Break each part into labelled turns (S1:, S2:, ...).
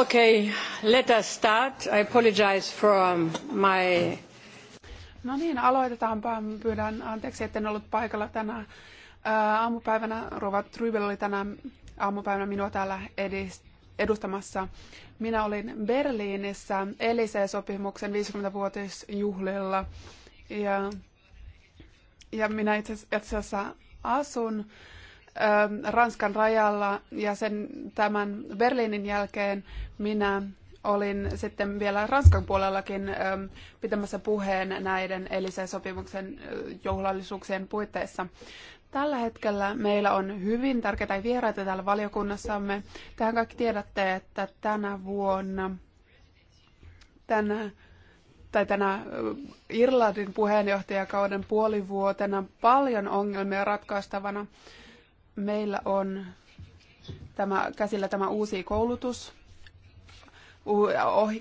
S1: Okay, let us start. I apologize for um, my... No niin, aloitetaanpa. Pyydän anteeksi, etten ollut paikalla tänä aamupäivänä. Rova Trybel oli tänä aamupäivänä minua täällä edustamassa. Minä olin Berliinissä Elise-sopimuksen 50-vuotisjuhlilla. Ja, ja minä itse asiassa asun Ähm, Ranskan rajalla ja sen, tämän Berliinin jälkeen minä olin sitten vielä Ranskan puolellakin ähm, pitämässä puheen näiden Elisen sopimuksen äh, juhlallisuuksien puitteissa. Tällä hetkellä meillä on hyvin tärkeitä vieraita täällä valiokunnassamme. Tähän kaikki tiedätte, että tänä vuonna, tänä, tai tänä äh, Irlannin puheenjohtajakauden puolivuotena paljon ongelmia ratkaistavana meillä on tämä, käsillä tämä uusi koulutus,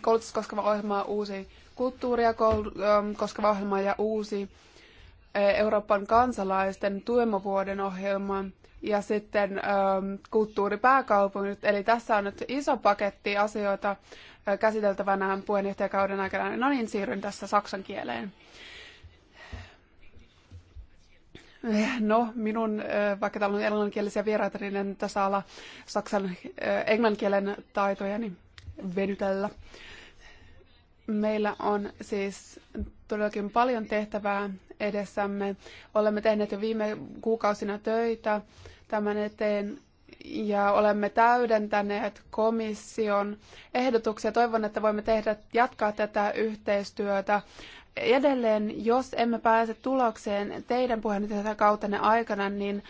S1: koulutus koskeva ohjelma, uusi kulttuuria ähm, koskeva ohjelma ja uusi äh, Euroopan kansalaisten tuemavuoden ohjelma ja sitten ähm, kulttuuripääkaupungit. Eli tässä on nyt iso paketti asioita äh, käsiteltävänä puheenjohtajakauden aikana. No niin, siirryn tässä saksan kieleen. Eh, no, minun, eh, vaikka täällä on englanninkielisiä vieraita, niin en tässä ala saksan eh, englanninkielen taitojani niin venytellä. Meillä on siis todellakin paljon tehtävää edessämme. Olemme tehneet jo viime kuukausina töitä tämän eteen ja olemme täydentäneet komission ehdotuksia. Toivon, että voimme tehdä, jatkaa tätä yhteistyötä edelleen, jos emme pääse tulokseen teidän puheenjohtajan kautenne aikana, niin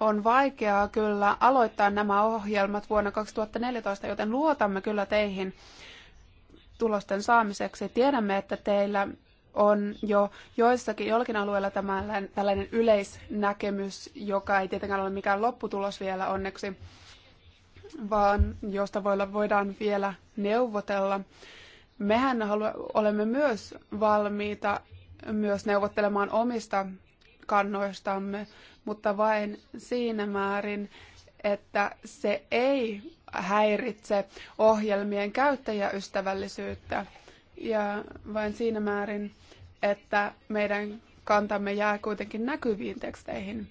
S1: on vaikeaa kyllä aloittaa nämä ohjelmat vuonna 2014, joten luotamme kyllä teihin tulosten saamiseksi. Tiedämme, että teillä on jo joissakin, jollakin alueella tämän, tällainen yleisnäkemys, joka ei tietenkään ole mikään lopputulos vielä onneksi, vaan josta voidaan vielä neuvotella mehän olemme myös valmiita myös neuvottelemaan omista kannoistamme, mutta vain siinä määrin, että se ei häiritse ohjelmien käyttäjäystävällisyyttä ja vain siinä määrin, että meidän kantamme jää kuitenkin näkyviin teksteihin.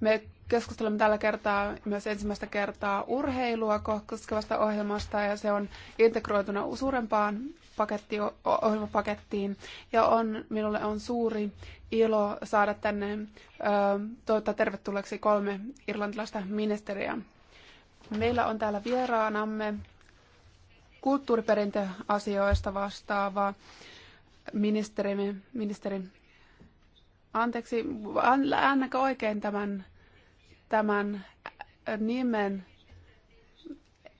S1: Me keskustelemme tällä kertaa myös ensimmäistä kertaa urheilua koskevasta ohjelmasta ja se on integroituna suurempaan paketti, ohjelmapakettiin. Ja on, minulle on suuri ilo saada tänne toivottaa tervetulleeksi kolme irlantilaista ministeriä. Meillä on täällä vieraanamme kulttuuriperintöasioista vastaava ministeri, ministeri. Anteeksi, äännäkö oikein tämän, tämän nimen?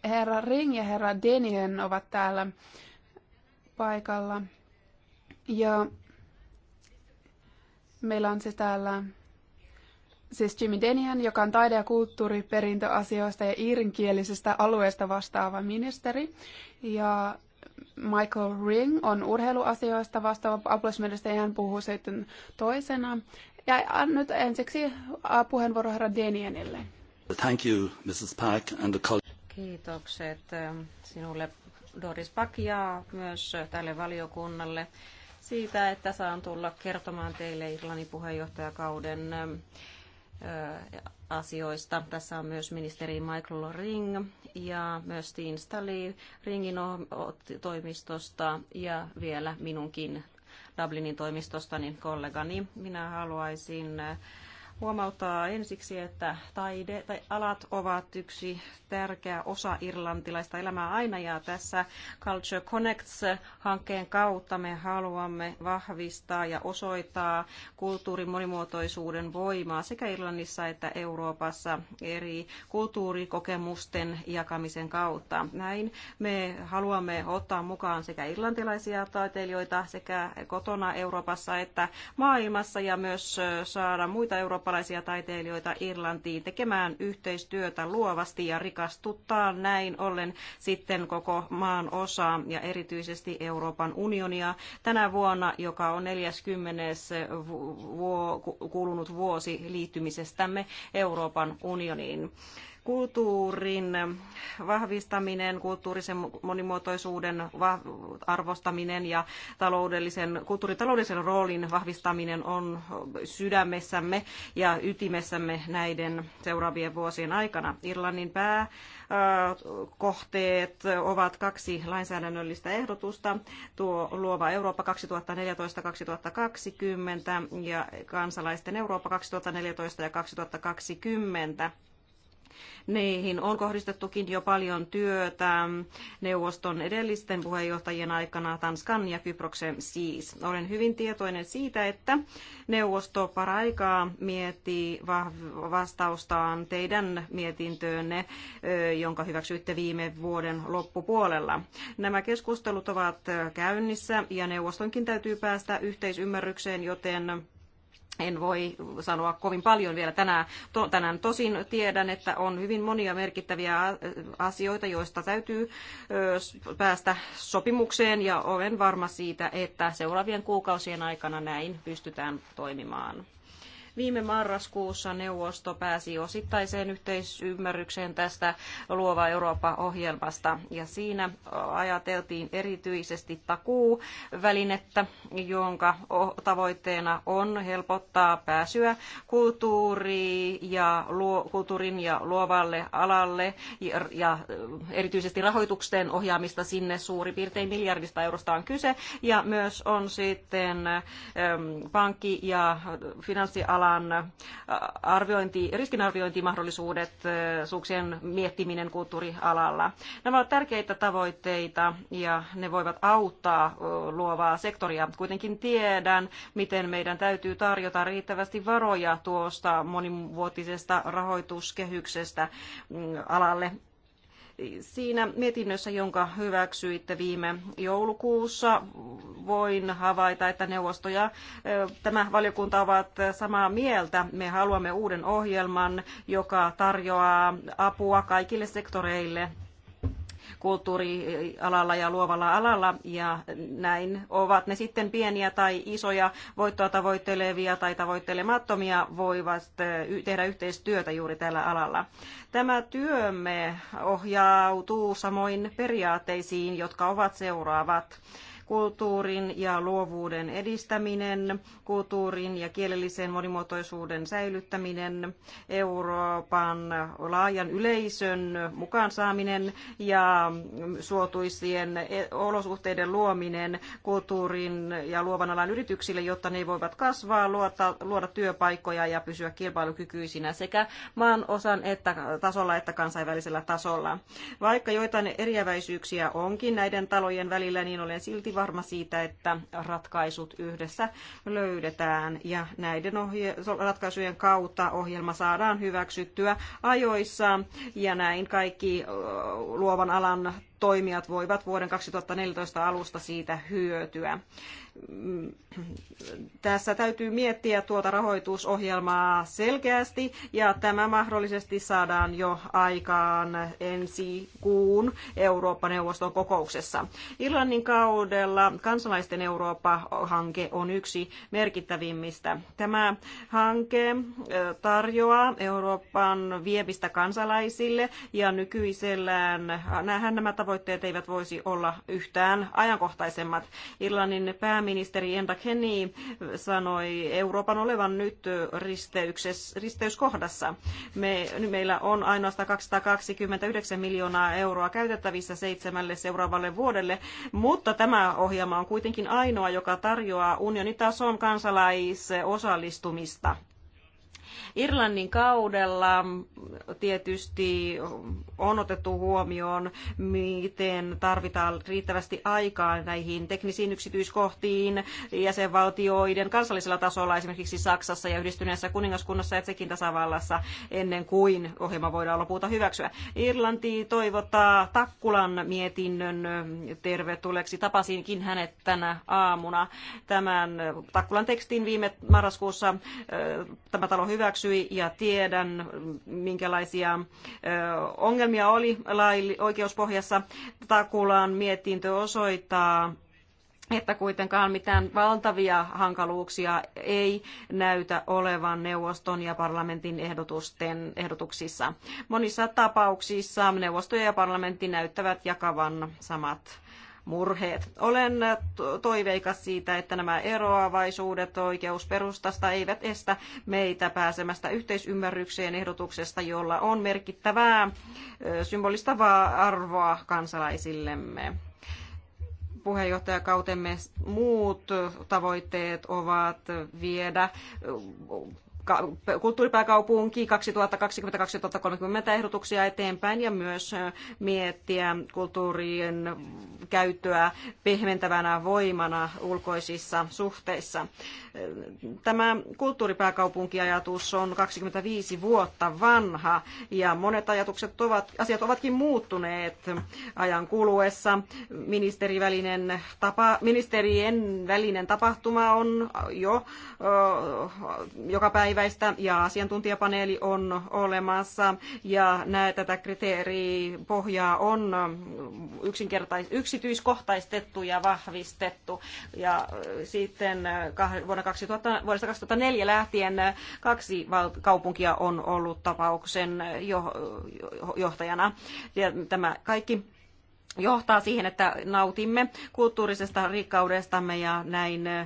S1: herra Ring ja herra Denien ovat täällä paikalla. Ja meillä on se täällä siis Jimmy Denian, joka on taide- ja kulttuuriperintöasioista ja iirinkielisistä alueista vastaava ministeri. Ja Michael Ring on urheiluasioista vastaava apulaisministeri ja hän puhuu sitten toisena. Ja nyt ensiksi puheenvuoro herra Denianille. Thank you, Mrs. Park and the
S2: Kiitokset ähm, sinulle
S1: Doris Pakiaa
S2: myös tälle valiokunnalle siitä, että saan tulla kertomaan teille Irlannin puheenjohtajakauden äh, asioista. Tässä on myös ministeri Michael Ring ja myös Steen Stali Ringin toimistosta ja vielä minunkin Dublinin toimistostani kollegani. Minä haluaisin äh, huomauttaa ensiksi, että taide tai alat ovat yksi tärkeä osa irlantilaista elämää aina ja tässä Culture Connects-hankkeen kautta me haluamme vahvistaa ja osoittaa kulttuurin monimuotoisuuden voimaa sekä Irlannissa että Euroopassa eri kulttuurikokemusten jakamisen kautta. Näin me haluamme ottaa mukaan sekä irlantilaisia taiteilijoita sekä kotona Euroopassa että maailmassa ja myös saada muita Euroopan eurooppalaisia taiteilijoita Irlantiin tekemään yhteistyötä luovasti ja rikastuttaa näin ollen sitten koko maan osaa ja erityisesti Euroopan unionia tänä vuonna, joka on 40. Vuo, kulunut vuosi liittymisestämme Euroopan unioniin. Kulttuurin vahvistaminen, kulttuurisen monimuotoisuuden arvostaminen ja taloudellisen, kulttuuritaloudellisen roolin vahvistaminen on sydämessämme ja ytimessämme näiden seuraavien vuosien aikana. Irlannin pääkohteet ovat kaksi lainsäädännöllistä ehdotusta, tuo Luova Eurooppa 2014-2020 ja Kansalaisten Eurooppa 2014 ja 2020. Niihin on kohdistettukin jo paljon työtä neuvoston edellisten puheenjohtajien aikana Tanskan ja Kyproksen siis. Olen hyvin tietoinen siitä, että neuvosto paraikaa miettii vastaustaan teidän mietintöönne, jonka hyväksyitte viime vuoden loppupuolella. Nämä keskustelut ovat käynnissä ja neuvostonkin täytyy päästä yhteisymmärrykseen, joten en voi sanoa kovin paljon vielä tänään. tänään tosin tiedän, että on hyvin monia merkittäviä äh, asioita, joista täytyy äh, päästä sopimukseen ja olen varma siitä, että seuraavien kuukausien aikana näin pystytään toimimaan. Viime marraskuussa neuvosto pääsi osittaiseen yhteisymmärrykseen tästä Luova Eurooppa-ohjelmasta ja siinä ajateltiin erityisesti takuuvälinettä, jonka tavoitteena on helpottaa pääsyä kulttuuriin ja luo, kulttuurin ja luovalle alalle ja, ja erityisesti rahoituksen ohjaamista sinne suurin piirtein miljardista eurosta on kyse ja myös on sitten äm, pankki- ja finanssiala tavallaan äh, arviointi, riskinarviointimahdollisuudet, äh, suuksien miettiminen kulttuurialalla. Nämä ovat tärkeitä tavoitteita ja ne voivat auttaa luovaa sektoria. Kuitenkin tiedän, miten meidän täytyy tarjota riittävästi varoja tuosta monivuotisesta rahoituskehyksestä mm, alalle Siinä mietinnössä, jonka hyväksyitte viime joulukuussa, voin havaita, että neuvosto ja tämä valiokunta ovat samaa mieltä. Me haluamme uuden ohjelman, joka tarjoaa apua kaikille sektoreille kulttuurialalla ja luovalla alalla ja näin ovat ne sitten pieniä tai isoja voittoa tavoittelevia tai tavoittelemattomia voivat eh, tehdä yhteistyötä juuri tällä alalla. Tämä työmme ohjautuu samoin periaatteisiin, jotka ovat seuraavat kulttuurin ja luovuuden edistäminen, kulttuurin ja kielellisen monimuotoisuuden säilyttäminen, Euroopan laajan yleisön mukaan saaminen ja suotuisien olosuhteiden luominen kulttuurin ja luovan alan yrityksille, jotta ne voivat kasvaa, luota, luoda työpaikkoja ja pysyä kilpailukykyisinä sekä maan osan että tasolla että kansainvälisellä tasolla. Vaikka joitain eriäväisyyksiä onkin näiden talojen välillä, niin olen silti varma siitä, että ratkaisut yhdessä löydetään ja näiden ohje- ratkaisujen kautta ohjelma saadaan hyväksyttyä ajoissa ja näin kaikki luovan alan toimijat voivat vuoden 2014 alusta siitä hyötyä tässä täytyy miettiä tuota rahoitusohjelmaa selkeästi ja tämä mahdollisesti saadaan jo aikaan ensi kuun Eurooppa-neuvoston kokouksessa. Irlannin kaudella kansalaisten Eurooppa-hanke on yksi merkittävimmistä. Tämä hanke tarjoaa Euroopan viemistä kansalaisille ja nykyisellään nämähän nämä tavoitteet eivät voisi olla yhtään ajankohtaisemmat. Irlannin pää Pääministeri Enda Kenny sanoi Euroopan olevan nyt risteyskohdassa. Me, meillä on ainoastaan 229 miljoonaa euroa käytettävissä seitsemälle seuraavalle vuodelle, mutta tämä ohjelma on kuitenkin ainoa, joka tarjoaa unionitason kansalaisosallistumista Irlannin kaudella tietysti on otettu huomioon, miten tarvitaan riittävästi aikaa näihin teknisiin yksityiskohtiin jäsenvaltioiden kansallisella tasolla, esimerkiksi Saksassa ja Yhdistyneessä kuningaskunnassa ja Tsekin tasavallassa, ennen kuin ohjelma voidaan lopulta hyväksyä. Irlanti toivottaa Takkulan mietinnön tervetulleeksi. Tapasinkin hänet tänä aamuna. Tämän Takkulan tekstin viime marraskuussa tämä talo hyväksyi kysyi ja tiedän, minkälaisia ongelmia oli oikeuspohjassa. Takulaan mietintö osoittaa, että kuitenkaan mitään valtavia hankaluuksia ei näytä olevan neuvoston ja parlamentin ehdotusten, ehdotuksissa. Monissa tapauksissa neuvosto ja parlamentti näyttävät jakavan samat murheet. Olen toiveikas siitä, että nämä eroavaisuudet oikeusperustasta eivät estä meitä pääsemästä yhteisymmärrykseen ehdotuksesta, jolla on merkittävää symbolista arvoa kansalaisillemme puheenjohtajakautemme muut tavoitteet ovat viedä kulttuuripääkaupunki 2020-2030 ehdotuksia eteenpäin ja myös äh, miettiä kulttuurien käyttöä pehmentävänä voimana ulkoisissa suhteissa. Äh, tämä kulttuuripääkaupunkiajatus on 25 vuotta vanha ja monet ajatukset ovat, asiat ovatkin muuttuneet ajan kuluessa. Ministerivälinen tapa, ministerien välinen tapahtuma on jo joka päivä päiväistä ja asiantuntijapaneeli on olemassa ja nää, tätä kriteeripohjaa on yksinkertais, yksityiskohtaistettu ja vahvistettu. Ja äh, sitten äh, vuonna 2000, vuodesta 2004 lähtien äh, kaksi kaupunkia on ollut tapauksen jo, johtajana. Ja tämä kaikki johtaa siihen, että nautimme kulttuurisesta rikkaudestamme ja näin eh,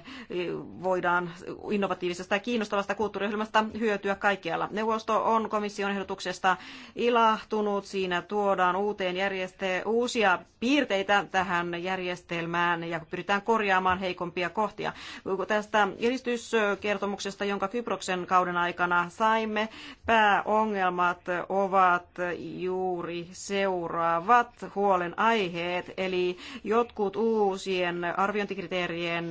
S2: voidaan innovatiivisesta ja kiinnostavasta kulttuuriohjelmasta hyötyä kaikkialla. Neuvosto on komission ehdotuksesta ilahtunut. Siinä tuodaan uuteen järjestelmään uusia piirteitä tähän järjestelmään ja pyritään korjaamaan heikompia kohtia. Tästä edistyskertomuksesta, jonka Kyproksen kauden aikana saimme, pääongelmat ovat juuri seuraavat huolen huolenaiheet vaiheet, eli jotkut uusien arviointikriteerien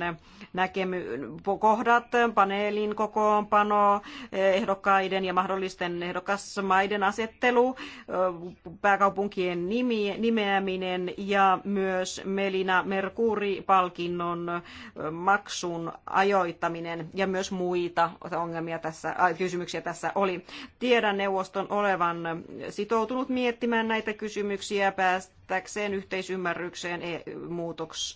S2: näkemy- kohdat, paneelin kokoonpano, ehdokkaiden ja mahdollisten ehdokasmaiden asettelu, pääkaupunkien nimi, nimeäminen ja myös Melina Merkuri-palkinnon maksun ajoittaminen ja myös muita ongelmia tässä, kysymyksiä tässä oli. Tiedän neuvoston olevan sitoutunut miettimään näitä kysymyksiä päästä päästäkseen yhteisymmärrykseen e-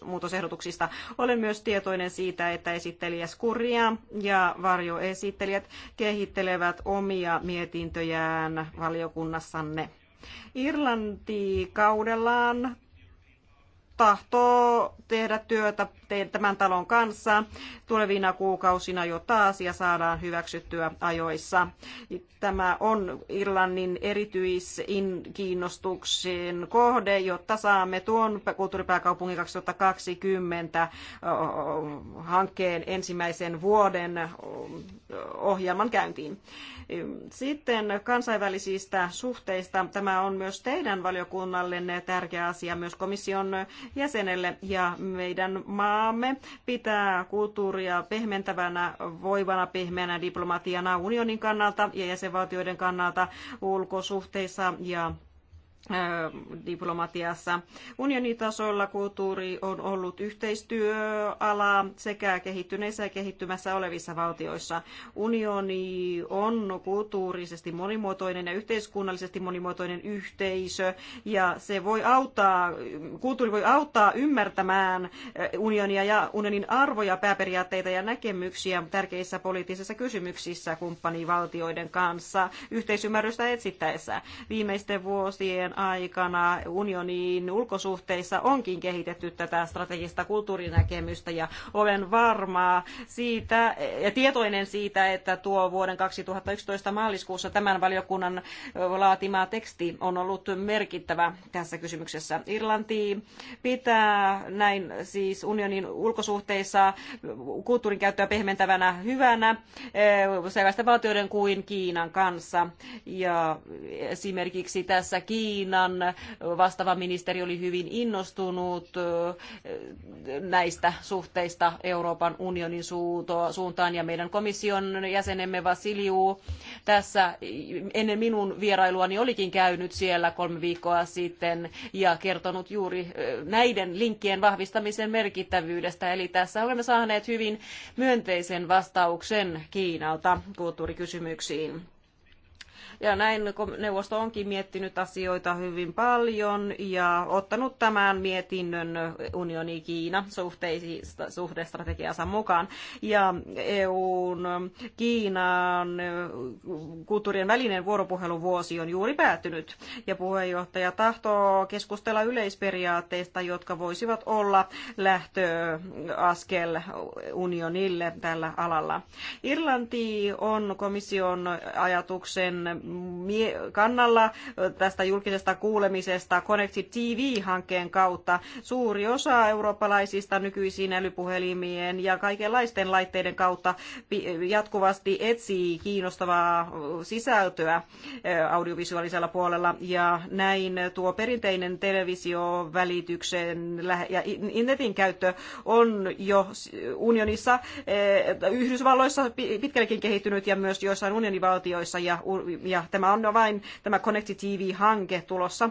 S2: muutosehdotuksista. Olen myös tietoinen siitä, että esittelijä Skuria ja varjoesittelijät kehittelevät omia mietintöjään valiokunnassanne. Irlanti kaudellaan tahtoo tehdä työtä tämän talon kanssa tulevina kuukausina, jotta asia saadaan hyväksyttyä ajoissa. Tämä on Irlannin erityiskiinnostuksen kohde, jotta saamme tuon kulttuuripääkaupungin 2020 hankkeen ensimmäisen vuoden ohjelman käyntiin. Sitten kansainvälisistä suhteista. Tämä on myös teidän valiokunnallenne tärkeä asia. Myös komission jäsenelle ja meidän maamme pitää kulttuuria pehmentävänä, voivana, pehmeänä diplomatiana unionin kannalta ja jäsenvaltioiden kannalta ulkosuhteissa ja diplomatiassa. Unionitasolla kulttuuri on ollut yhteistyöala sekä kehittyneissä ja kehittymässä olevissa valtioissa. Unioni on kulttuurisesti monimuotoinen ja yhteiskunnallisesti monimuotoinen yhteisö ja se voi auttaa, kulttuuri voi auttaa ymmärtämään unionia ja unionin arvoja, pääperiaatteita ja näkemyksiä tärkeissä poliittisissa kysymyksissä kumppanivaltioiden kanssa yhteisymmärrystä etsittäessä. Viimeisten vuosien aikana unionin ulkosuhteissa onkin kehitetty tätä strategista kulttuurinäkemystä ja olen varma siitä ja tietoinen siitä, että tuo vuoden 2011 maaliskuussa tämän valiokunnan laatima teksti on ollut merkittävä tässä kysymyksessä. Irlanti pitää näin siis unionin ulkosuhteissa kulttuurin käyttöä pehmentävänä hyvänä eh, sellaisten valtioiden kuin Kiinan kanssa. Ja esimerkiksi tässä Kiina Kiinan vastaava ministeri oli hyvin innostunut näistä suhteista Euroopan unionin suuntaan ja meidän komission jäsenemme Vasiliu tässä ennen minun vierailuani olikin käynyt siellä kolme viikkoa sitten ja kertonut juuri näiden linkkien vahvistamisen merkittävyydestä. Eli tässä olemme saaneet hyvin myönteisen vastauksen Kiinalta kulttuurikysymyksiin. Ja näin neuvosto onkin miettinyt asioita hyvin paljon ja ottanut tämän mietinnön unioni Kiina suhdestrategiansa mukaan. Ja EUn Kiinan kulttuurien välinen vuoropuheluvuosi on juuri päättynyt. Ja puheenjohtaja tahtoo keskustella yleisperiaatteista, jotka voisivat olla lähtöaskel unionille tällä alalla. Irlanti on komission ajatuksen kannalla tästä julkisesta kuulemisesta Connected TV-hankkeen kautta. Suuri osa eurooppalaisista nykyisiin älypuhelimien ja kaikenlaisten laitteiden kautta jatkuvasti etsii kiinnostavaa sisältöä eh, audiovisuaalisella puolella ja näin tuo perinteinen televisiovälityksen ja internetin käyttö on jo unionissa, eh, Yhdysvalloissa pitkällekin kehittynyt ja myös joissain unionivaltioissa ja ja tämä on vain tämä Connected TV-hanke tulossa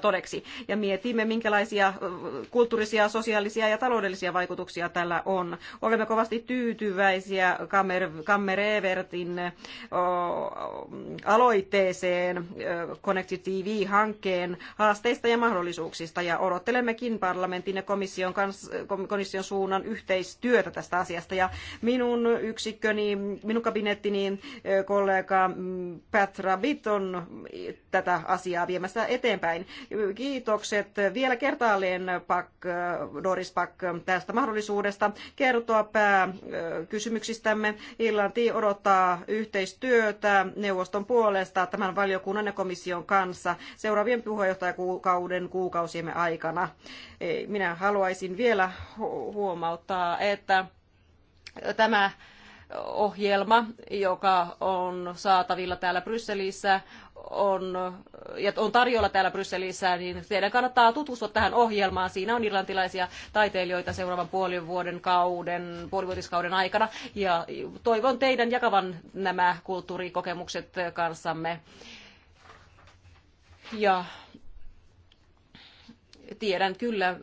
S2: todeksi. Ja mietimme, minkälaisia kulttuurisia, sosiaalisia ja taloudellisia vaikutuksia tällä on. Olemme kovasti tyytyväisiä Kammer, Kammerevertin aloitteeseen Connected TV-hankkeen haasteista ja mahdollisuuksista ja odottelemmekin parlamentin ja komission, kans, komission suunnan yhteistyötä tästä asiasta. Ja minun yksikköni, minun kabinettini kollega mm, Pat Rabbit on tätä asiaa viemässä eteenpäin. Kiitokset vielä kertaalleen Pak, Doris Pak tästä mahdollisuudesta kertoa pääkysymyksistämme. Irlanti odottaa yhteistyötä neuvoston puolesta tämän valiokunnan ja komission kanssa seuraavien puheenjohtajakauden kuukausiemme aikana. Minä haluaisin vielä huomauttaa, että tämä ohjelma, joka on saatavilla täällä Brysselissä, on, ja on tarjolla täällä Brysselissä, niin teidän kannattaa tutustua tähän ohjelmaan. Siinä on irlantilaisia taiteilijoita seuraavan puolen vuoden kauden, puolivuotiskauden aikana. Ja toivon teidän jakavan nämä kulttuurikokemukset kanssamme. Ja tiedän kyllä äh,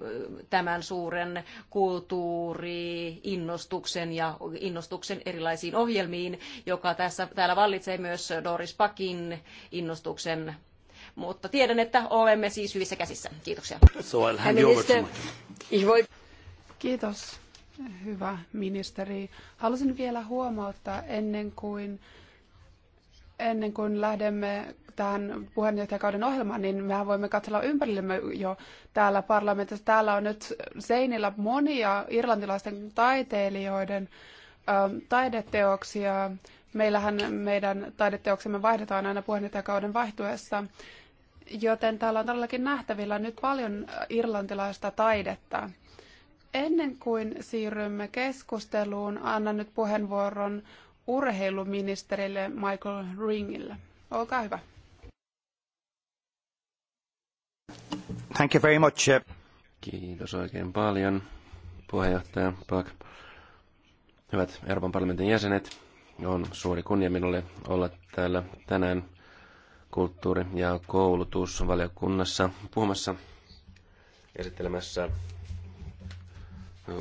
S2: tämän suuren kulttuuriinnostuksen ja innostuksen erilaisiin ohjelmiin, joka tässä, täällä vallitsee myös Doris Pakin innostuksen. Mutta tiedän, että olemme siis hyvissä käsissä. Kiitoksia. So I'll hand you
S1: Kiitos, hyvä ministeri. Halusin vielä huomauttaa ennen kuin ennen kuin lähdemme tähän puheenjohtajakauden ohjelmaan, niin mehän voimme katsella ympärillemme jo täällä parlamentissa. Täällä on nyt seinillä monia irlantilaisten taiteilijoiden ö, ähm, taideteoksia. Meillähän meidän taideteoksemme vaihdetaan aina puheenjohtajakauden vaihtuessa, joten täällä on todellakin nähtävillä nyt paljon irlantilaista taidetta. Ennen kuin siirrymme keskusteluun, annan nyt puheenvuoron urheiluministerille Michael Ringille. Olkaa hyvä.
S3: Thank you very much. Uh, Kiitos oikein paljon, puheenjohtaja Pak. Hyvät Euroopan parlamentin jäsenet, on suuri kunnia minulle olla täällä tänään kulttuuri- ja koulutusvaliokunnassa puhumassa esittelemässä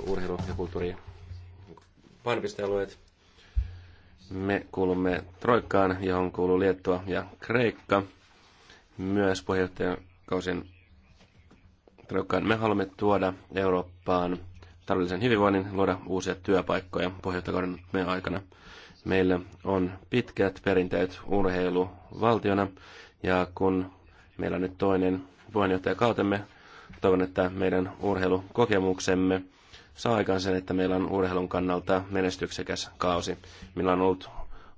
S3: urheilu- ja kulttuuri painopistealueet me kuulumme Troikkaan, johon kuuluu Liettua ja Kreikka. Myös puheenjohtajakausien Troikkaan me haluamme tuoda Eurooppaan taloudellisen hyvinvoinnin, luoda uusia työpaikkoja puheenjohtajakauden me aikana. Meillä on pitkät perinteet urheiluvaltiona ja kun meillä on nyt toinen puheenjohtajakautemme, toivon, että meidän urheilukokemuksemme – saa aikaan sen, että meillä on urheilun kannalta menestyksekäs kausi. Meillä on ollut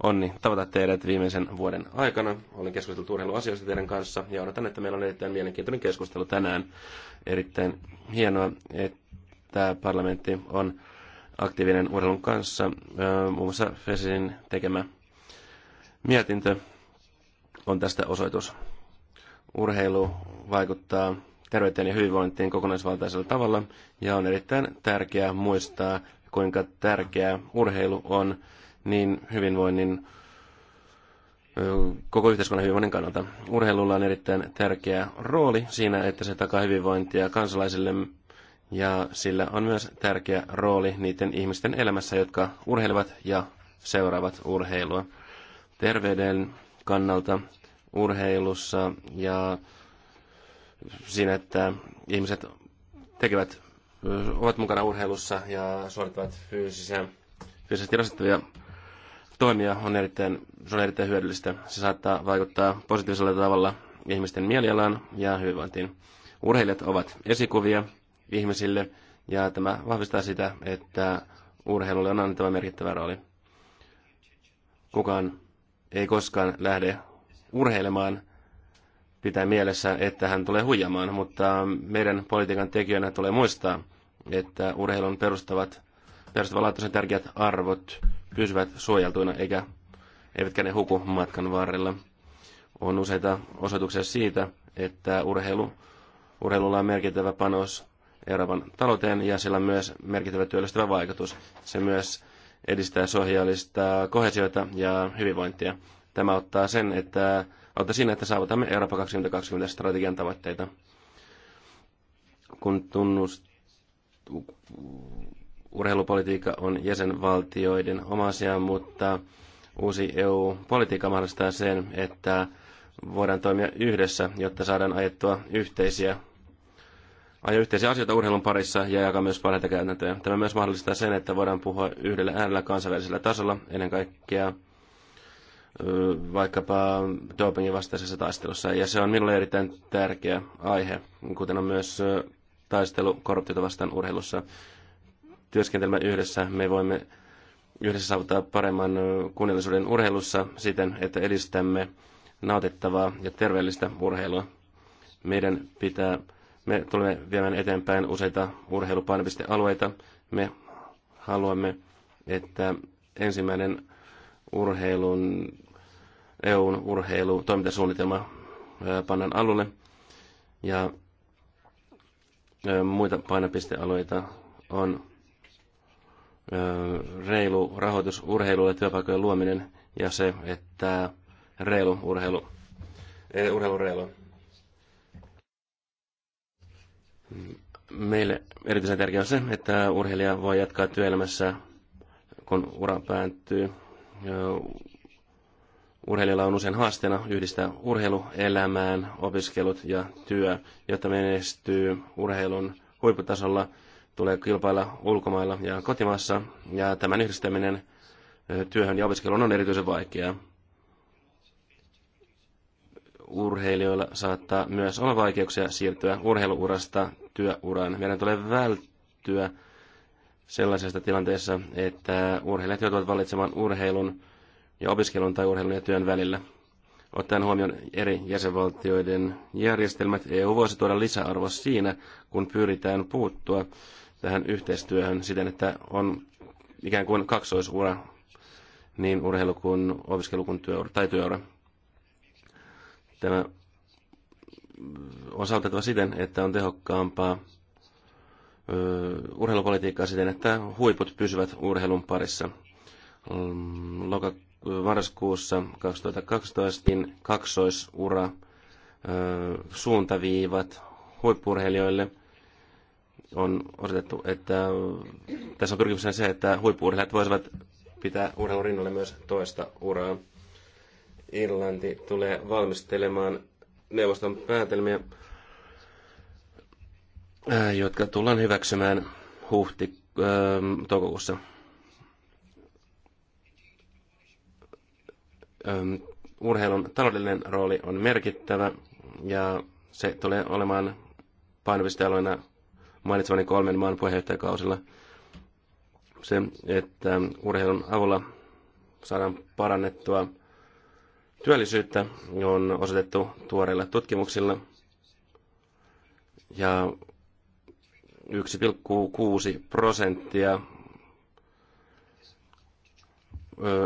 S3: onni tavata teidät viimeisen vuoden aikana. Olen keskustellut urheiluasioista teidän kanssa ja odotan, että meillä on erittäin mielenkiintoinen keskustelu tänään. Erittäin hienoa, että tämä parlamentti on aktiivinen urheilun kanssa. Muun muassa Fesin tekemä mietintö on tästä osoitus. Urheilu vaikuttaa terveyteen ja hyvinvointiin kokonaisvaltaisella tavalla. Ja on erittäin tärkeää muistaa, kuinka tärkeää urheilu on niin hyvinvoinnin koko yhteiskunnan hyvinvoinnin kannalta. Urheilulla on erittäin tärkeä rooli siinä, että se takaa hyvinvointia kansalaisille ja sillä on myös tärkeä rooli niiden ihmisten elämässä, jotka urheilevat ja seuraavat urheilua. Terveyden kannalta urheilussa ja siinä, että ihmiset tekevät, ovat mukana urheilussa ja suorittavat fyysisiä, fyysisesti rasittavia toimia, on erittäin, se on erittäin hyödyllistä. Se saattaa vaikuttaa positiivisella tavalla ihmisten mielialaan ja hyvinvointiin. Urheilijat ovat esikuvia ihmisille ja tämä vahvistaa sitä, että urheilulle on annettava merkittävä rooli. Kukaan ei koskaan lähde urheilemaan pitää mielessä, että hän tulee huijamaan, mutta meidän politiikan tekijöinä tulee muistaa, että urheilun perustavat, perustavanlaatuisen tärkeät arvot pysyvät suojeltuina eikä, eivätkä ne huku matkan varrella. On useita osoituksia siitä, että urheilu, urheilulla on merkittävä panos Euroopan talouteen ja sillä on myös merkittävä työllistävä vaikutus. Se myös edistää sosiaalista kohesioita ja hyvinvointia. Tämä ottaa sen, että auttaa siinä, että saavutamme Eurooppa 2020 strategian tavoitteita. Kun tunnust, urheilupolitiikka on jäsenvaltioiden oma asia, mutta uusi EU-politiikka mahdollistaa sen, että voidaan toimia yhdessä, jotta saadaan ajettua yhteisiä Aja yhteisiä asioita urheilun parissa ja jakaa myös parhaita käytäntöjä. Tämä myös mahdollistaa sen, että voidaan puhua yhdellä äänellä kansainvälisellä tasolla, ennen kaikkea vaikkapa dopingin vastaisessa taistelussa. Ja se on minulle erittäin tärkeä aihe, kuten on myös taistelu korruptiota vastaan urheilussa. Työskentelemme yhdessä me voimme yhdessä saavuttaa paremman kunnollisuuden urheilussa siten, että edistämme nautittavaa ja terveellistä urheilua. Meidän pitää, me tulemme viemään eteenpäin useita urheilupainopistealueita. Me haluamme, että ensimmäinen urheilun EUn urheilu-toimintasuunnitelma pannaan alulle. Ja muita painopistealueita on reilu rahoitus urheilulle, työpaikojen luominen ja se, että reilu urheilu, e, urheilu reilu. Meille erityisen tärkeää on se, että urheilija voi jatkaa työelämässä, kun ura päättyy. Urheilijalla on usein haasteena yhdistää urheilu, elämään, opiskelut ja työ. Jotta menestyy urheilun huipputasolla, tulee kilpailla ulkomailla ja kotimaassa, ja tämän yhdistäminen työhön ja opiskeluun on erityisen vaikeaa. Urheilijoilla saattaa myös olla vaikeuksia siirtyä urheiluurasta työuraan. Meidän tulee välttyä sellaisesta tilanteessa, että urheilijat joutuvat valitsemaan urheilun ja opiskelun tai urheilun ja työn välillä. Ottaen huomioon eri jäsenvaltioiden järjestelmät, EU voisi tuoda lisäarvo siinä, kun pyritään puuttua tähän yhteistyöhön siten, että on ikään kuin kaksoisura, niin urheilu kuin opiskelu kuin työura, tai työura. Tämä on saatettava siten, että on tehokkaampaa urheilupolitiikkaa siten, että huiput pysyvät urheilun parissa. Loka- marraskuussa 2012 kaksoisura suuntaviivat huippurheilijoille on osoitettu, että tässä on pyrkimyksenä se, että huippurheilijat voisivat pitää urheilun rinnalle myös toista uraa. Irlanti tulee valmistelemaan neuvoston päätelmiä, jotka tullaan hyväksymään huhti, toukokuussa urheilun taloudellinen rooli on merkittävä ja se tulee olemaan painopistealoina mainitsemani kolmen maan puheenjohtajakausilla. Se, että urheilun avulla saadaan parannettua työllisyyttä, on osoitettu tuoreilla tutkimuksilla. Ja 1,6 prosenttia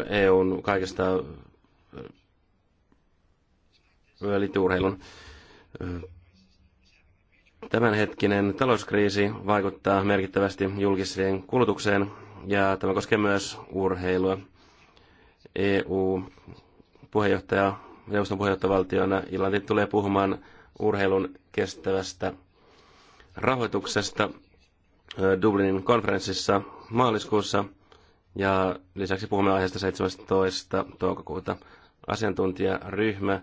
S3: EUn kaikista liittyy Tämänhetkinen talouskriisi vaikuttaa merkittävästi julkiseen kulutukseen ja tämä koskee myös urheilua. EU-puheenjohtaja, neuvoston puheenjohtajavaltiona Irlanti tulee puhumaan urheilun kestävästä rahoituksesta Dublinin konferenssissa maaliskuussa ja lisäksi puhumme aiheesta 17. toukokuuta asiantuntijaryhmä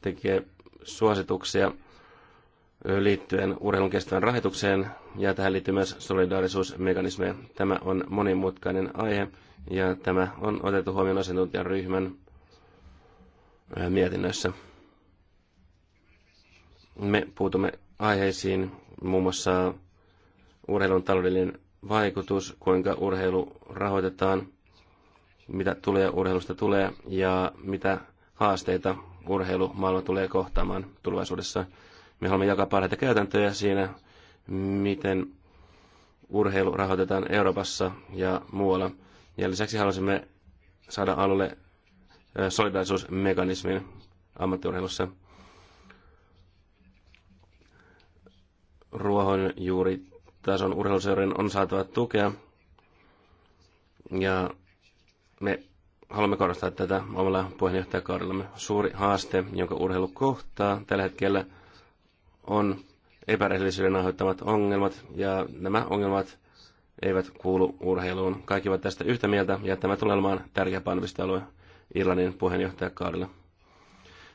S3: tekee suosituksia liittyen urheilun kestävän rahoitukseen ja tähän liittyy myös solidaarisuusmekanismeja. Tämä on monimutkainen aihe ja tämä on otettu huomioon asiantuntijaryhmän mietinnössä. Me puutumme aiheisiin muun muassa urheilun taloudellinen vaikutus, kuinka urheilu rahoitetaan – mitä tulee urheilusta tulee ja mitä haasteita urheilumaailma tulee kohtaamaan tulevaisuudessa. Me haluamme jakaa parhaita käytäntöjä siinä, miten urheilu rahoitetaan Euroopassa ja muualla. Ja lisäksi halusimme saada alulle solidaisuusmekanismin ammattiurheilussa. Ruohonjuuritason urheiluseurin on saatava tukea ja me haluamme korostaa tätä omalla puheenjohtajakaudellamme. Suuri haaste, jonka urheilu kohtaa tällä hetkellä, on epärehellisyyden aiheuttamat ongelmat, ja nämä ongelmat eivät kuulu urheiluun. Kaikki ovat tästä yhtä mieltä, ja tämä tulee olemaan tärkeä painopistealue Irlannin puheenjohtajakaudella.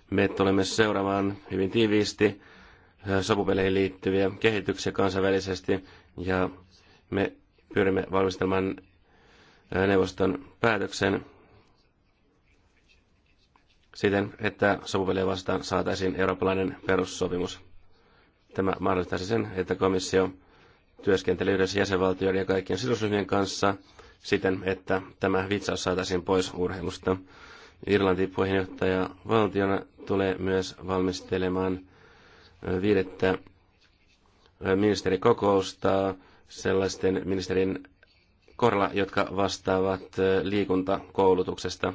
S3: Me tulemme seuraamaan hyvin tiiviisti äh, sopupeleihin liittyviä kehityksiä kansainvälisesti, ja me pyrimme valmistelemaan neuvoston päätöksen siten, että sopuveliä vastaan saataisiin eurooppalainen perussopimus. Tämä mahdollistaisi sen, että komissio työskentelee yhdessä jäsenvaltioiden ja kaikkien sidosryhmien kanssa siten, että tämä vitsaus saataisiin pois urheilusta. Irlanti puheenjohtaja valtiona tulee myös valmistelemaan viidettä ministerikokousta sellaisten ministerin kohdalla, jotka vastaavat liikuntakoulutuksesta.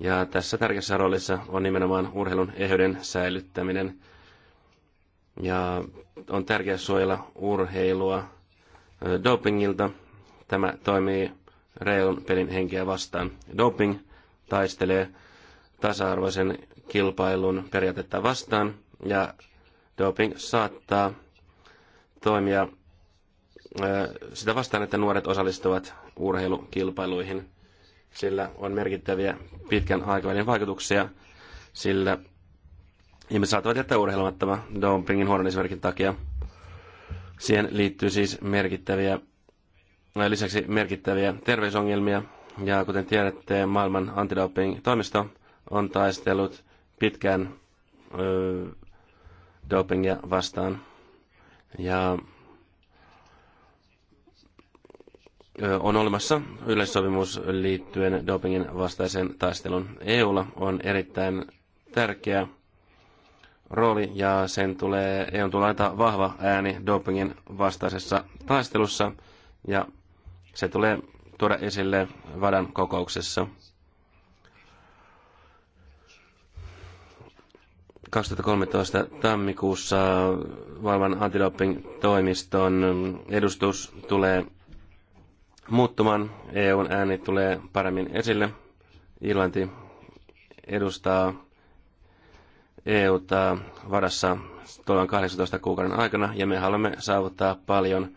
S3: Ja tässä tärkeässä roolissa on nimenomaan urheilun eheyden säilyttäminen. Ja on tärkeää suojella urheilua dopingilta. Tämä toimii reilun pelin henkeä vastaan. Doping taistelee tasa-arvoisen kilpailun periaatetta vastaan ja doping saattaa toimia sitä vastaan, että nuoret osallistuvat urheilukilpailuihin. Sillä on merkittäviä pitkän aikavälin vaikutuksia, sillä ihmiset saattavat jättää urheilumattama dopingin huonon esimerkin takia. Siihen liittyy siis merkittäviä, lisäksi merkittäviä terveysongelmia. Ja kuten tiedätte, maailman antidoping-toimisto on taistellut pitkään ö, dopingia vastaan. Ja on olemassa yleissopimus liittyen dopingin vastaisen taistelun. EUlla on erittäin tärkeä rooli ja sen tulee, EUn tulee antaa vahva ääni dopingin vastaisessa taistelussa ja se tulee tuoda esille Vadan kokouksessa. 2013 tammikuussa maailman antidoping-toimiston edustus tulee muuttumaan. EUn ääni tulee paremmin esille. Irlanti edustaa EUta varassa tuolloin 18 kuukauden aikana, ja me haluamme saavuttaa paljon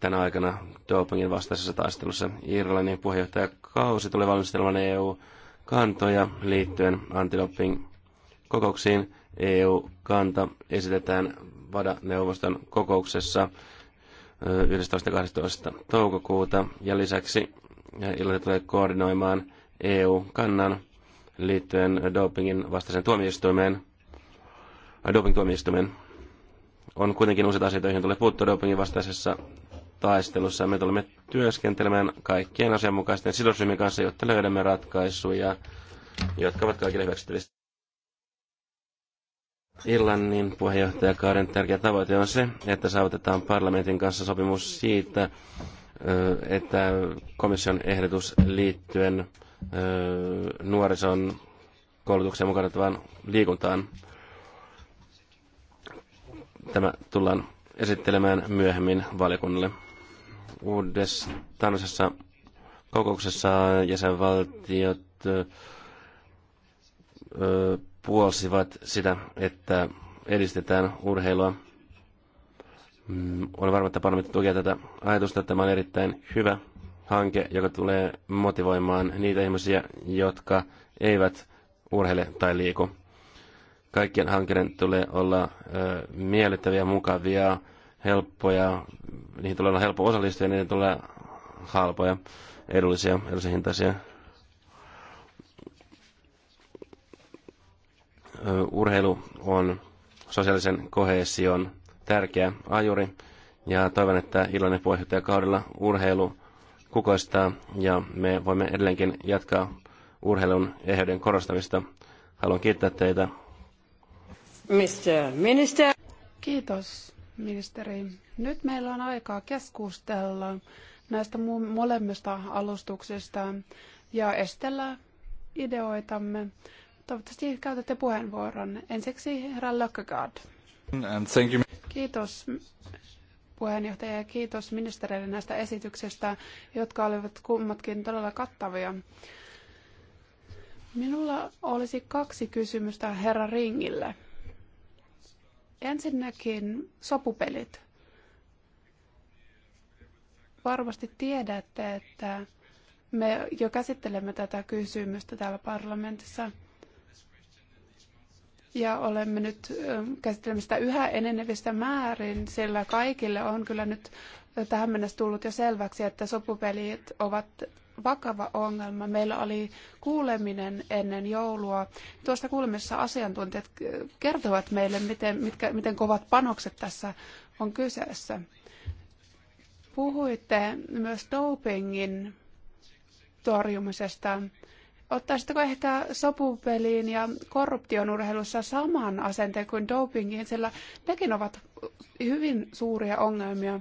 S3: tänä aikana dopingin vastaisessa taistelussa. Irlannin puheenjohtajakausi tulee valmistelemaan EU-kantoja liittyen antidoping kokouksiin. EU-kanta esitetään VADA-neuvoston kokouksessa 11.12. toukokuuta ja lisäksi Ilari tulee koordinoimaan EU-kannan liittyen dopingin vastaisen tuomioistuimeen, doping-tuomioistuimeen. On kuitenkin useita asioita, joihin tulee puuttua dopingin vastaisessa taistelussa. Me tulemme työskentelemään kaikkien asianmukaisten sidosryhmien kanssa, jotta löydämme ratkaisuja, jotka ovat kaikille hyväksyttävissä. Irlannin puheenjohtajakauden tärkeä tavoite on se, että saavutetaan parlamentin kanssa sopimus siitä, että komission ehdotus liittyen nuorison koulutukseen mukaan otettavaan liikuntaan. Tämä tullaan esittelemään myöhemmin valiokunnalle. Uudessa taannoisessa kokouksessa jäsenvaltiot puolsivat sitä, että edistetään urheilua. Mm, olen varma, että parlamentti tukee tätä ajatusta. Tämä on erittäin hyvä hanke, joka tulee motivoimaan niitä ihmisiä, jotka eivät urheile tai liiku. Kaikkien hankkeiden tulee olla ö, miellyttäviä, mukavia, helppoja, niihin tulee olla helppo osallistua ja niiden tulee halpoja, edullisia, edullisia hintaisia urheilu on sosiaalisen kohesion tärkeä ajuri ja toivon, että iloinen kaudella urheilu kukoistaa ja me voimme edelleenkin jatkaa urheilun eheyden korostamista. Haluan kiittää teitä.
S2: Mr.
S1: Minister. Kiitos, ministeri. Nyt meillä on aikaa keskustella näistä molemmista alustuksista ja estellä ideoitamme. Toivottavasti käytätte puheenvuoron. Ensiksi herra Lökkögaard. Kiitos puheenjohtaja ja kiitos ministereille näistä esityksistä, jotka olivat kummatkin todella kattavia. Minulla olisi kaksi kysymystä herra Ringille. Ensinnäkin sopupelit. Varmasti tiedätte, että me jo käsittelemme tätä kysymystä täällä parlamentissa – ja olemme nyt ähm, käsittelemistä yhä enenevissä määrin, sillä kaikille on kyllä nyt äh, tähän mennessä tullut jo selväksi, että sopupelit ovat vakava ongelma. Meillä oli kuuleminen ennen joulua. Tuosta kuulemisessa asiantuntijat äh, kertovat meille, miten, mitkä, miten kovat panokset tässä on kyseessä. Puhuitte myös dopingin torjumisesta. Ottaisitteko ehkä sopupeliin ja korruption urheilussa saman asenteen kuin dopingiin, sillä nekin ovat hyvin suuria ongelmia.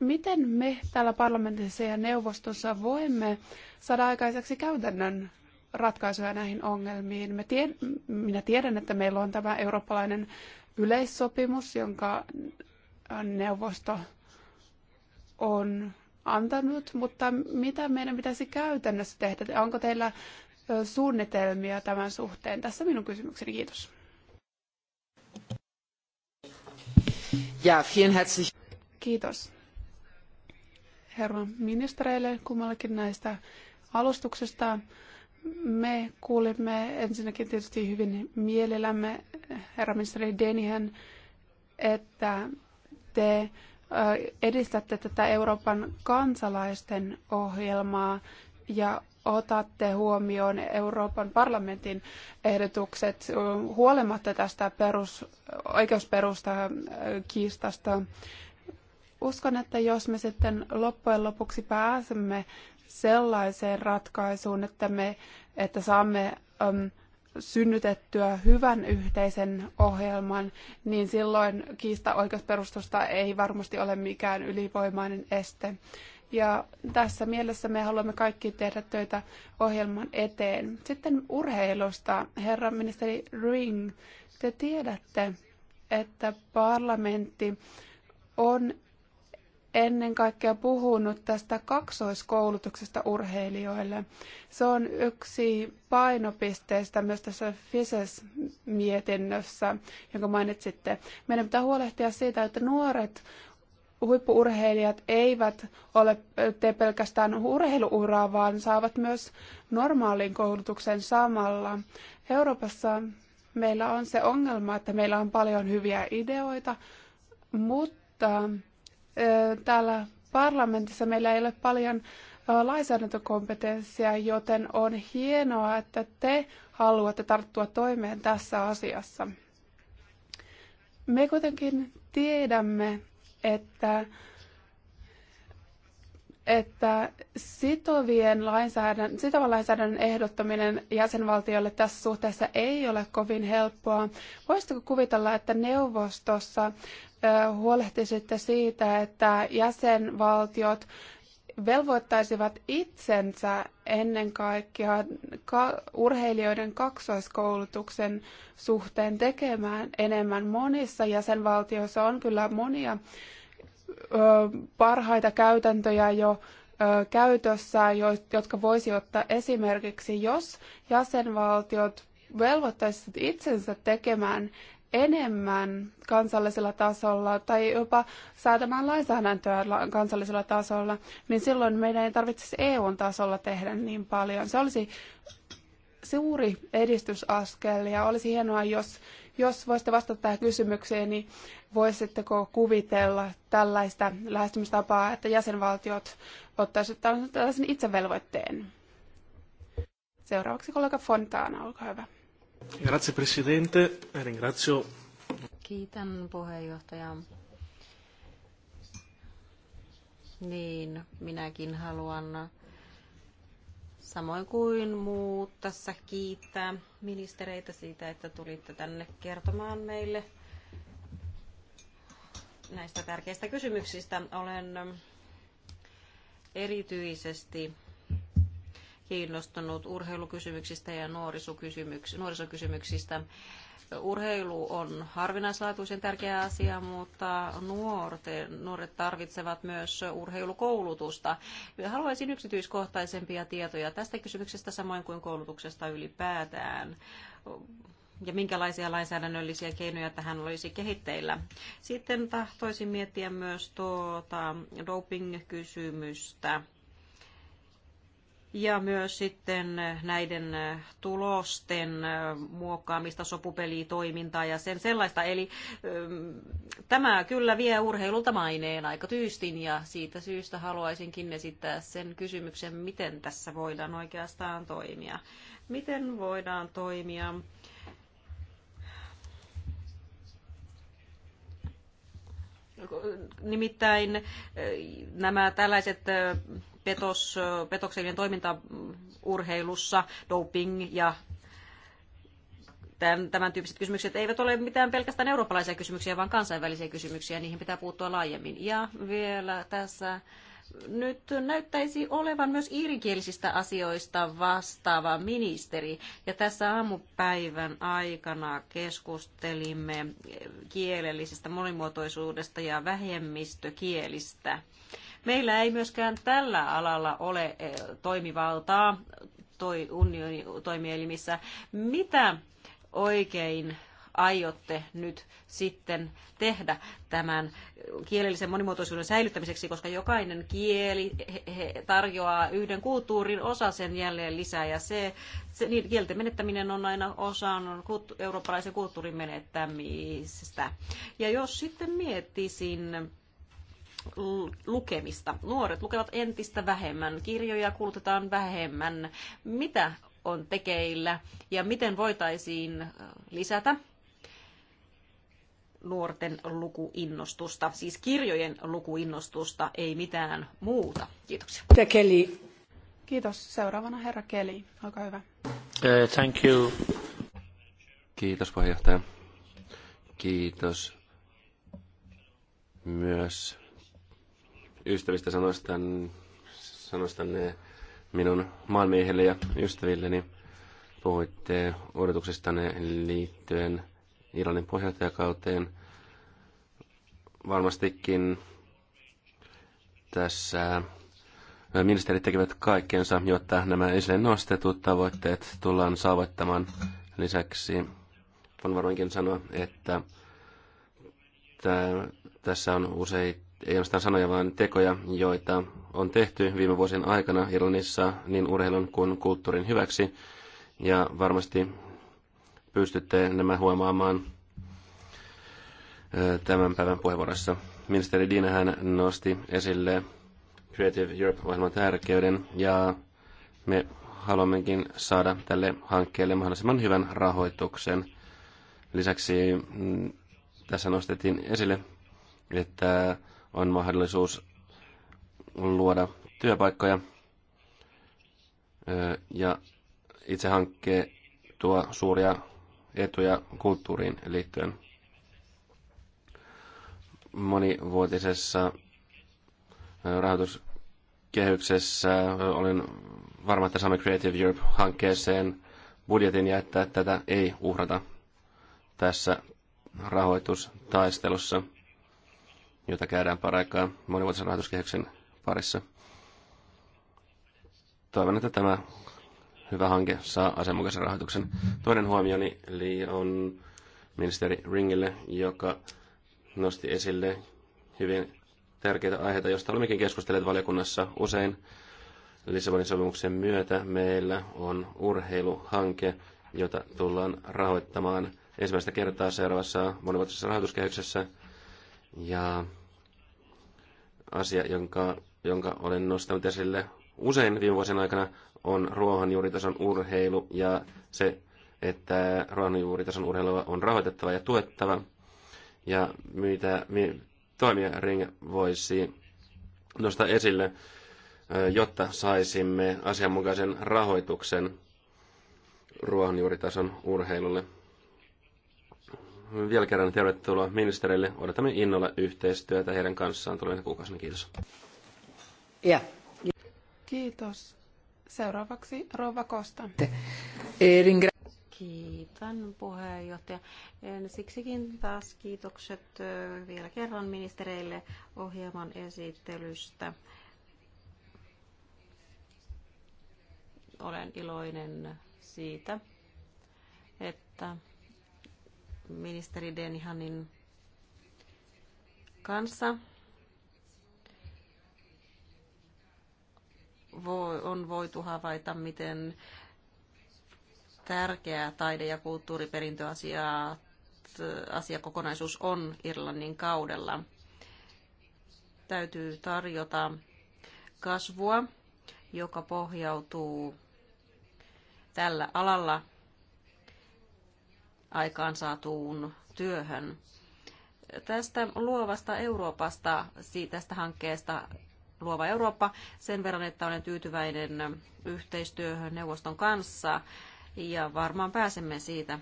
S1: Miten me täällä parlamentissa ja neuvostossa voimme saada aikaiseksi käytännön ratkaisuja näihin ongelmiin? Me tied, minä tiedän, että meillä on tämä eurooppalainen yleissopimus, jonka neuvosto on antanut, mutta mitä meidän pitäisi käytännössä tehdä? Onko teillä suunnitelmia tämän suhteen? Tässä minun kysymykseni. Kiitos. Kiitos herra ministereille kummallakin näistä alustuksista. Me kuulimme ensinnäkin tietysti hyvin mielellämme, herra ministeri Denihän, että te edistätte tätä Euroopan kansalaisten ohjelmaa ja otatte huomioon Euroopan parlamentin ehdotukset huolimatta tästä perus, oikeusperusta kiistasta. Uskon, että jos me sitten loppujen lopuksi pääsemme sellaiseen ratkaisuun, että me että saamme synnytettyä hyvän yhteisen ohjelman, niin silloin kiista oikeusperustusta ei varmasti ole mikään ylivoimainen este. Ja tässä mielessä me haluamme kaikki tehdä töitä ohjelman eteen. Sitten urheilusta, herra ministeri Ring, te tiedätte, että parlamentti on ennen kaikkea puhunut tästä kaksoiskoulutuksesta urheilijoille. Se on yksi painopisteistä myös tässä FISES-mietinnössä, jonka mainitsitte. Meidän pitää huolehtia siitä, että nuoret huippuurheilijat eivät ole, tee pelkästään urheiluuraa, vaan saavat myös normaalin koulutuksen samalla. Euroopassa meillä on se ongelma, että meillä on paljon hyviä ideoita, mutta täällä parlamentissa meillä ei ole paljon lainsäädäntökompetenssia, joten on hienoa, että te haluatte tarttua toimeen tässä asiassa. Me kuitenkin tiedämme, että, että sitovien lainsäädän, sitovan lainsäädännön ehdottaminen jäsenvaltiolle tässä suhteessa ei ole kovin helppoa. Voisitko kuvitella, että neuvostossa huolehtisitte siitä, että jäsenvaltiot velvoittaisivat itsensä ennen kaikkea urheilijoiden kaksoiskoulutuksen suhteen tekemään enemmän. Monissa jäsenvaltioissa on kyllä monia parhaita käytäntöjä jo käytössä, jotka voisi ottaa esimerkiksi, jos jäsenvaltiot velvoittaisivat itsensä tekemään enemmän kansallisella tasolla tai jopa säätämään lainsäädäntöä kansallisella tasolla, niin silloin meidän ei tarvitsisi EUn tasolla tehdä niin paljon. Se olisi suuri edistysaskel ja olisi hienoa, jos, jos voisitte vastata tähän kysymykseen, niin voisitteko kuvitella tällaista lähestymistapaa, että jäsenvaltiot ottaisivat tällaisen itsevelvoitteen? Seuraavaksi kollega Fontana, olkaa hyvä.
S2: Grazie Presidente, eh, ringrazio.
S1: Kiitän puheenjohtajaa.
S2: Niin, minäkin haluan samoin kuin muut tässä kiittää ministereitä siitä, että tulitte tänne kertomaan meille näistä tärkeistä kysymyksistä. Olen erityisesti kiinnostunut urheilukysymyksistä ja nuorisokysymyksistä. Urheilu on harvinaislaatuisen tärkeä asia, mutta nuorten, nuoret tarvitsevat myös urheilukoulutusta. Haluaisin yksityiskohtaisempia tietoja tästä kysymyksestä samoin kuin koulutuksesta ylipäätään ja minkälaisia lainsäädännöllisiä keinoja tähän olisi kehitteillä. Sitten tahtoisin miettiä myös tuota doping-kysymystä ja myös sitten näiden tulosten muokkaamista, sopupelitoimintaa ja sen sellaista. Eli ähm, tämä kyllä vie urheilulta maineen aika tyystin ja siitä syystä haluaisinkin esittää sen kysymyksen, miten tässä voidaan oikeastaan toimia. Miten voidaan toimia? Nimittäin äh, nämä tällaiset äh, petos, petoksellinen toiminta urheilussa, doping ja tämän, tämän tyyppiset kysymykset eivät ole mitään pelkästään eurooppalaisia kysymyksiä, vaan kansainvälisiä kysymyksiä. Niihin pitää puuttua laajemmin. Ja vielä tässä nyt näyttäisi olevan myös iirinkielisistä asioista vastaava ministeri. Ja tässä aamupäivän aikana keskustelimme kielellisestä monimuotoisuudesta ja vähemmistökielistä. Meillä ei myöskään tällä alalla ole eh, toimivaltaa toi unionin toimielimissä. Mitä oikein aiotte nyt sitten tehdä tämän kielellisen monimuotoisuuden säilyttämiseksi, koska jokainen kieli tarjoaa yhden kulttuurin osa sen jälleen lisää ja se, se niin, kielten menettäminen on aina osan kulttu, eurooppalaisen kulttuurin menettämisestä. Ja jos sitten miettisin lukemista. Nuoret lukevat entistä vähemmän, kirjoja kulutetaan vähemmän. Mitä on tekeillä ja miten voitaisiin äh, lisätä nuorten lukuinnostusta, siis kirjojen lukuinnostusta, ei mitään
S1: muuta. Kiitoksia. Keli. Kiitos. Seuraavana herra Keli. Olkaa hyvä.
S3: Uh, thank you. Kiitos puheenjohtaja. Kiitos myös ystävistä sanoistan, sanoistanne minun maanmiehelle ja ystävilleni. Puhuitte odotuksistanne liittyen Irlannin pohjantajakauteen. Varmastikin tässä ministerit tekevät kaikkensa, jotta nämä esille nostetut tavoitteet tullaan saavuttamaan. Lisäksi voin varmaankin sanoa, että tässä on useita ei ainoastaan sanoja, vaan tekoja, joita on tehty viime vuosien aikana Irlannissa niin urheilun kuin kulttuurin hyväksi. Ja varmasti pystytte nämä huomaamaan tämän päivän puheenvuorossa. Ministeri Dinahan nosti esille Creative Europe-ohjelman tärkeyden ja me haluammekin saada tälle hankkeelle mahdollisimman hyvän rahoituksen. Lisäksi mm, tässä nostettiin esille, että on mahdollisuus luoda työpaikkoja. Ja itse hankkee tuo suuria etuja kulttuuriin liittyen. Monivuotisessa rahoituskehyksessä olin varma, että saamme Creative Europe-hankkeeseen budjetin ja että tätä ei uhrata tässä rahoitustaistelussa – jota käydään paraikaa monivuotisen rahoituskehyksen parissa. Toivon, että tämä hyvä hanke saa asianmukaisen rahoituksen. Toinen huomioni on ministeri Ringille, joka nosti esille hyvin tärkeitä aiheita, joista olemmekin keskustelleet valiokunnassa usein. Lissabonin sopimuksen myötä meillä on urheiluhanke, jota tullaan rahoittamaan ensimmäistä kertaa seuraavassa monivuotisessa rahoituskehyksessä – ja asia, jonka, jonka olen nostanut esille usein viime vuosien aikana, on ruohonjuuritason urheilu ja se, että ruohonjuuritason urheilua on rahoitettava ja tuettava. Ja mitä toimia Ring voisi nostaa esille, jotta saisimme asianmukaisen rahoituksen ruohonjuuritason urheilulle vielä kerran tervetuloa ministerille. Odotamme innolla yhteistyötä heidän kanssaan tulevina kuukausina. Kiitos.
S1: Ja. Kiitos. Seuraavaksi Rova Kosta. Kiitän puheenjohtaja. Siksikin taas
S2: kiitokset vielä kerran ministereille ohjelman esittelystä. Olen iloinen siitä, että ministeri Denihanin kanssa. on voitu havaita, miten tärkeä taide- ja kulttuuriperintöasia asiakokonaisuus on Irlannin kaudella. Täytyy tarjota kasvua, joka pohjautuu tällä alalla aikaansaatuun työhön. Tästä luovasta Euroopasta, tästä hankkeesta Luova Eurooppa, sen verran, että olen tyytyväinen yhteistyöhön neuvoston kanssa ja varmaan pääsemme siitä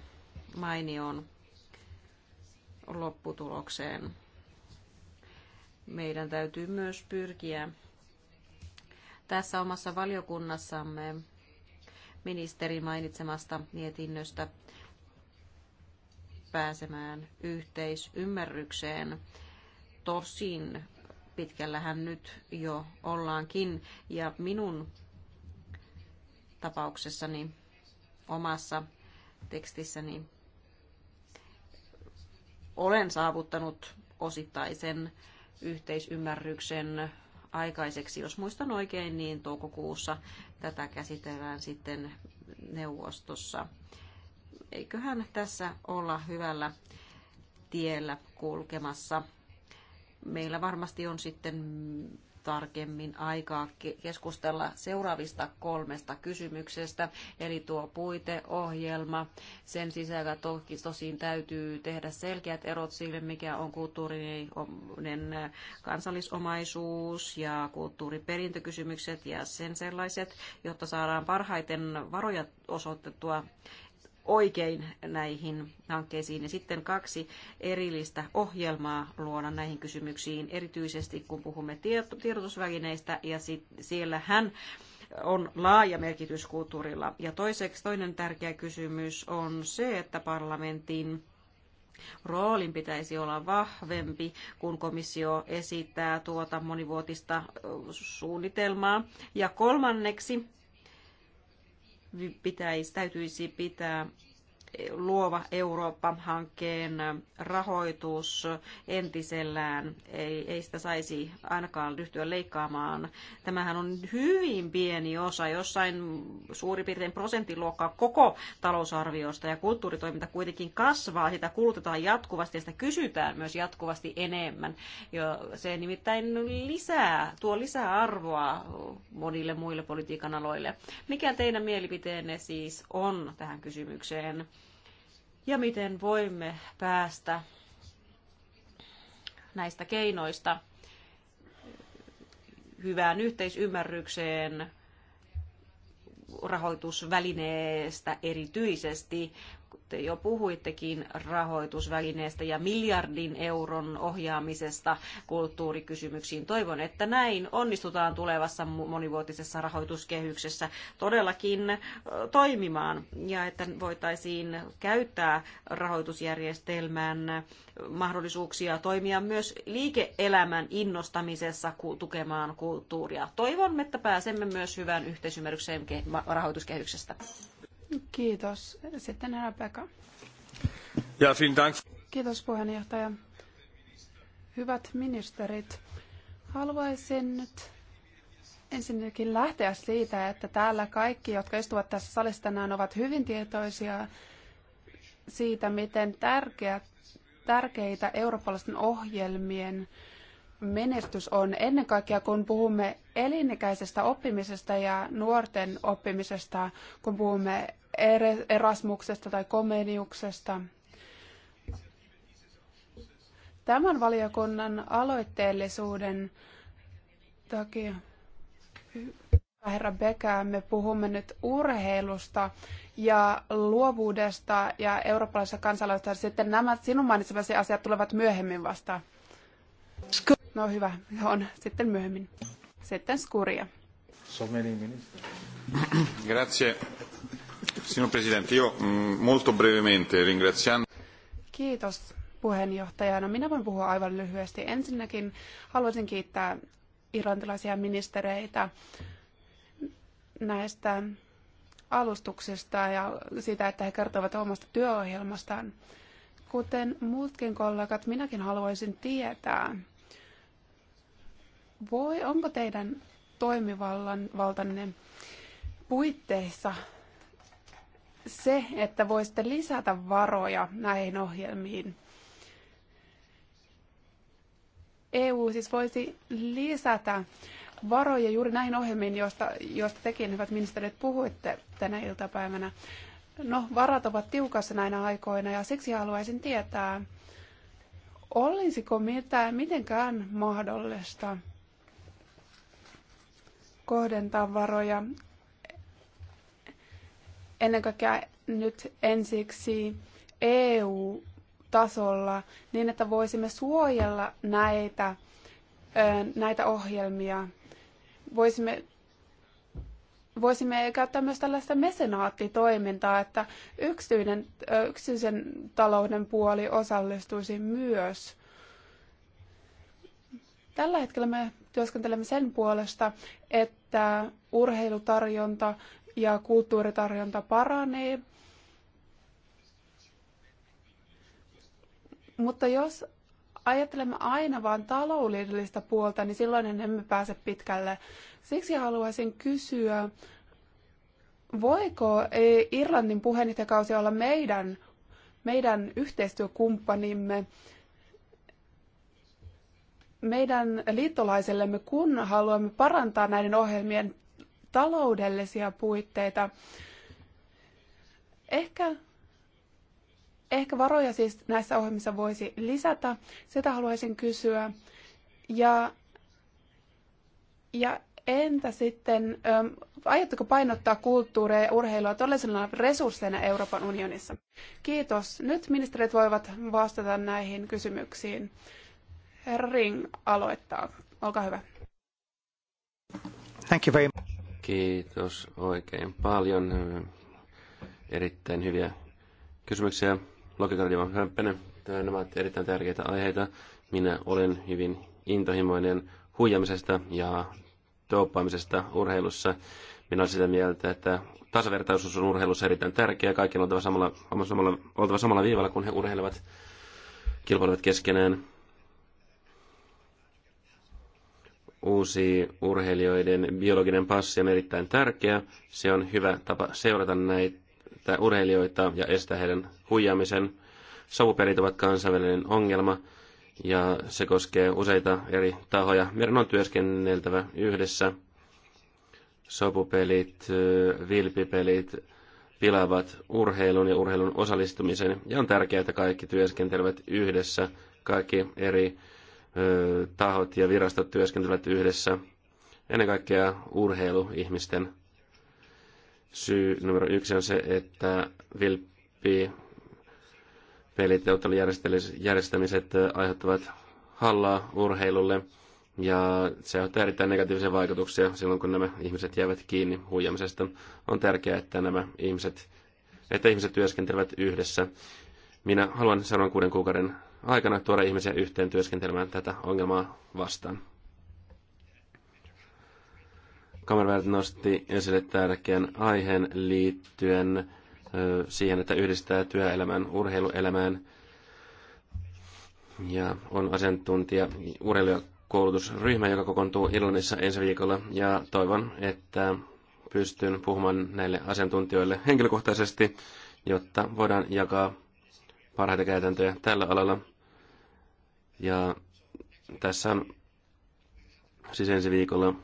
S2: mainioon lopputulokseen. Meidän täytyy myös pyrkiä tässä omassa valiokunnassamme ministerin mainitsemasta mietinnöstä pääsemään yhteisymmärrykseen. Tosin pitkällähän nyt jo ollaankin ja minun tapauksessani omassa tekstissäni olen saavuttanut osittaisen yhteisymmärryksen aikaiseksi. Jos muistan oikein, niin toukokuussa tätä käsitellään sitten neuvostossa. Eiköhän tässä olla hyvällä tiellä kulkemassa. Meillä varmasti on sitten tarkemmin aikaa keskustella seuraavista kolmesta kysymyksestä. Eli tuo puiteohjelma, sen sisällä toki tosiin täytyy tehdä selkeät erot sille, mikä on kulttuurinen kansallisomaisuus ja kulttuuriperintökysymykset ja sen sellaiset, jotta saadaan parhaiten varoja osoitettua oikein näihin hankkeisiin ja sitten kaksi erillistä ohjelmaa luoda näihin kysymyksiin, erityisesti kun puhumme tiedotusvälineistä ja sit, siellähän on laaja merkitys kulttuurilla. Ja toiseksi toinen tärkeä kysymys on se, että parlamentin roolin pitäisi olla vahvempi, kun komissio esittää tuota monivuotista suunnitelmaa. Ja kolmanneksi pitäisi, täytyisi pitää Luova Eurooppa-hankkeen rahoitus entisellään. Ei, ei sitä saisi ainakaan ryhtyä leikkaamaan. Tämähän on hyvin pieni osa, jossain suurin piirtein prosenttiluokkaa koko talousarviosta. Ja kulttuuritoiminta kuitenkin kasvaa, sitä kulutetaan jatkuvasti ja sitä kysytään myös jatkuvasti enemmän. Ja se nimittäin lisää, tuo lisää arvoa monille muille politiikan aloille. Mikä teidän mielipiteenne siis on tähän kysymykseen? ja miten voimme päästä näistä keinoista hyvään yhteisymmärrykseen rahoitusvälineestä erityisesti te jo puhuittekin rahoitusvälineestä ja miljardin euron ohjaamisesta kulttuurikysymyksiin. Toivon, että näin onnistutaan tulevassa monivuotisessa rahoituskehyksessä todellakin toimimaan ja että voitaisiin käyttää rahoitusjärjestelmän mahdollisuuksia toimia myös liike-elämän innostamisessa tukemaan kulttuuria. Toivon, että pääsemme myös hyvään yhteisymmärrykseen rahoituskehyksestä.
S1: Kiitos. Sitten herra Pekka. Ja, dank. Kiitos puheenjohtaja. Hyvät ministerit, haluaisin nyt ensinnäkin lähteä siitä, että täällä kaikki, jotka istuvat tässä salissa tänään, ovat hyvin tietoisia siitä, miten tärkeä, tärkeitä eurooppalaisten ohjelmien menestys on ennen kaikkea, kun puhumme elinikäisestä oppimisesta ja nuorten oppimisesta, kun puhumme Erasmuksesta tai Komeniuksesta. Tämän valiokunnan aloitteellisuuden takia, herra Bekää, me puhumme nyt urheilusta ja luovuudesta ja eurooppalaisesta kansalaisuudesta. Sitten nämä sinun mainitsemasi asiat tulevat myöhemmin vasta. No hyvä, on sitten myöhemmin. Sitten skuria.
S2: So many
S3: Grazie. Signor Presidente, io mm, molto brevemente ringraziando...
S1: Kiitos puheenjohtajana. No, minä voin puhua aivan lyhyesti. Ensinnäkin haluaisin kiittää irlantilaisia ministereitä näistä alustuksista ja sitä, että he kertovat omasta työohjelmastaan. Kuten muutkin kollegat, minäkin haluaisin tietää, voi, onko teidän toimivaltanne puitteissa se, että voisitte lisätä varoja näihin ohjelmiin. EU siis voisi lisätä varoja juuri näihin ohjelmiin, joista, joista tekin, hyvät ministerit, puhuitte tänä iltapäivänä. No, varat ovat tiukassa näinä aikoina ja siksi haluaisin tietää, olisiko mitään, mitenkään mahdollista kohdentaa varoja ennen kaikkea nyt ensiksi EU-tasolla niin, että voisimme suojella näitä, näitä ohjelmia. Voisimme voisimme käyttää myös tällaista mesenaattitoimintaa, että yksityinen, yksityisen talouden puoli osallistuisi myös. Tällä hetkellä me työskentelemme sen puolesta, että urheilutarjonta ja kulttuuritarjonta paranee. Mutta jos ajattelemme aina vain taloudellista puolta, niin silloin emme pääse pitkälle. Siksi haluaisin kysyä, voiko e- Irlannin puheenjohtajakausi olla meidän, meidän yhteistyökumppanimme, meidän liittolaisellemme, kun haluamme parantaa näiden ohjelmien taloudellisia puitteita. Ehkä, ehkä varoja siis näissä ohjelmissa voisi lisätä, sitä haluaisin kysyä. Ja, ja entä sitten, äm, aiotteko painottaa kulttuuria ja urheilua todellisena resursseina Euroopan unionissa? Kiitos. Nyt ministerit voivat vastata näihin kysymyksiin. Herra Ring aloittaa. Olkaa hyvä. Thank you very much.
S3: Kiitos oikein paljon. Erittäin hyviä kysymyksiä. Lokikardima Höppenen. Nämä ovat erittäin tärkeitä aiheita. Minä olen hyvin intohimoinen huijamisesta ja dopaamisesta urheilussa. Minä olen sitä mieltä, että tasavertaisuus on urheilussa erittäin tärkeää. Kaikki on oltava samalla, samalla, oltava samalla viivalla, kun he urheilevat, kilpailevat keskenään. Uusi urheilijoiden biologinen passi on erittäin tärkeä. Se on hyvä tapa seurata näitä urheilijoita ja estää heidän huijaamisen. Sovuperit ovat kansainvälinen ongelma ja se koskee useita eri tahoja. Meidän on työskenneltävä yhdessä. Sopupelit, vilpipelit pilaavat urheilun ja urheilun osallistumisen. Ja on tärkeää, että kaikki työskentelevät yhdessä, kaikki eri tahot ja virastot työskentelevät yhdessä. Ennen kaikkea urheiluihmisten syy numero yksi on se, että vilppi pelit ja järjestämiset aiheuttavat hallaa urheilulle. Ja se aiheuttaa erittäin negatiivisia vaikutuksia silloin, kun nämä ihmiset jäävät kiinni huijamisesta. On tärkeää, että nämä ihmiset, että ihmiset työskentelevät yhdessä. Minä haluan seuraavan kuuden kuukauden aikana tuoda ihmisiä yhteen työskentelemään tätä ongelmaa vastaan. Kammervert nosti esille tärkeän aiheen liittyen siihen, että yhdistää työelämän urheiluelämään. Ja on asiantuntija urheilijakoulutusryhmä, joka kokoontuu Irlannissa ensi viikolla. Ja toivon, että pystyn puhumaan näille asiantuntijoille henkilökohtaisesti, jotta voidaan jakaa parhaita käytäntöjä tällä alalla. Ja tässä siis ensi viikolla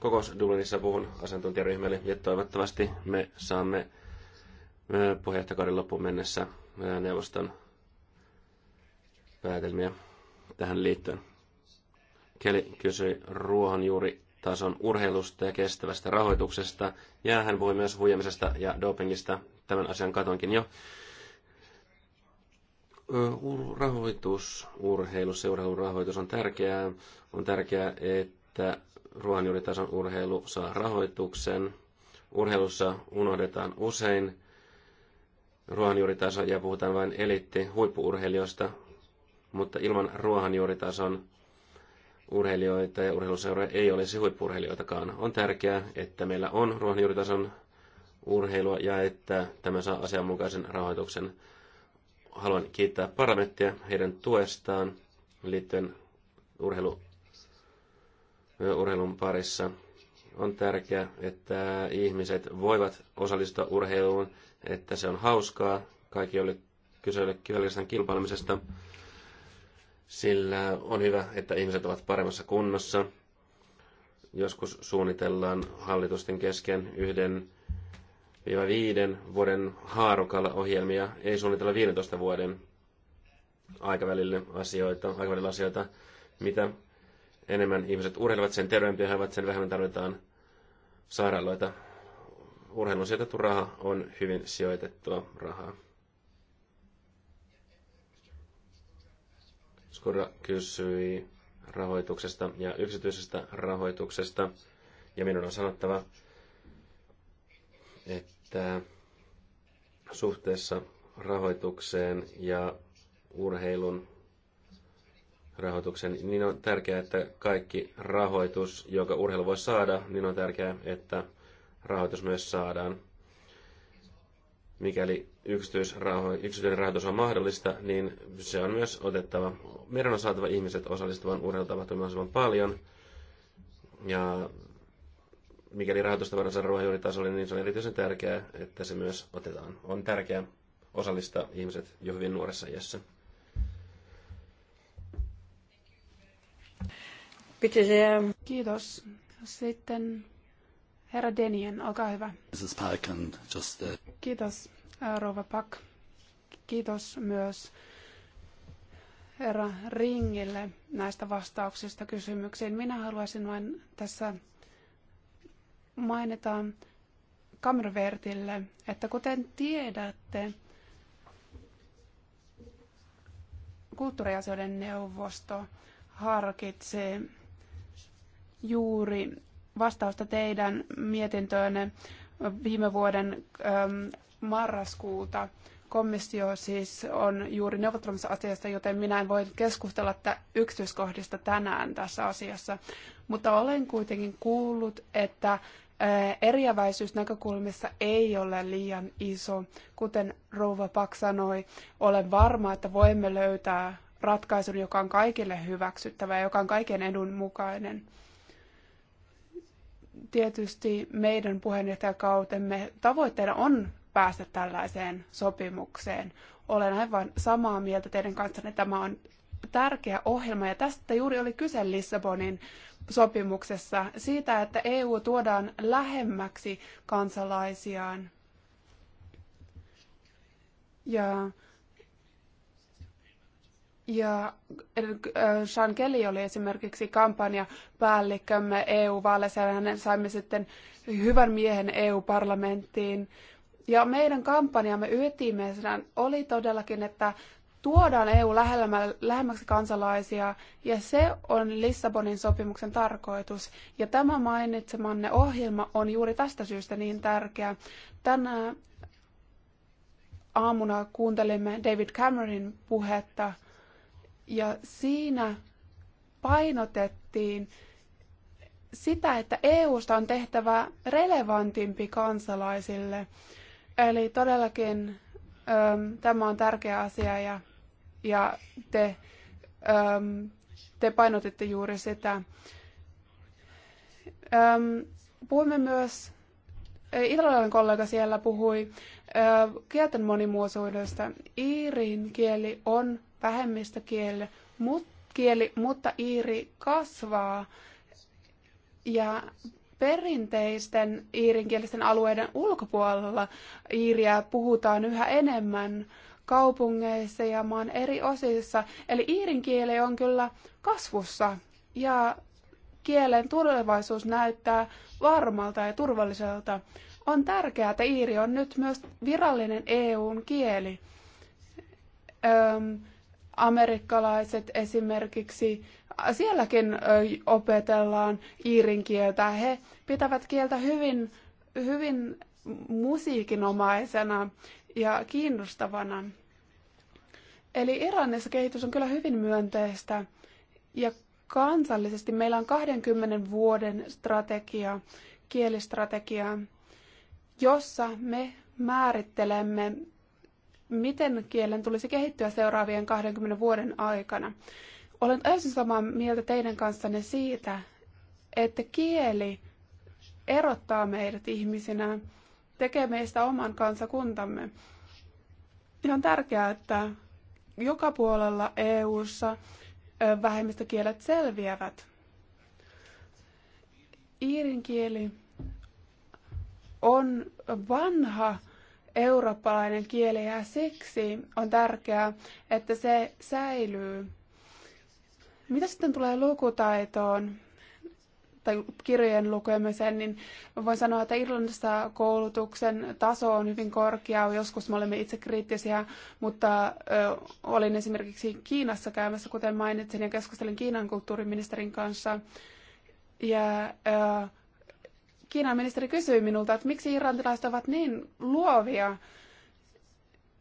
S3: kokous Dublinissa puhun asiantuntijaryhmälle ja toivottavasti me saamme puheenjohtajakauden loppuun mennessä neuvoston päätelmiä tähän liittyen. Keli kysyi ruohonjuuritason urheilusta ja kestävästä rahoituksesta. Ja hän puhui myös huijamisesta ja dopingista. Tämän asian katonkin jo rahoitus, seurahun rahoitus on tärkeää. On tärkeää, että ruohonjuuritason urheilu saa rahoituksen. Urheilussa unohdetaan usein ruohonjuuritaso ja puhutaan vain eliitti huippuurheilijoista, mutta ilman ruohonjuuritason urheilijoita ja urheiluseuroja ei olisi huippurheilijoitakaan. On tärkeää, että meillä on ruohonjuuritason urheilua ja että tämä saa asianmukaisen rahoituksen haluan kiittää parlamenttia heidän tuestaan liittyen urheilu, urheilun parissa. On tärkeää, että ihmiset voivat osallistua urheiluun, että se on hauskaa. Kaikki oli kyse pelkästään kilpailemisesta, sillä on hyvä, että ihmiset ovat paremmassa kunnossa. Joskus suunnitellaan hallitusten kesken yhden viiden vuoden haarukalla ohjelmia, ei suunnitella 15 vuoden aikavälille asioita, aikavälillä asioita, mitä enemmän ihmiset urheilevat, sen terveempiä he ovat, sen vähemmän tarvitaan sairaaloita. Urheilun sijoitettu raha on hyvin sijoitettua rahaa. Skurra kysyi rahoituksesta ja yksityisestä rahoituksesta. Ja minun on sanottava, että että suhteessa rahoitukseen ja urheilun rahoituksen, niin on tärkeää, että kaikki rahoitus, joka urheilu voi saada, niin on tärkeää, että rahoitus myös saadaan. Mikäli yksityinen rahoitus on mahdollista, niin se on myös otettava. Meidän on saatava ihmiset osallistuvan urheilutapahtumaan paljon. Ja mikäli rahoitusta voidaan saada ruohonjuuritasolle, niin se on erityisen tärkeää, että se myös otetaan. On tärkeää osallistaa ihmiset jo hyvin nuoressa iässä.
S1: Kiitos. Sitten herra Denien, olkaa hyvä. Kiitos, rouva Pak. Kiitos myös herra Ringille näistä vastauksista kysymyksiin. Minä haluaisin vain tässä mainita Kamrovertille, että kuten tiedätte, kulttuuriasioiden neuvosto harkitsee juuri vastausta teidän mietintöönne viime vuoden ähm, marraskuuta. Komissio siis on juuri neuvottelemassa asiasta, joten minä en voi keskustella yksityiskohdista tänään tässä asiassa. Mutta olen kuitenkin kuullut, että eriäväisyys näkökulmissa ei ole liian iso. Kuten Rouva Pak sanoi, olen varma, että voimme löytää ratkaisun, joka on kaikille hyväksyttävä ja joka on kaiken edun mukainen. Tietysti meidän puheenjohtajakautemme tavoitteena on päästä tällaiseen sopimukseen. Olen aivan samaa mieltä teidän kanssanne, tämä on tärkeä ohjelma ja tästä juuri oli kyse Lissabonin sopimuksessa siitä, että EU tuodaan lähemmäksi kansalaisiaan. Ja, ja äh, Sean Kelly oli esimerkiksi kampanjapäällikkömme EU-vaaleissa ja hänen saimme sitten hyvän miehen EU-parlamenttiin. Ja meidän kampanjamme ytimessä oli todellakin, että tuodaan EU lähemmäksi kansalaisia, ja se on Lissabonin sopimuksen tarkoitus. Ja tämä mainitsemanne ohjelma on juuri tästä syystä niin tärkeä. Tänä aamuna kuuntelimme David Cameronin puhetta, ja siinä painotettiin sitä, että EUsta on tehtävä relevantimpi kansalaisille. Eli todellakin tämä on tärkeä asia ja ja te, äm, te painotitte juuri sitä. Äm, puhumme myös, italialainen kollega siellä puhui äh, kielten monimuotoisuudesta. Iirin kieli on vähemmistökieli, mut, kieli, mutta iiri kasvaa. Ja perinteisten iirinkielisten alueiden ulkopuolella iiriä puhutaan yhä enemmän kaupungeissa ja maan eri osissa. Eli iirin kieli on kyllä kasvussa ja kielen tulevaisuus näyttää varmalta ja turvalliselta. On tärkeää, että iiri on nyt myös virallinen EUn kieli. Öm, amerikkalaiset esimerkiksi, sielläkin opetellaan iirin kieltä. He pitävät kieltä hyvin, hyvin musiikinomaisena ja kiinnostavana. Eli Iranissa kehitys on kyllä hyvin myönteistä ja kansallisesti meillä on 20 vuoden strategia, kielistrategia, jossa me määrittelemme, miten kielen tulisi kehittyä seuraavien 20 vuoden aikana. Olen täysin samaa mieltä teidän kanssanne siitä, että kieli erottaa meidät ihmisinä tekee meistä oman kansakuntamme. Ja on tärkeää, että joka puolella EU:ssa vähemmistökielet selviävät. Iirin kieli on vanha eurooppalainen kieli ja siksi on tärkeää, että se säilyy. Mitä sitten tulee lukutaitoon? tai kirjojen lukemisen, niin voin sanoa, että Irlannissa koulutuksen taso on hyvin korkea. Joskus me olemme itse kriittisiä, mutta ö, olin esimerkiksi Kiinassa käymässä, kuten mainitsin, ja keskustelin Kiinan kulttuuriministerin kanssa. Ja ö, Kiinan ministeri kysyi minulta, että miksi irlantilaiset ovat niin luovia.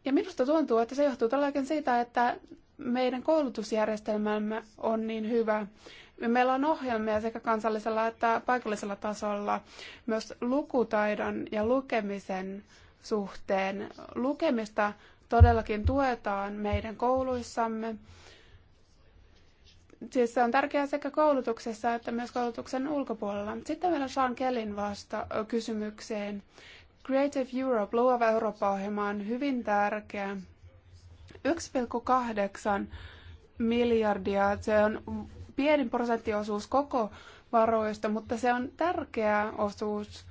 S1: Ja minusta tuntuu, että se johtuu todellakin siitä, että meidän koulutusjärjestelmämme on niin hyvä. Meillä on ohjelmia sekä kansallisella että paikallisella tasolla myös lukutaidon ja lukemisen suhteen. Lukemista todellakin tuetaan meidän kouluissamme. Siis se on tärkeää sekä koulutuksessa että myös koulutuksen ulkopuolella. Sitten meillä Sean Kellin vasta kysymykseen. Creative Europe, luova Eurooppa-ohjelma on hyvin tärkeä. 1,8 miljardia, se on pienin prosenttiosuus koko varoista, mutta se on tärkeä osuus.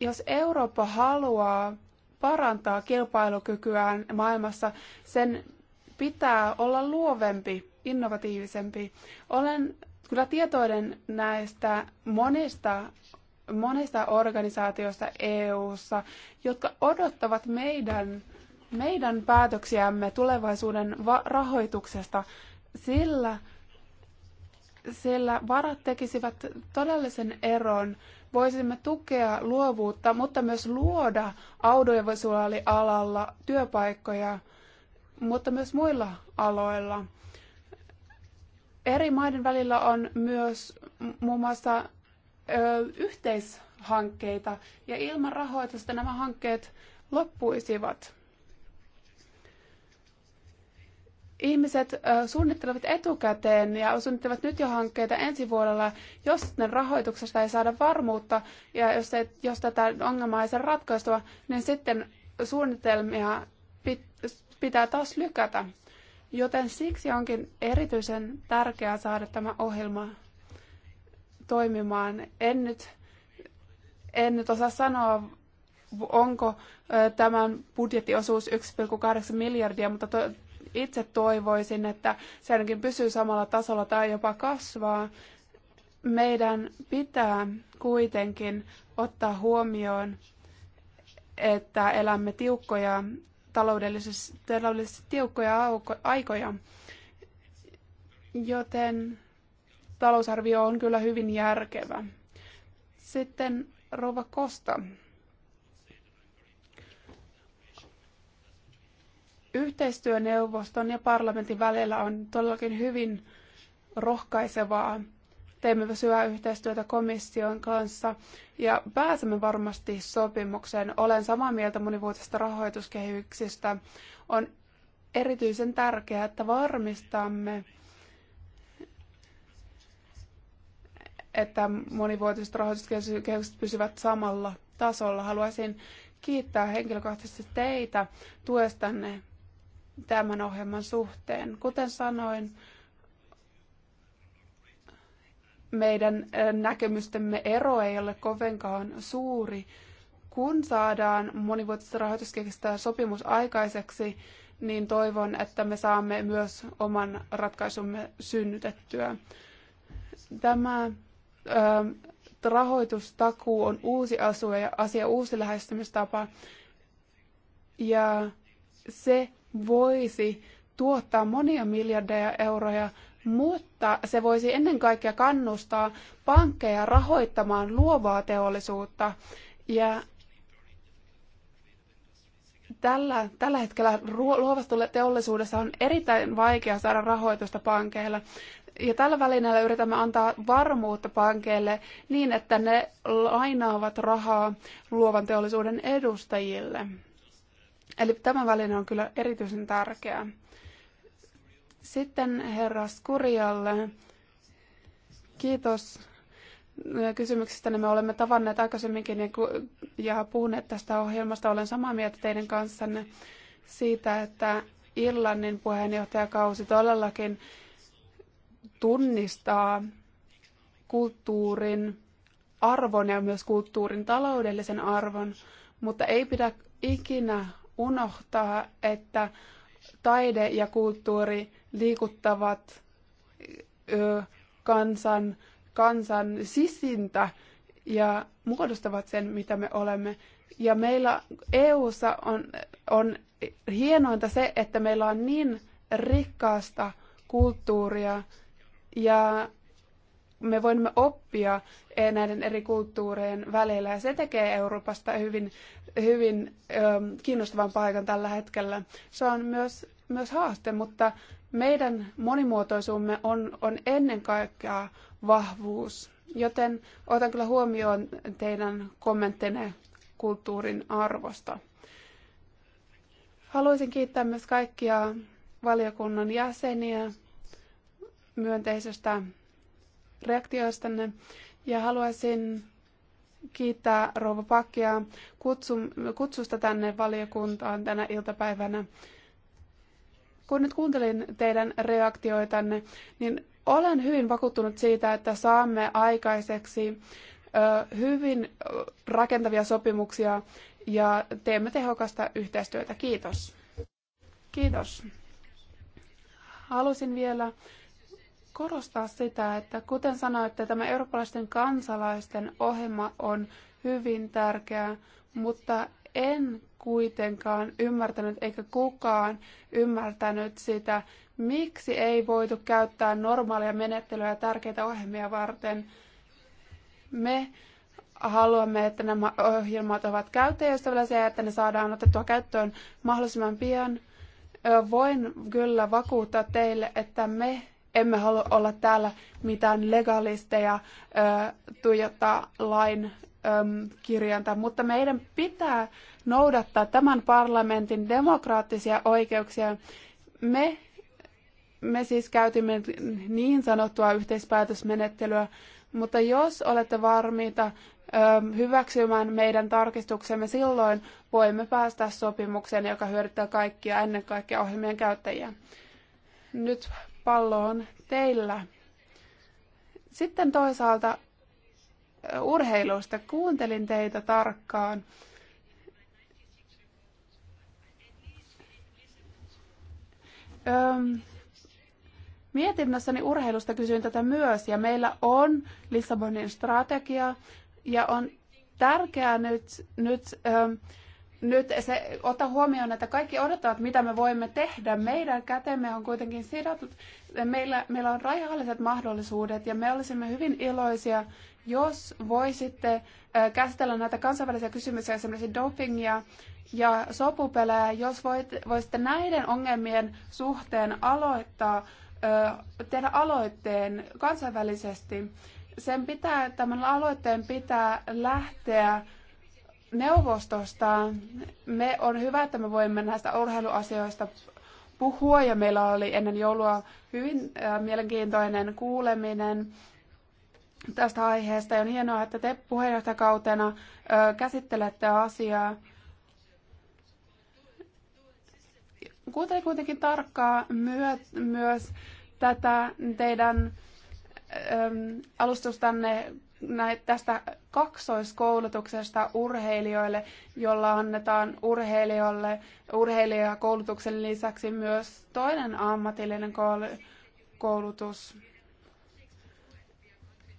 S1: Jos Eurooppa haluaa parantaa kilpailukykyään maailmassa, sen pitää olla luovempi, innovatiivisempi. Olen kyllä tietoinen näistä monista, monista organisaatioista EU:ssa, jotka odottavat meidän, meidän päätöksiämme tulevaisuuden rahoituksesta, sillä sillä varat tekisivät todellisen eron. Voisimme tukea luovuutta, mutta myös luoda audiovisuaalialalla työpaikkoja, mutta myös muilla aloilla. Eri maiden välillä on myös muun muassa yhteishankkeita, ja ilman rahoitusta nämä hankkeet loppuisivat. ihmiset suunnittelevat etukäteen ja suunnittelevat nyt jo hankkeita ensi vuodella, jos ne rahoituksesta ei saada varmuutta ja jos, ei, jos tätä ongelmaa ei saada ratkaistua, niin sitten suunnitelmia pitää taas lykätä. Joten siksi onkin erityisen tärkeää saada tämä ohjelma toimimaan. En nyt, en nyt osaa sanoa, onko tämän budjettiosuus 1,8 miljardia, mutta to, itse toivoisin, että se ainakin pysyy samalla tasolla tai jopa kasvaa. Meidän pitää kuitenkin ottaa huomioon, että elämme tiukkoja taloudellisesti, taloudellisesti tiukkoja aikoja, joten talousarvio on kyllä hyvin järkevä. Sitten Rova Kosta Yhteistyöneuvoston ja parlamentin välillä on todellakin hyvin rohkaisevaa. Teemme myös hyvää yhteistyötä komission kanssa ja pääsemme varmasti sopimukseen. Olen samaa mieltä monivuotisesta rahoituskehyksistä. On erityisen tärkeää, että varmistamme, että monivuotiset rahoituskehykset pysyvät samalla tasolla. Haluaisin kiittää henkilökohtaisesti teitä tuestanne tämän ohjelman suhteen. Kuten sanoin, meidän näkemystemme ero ei ole kovinkaan suuri. Kun saadaan monivuotista rahoituskehistä sopimus aikaiseksi, niin toivon, että me saamme myös oman ratkaisumme synnytettyä. Tämä ö, rahoitustakuu on uusi asia, asia, uusi lähestymistapa. Ja se voisi tuottaa monia miljardeja euroja, mutta se voisi ennen kaikkea kannustaa pankkeja rahoittamaan luovaa teollisuutta. Ja tällä, tällä hetkellä luovasta teollisuudessa on erittäin vaikea saada rahoitusta pankeilla. Ja tällä välineellä yritämme antaa varmuutta pankeille niin, että ne lainaavat rahaa luovan teollisuuden edustajille. Eli tämä väline on kyllä erityisen tärkeä. Sitten herra Skurjalle. Kiitos kysymyksistä. Me olemme tavanneet aikaisemminkin ja puhuneet tästä ohjelmasta. Olen samaa mieltä teidän kanssanne siitä, että Irlannin puheenjohtajakausi todellakin tunnistaa kulttuurin arvon ja myös kulttuurin taloudellisen arvon, mutta ei pidä ikinä unohtaa, että taide ja kulttuuri liikuttavat kansan, kansan sisintä ja muodostavat sen, mitä me olemme. Ja meillä EU:ssa on, on hienointa se, että meillä on niin rikkaasta kulttuuria ja me voimme oppia näiden eri kulttuurien välillä ja se tekee Euroopasta hyvin, hyvin ähm, kiinnostavan paikan tällä hetkellä. Se on myös, myös haaste, mutta meidän monimuotoisuumme on, on ennen kaikkea vahvuus. Joten otan kyllä huomioon teidän kommenttinne kulttuurin arvosta. Haluaisin kiittää myös kaikkia valiokunnan jäseniä myönteisestä reaktioistanne ja haluaisin kiittää Rouva Pakkia kutsusta tänne valiokuntaan tänä iltapäivänä. Kun nyt kuuntelin teidän reaktioitanne, niin olen hyvin vakuuttunut siitä, että saamme aikaiseksi hyvin rakentavia sopimuksia ja teemme tehokasta yhteistyötä. Kiitos. Kiitos. Halusin vielä korostaa sitä, että kuten sanoitte, tämä eurooppalaisten kansalaisten ohjelma on hyvin tärkeä, mutta en kuitenkaan ymmärtänyt, eikä kukaan ymmärtänyt sitä, miksi ei voitu käyttää normaalia menettelyä tärkeitä ohjelmia varten. Me haluamme, että nämä ohjelmat ovat käyttäjäystävällisiä ja että ne saadaan otettua käyttöön mahdollisimman pian. Voin kyllä vakuuttaa teille, että me emme halua olla täällä mitään legalisteja, ö, tuijottaa lain kirjainta, mutta meidän pitää noudattaa tämän parlamentin demokraattisia oikeuksia. Me, me siis käytimme niin sanottua yhteispäätösmenettelyä, mutta jos olette varmiita hyväksymään meidän tarkistuksemme, silloin voimme päästä sopimukseen, joka hyödyttää kaikkia, ennen kaikkea ohjelmien käyttäjiä. Nyt pallo on teillä. Sitten toisaalta urheilusta. Kuuntelin teitä tarkkaan. Öm, mietinnössäni urheilusta kysyin tätä myös, ja meillä on Lissabonin strategia, ja on tärkeää nyt, nyt öm, nyt se, ota huomioon, että kaikki odottavat, mitä me voimme tehdä. Meidän kätemme on kuitenkin sidotut. Meillä, meillä on rajalliset mahdollisuudet ja me olisimme hyvin iloisia, jos voisitte käsitellä näitä kansainvälisiä kysymyksiä, esimerkiksi dopingia ja sopupelejä, jos voit, voisitte näiden ongelmien suhteen aloittaa, tehdä aloitteen kansainvälisesti. Sen pitää, tämän aloitteen pitää lähteä neuvostosta. Me on hyvä, että me voimme näistä urheiluasioista puhua ja meillä oli ennen joulua hyvin äh, mielenkiintoinen kuuleminen tästä aiheesta. Ja on hienoa, että te puheenjohtajakautena käsittelette asiaa. Kuuntele kuitenkin tarkkaa myö, myös tätä teidän äm, alustustanne tästä kaksoiskoulutuksesta urheilijoille, jolla annetaan urheilijoille urheilijakoulutuksen lisäksi myös toinen ammatillinen koulutus.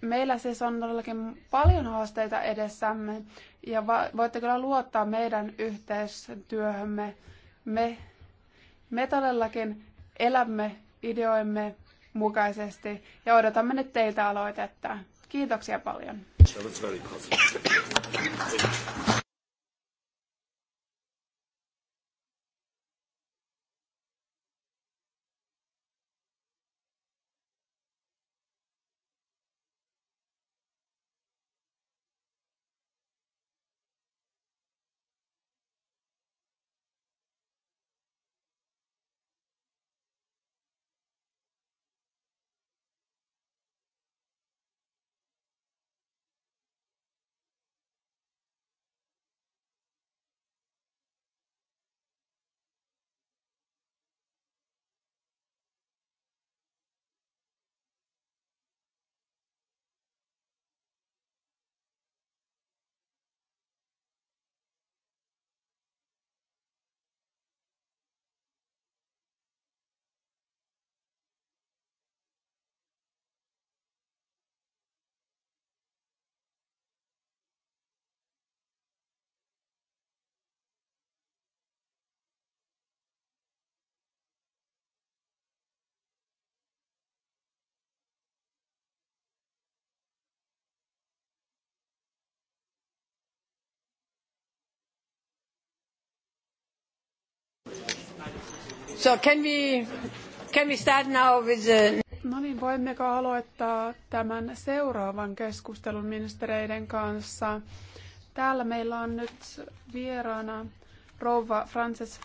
S1: Meillä siis on todellakin paljon haasteita edessämme ja voitte kyllä luottaa meidän yhteistyöhömme. Me, me todellakin elämme ideoimme mukaisesti ja odotamme nyt teiltä aloitetta. Kiitoksia paljon. No niin, voimmeko aloittaa tämän seuraavan keskustelun ministereiden kanssa? Täällä meillä on nyt vieraana rouva Frances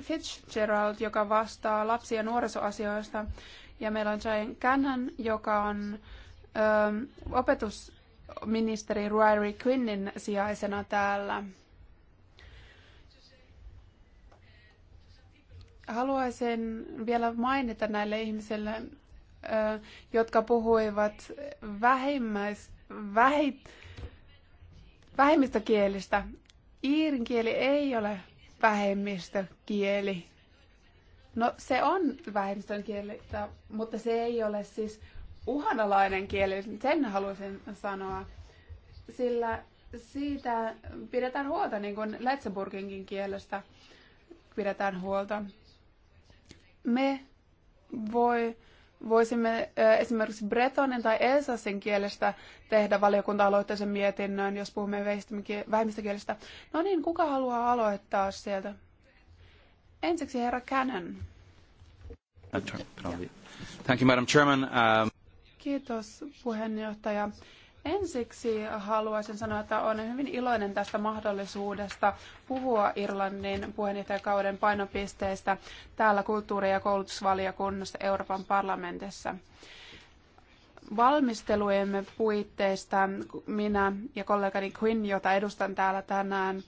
S1: Fitzgerald, joka vastaa lapsi- ja nuorisoasioista. Ja meillä on Jane Cannon, joka on ö, opetusministeri Ryrie Quinnin sijaisena täällä. Haluaisin vielä mainita näille ihmisille, jotka puhuivat vähimmäis, vähi, vähemmistä kielistä. Iirin kieli ei ole vähemmistökieli. No se on vähemmistön kieli, mutta se ei ole siis uhanalainen kieli, sen haluaisin sanoa. Sillä siitä pidetään huolta, niin kuin Letseburginkin kielestä pidetään huolta. Me voi, voisimme esimerkiksi bretonin tai elsassin kielestä tehdä valiokunta-aloitteisen mietinnön, jos puhumme vähemmistökielestä. No niin, kuka haluaa aloittaa sieltä? Ensiksi herra Cannon.
S3: Thank you, Madam
S2: Chairman. Um,
S1: Kiitos puheenjohtaja. Ensiksi haluaisin sanoa, että olen hyvin iloinen tästä mahdollisuudesta puhua Irlannin puheenjohtajakauden painopisteistä täällä kulttuuri- ja koulutusvaliokunnassa Euroopan parlamentissa. Valmistelujemme puitteista minä ja kollegani Quinn, jota edustan täällä tänään,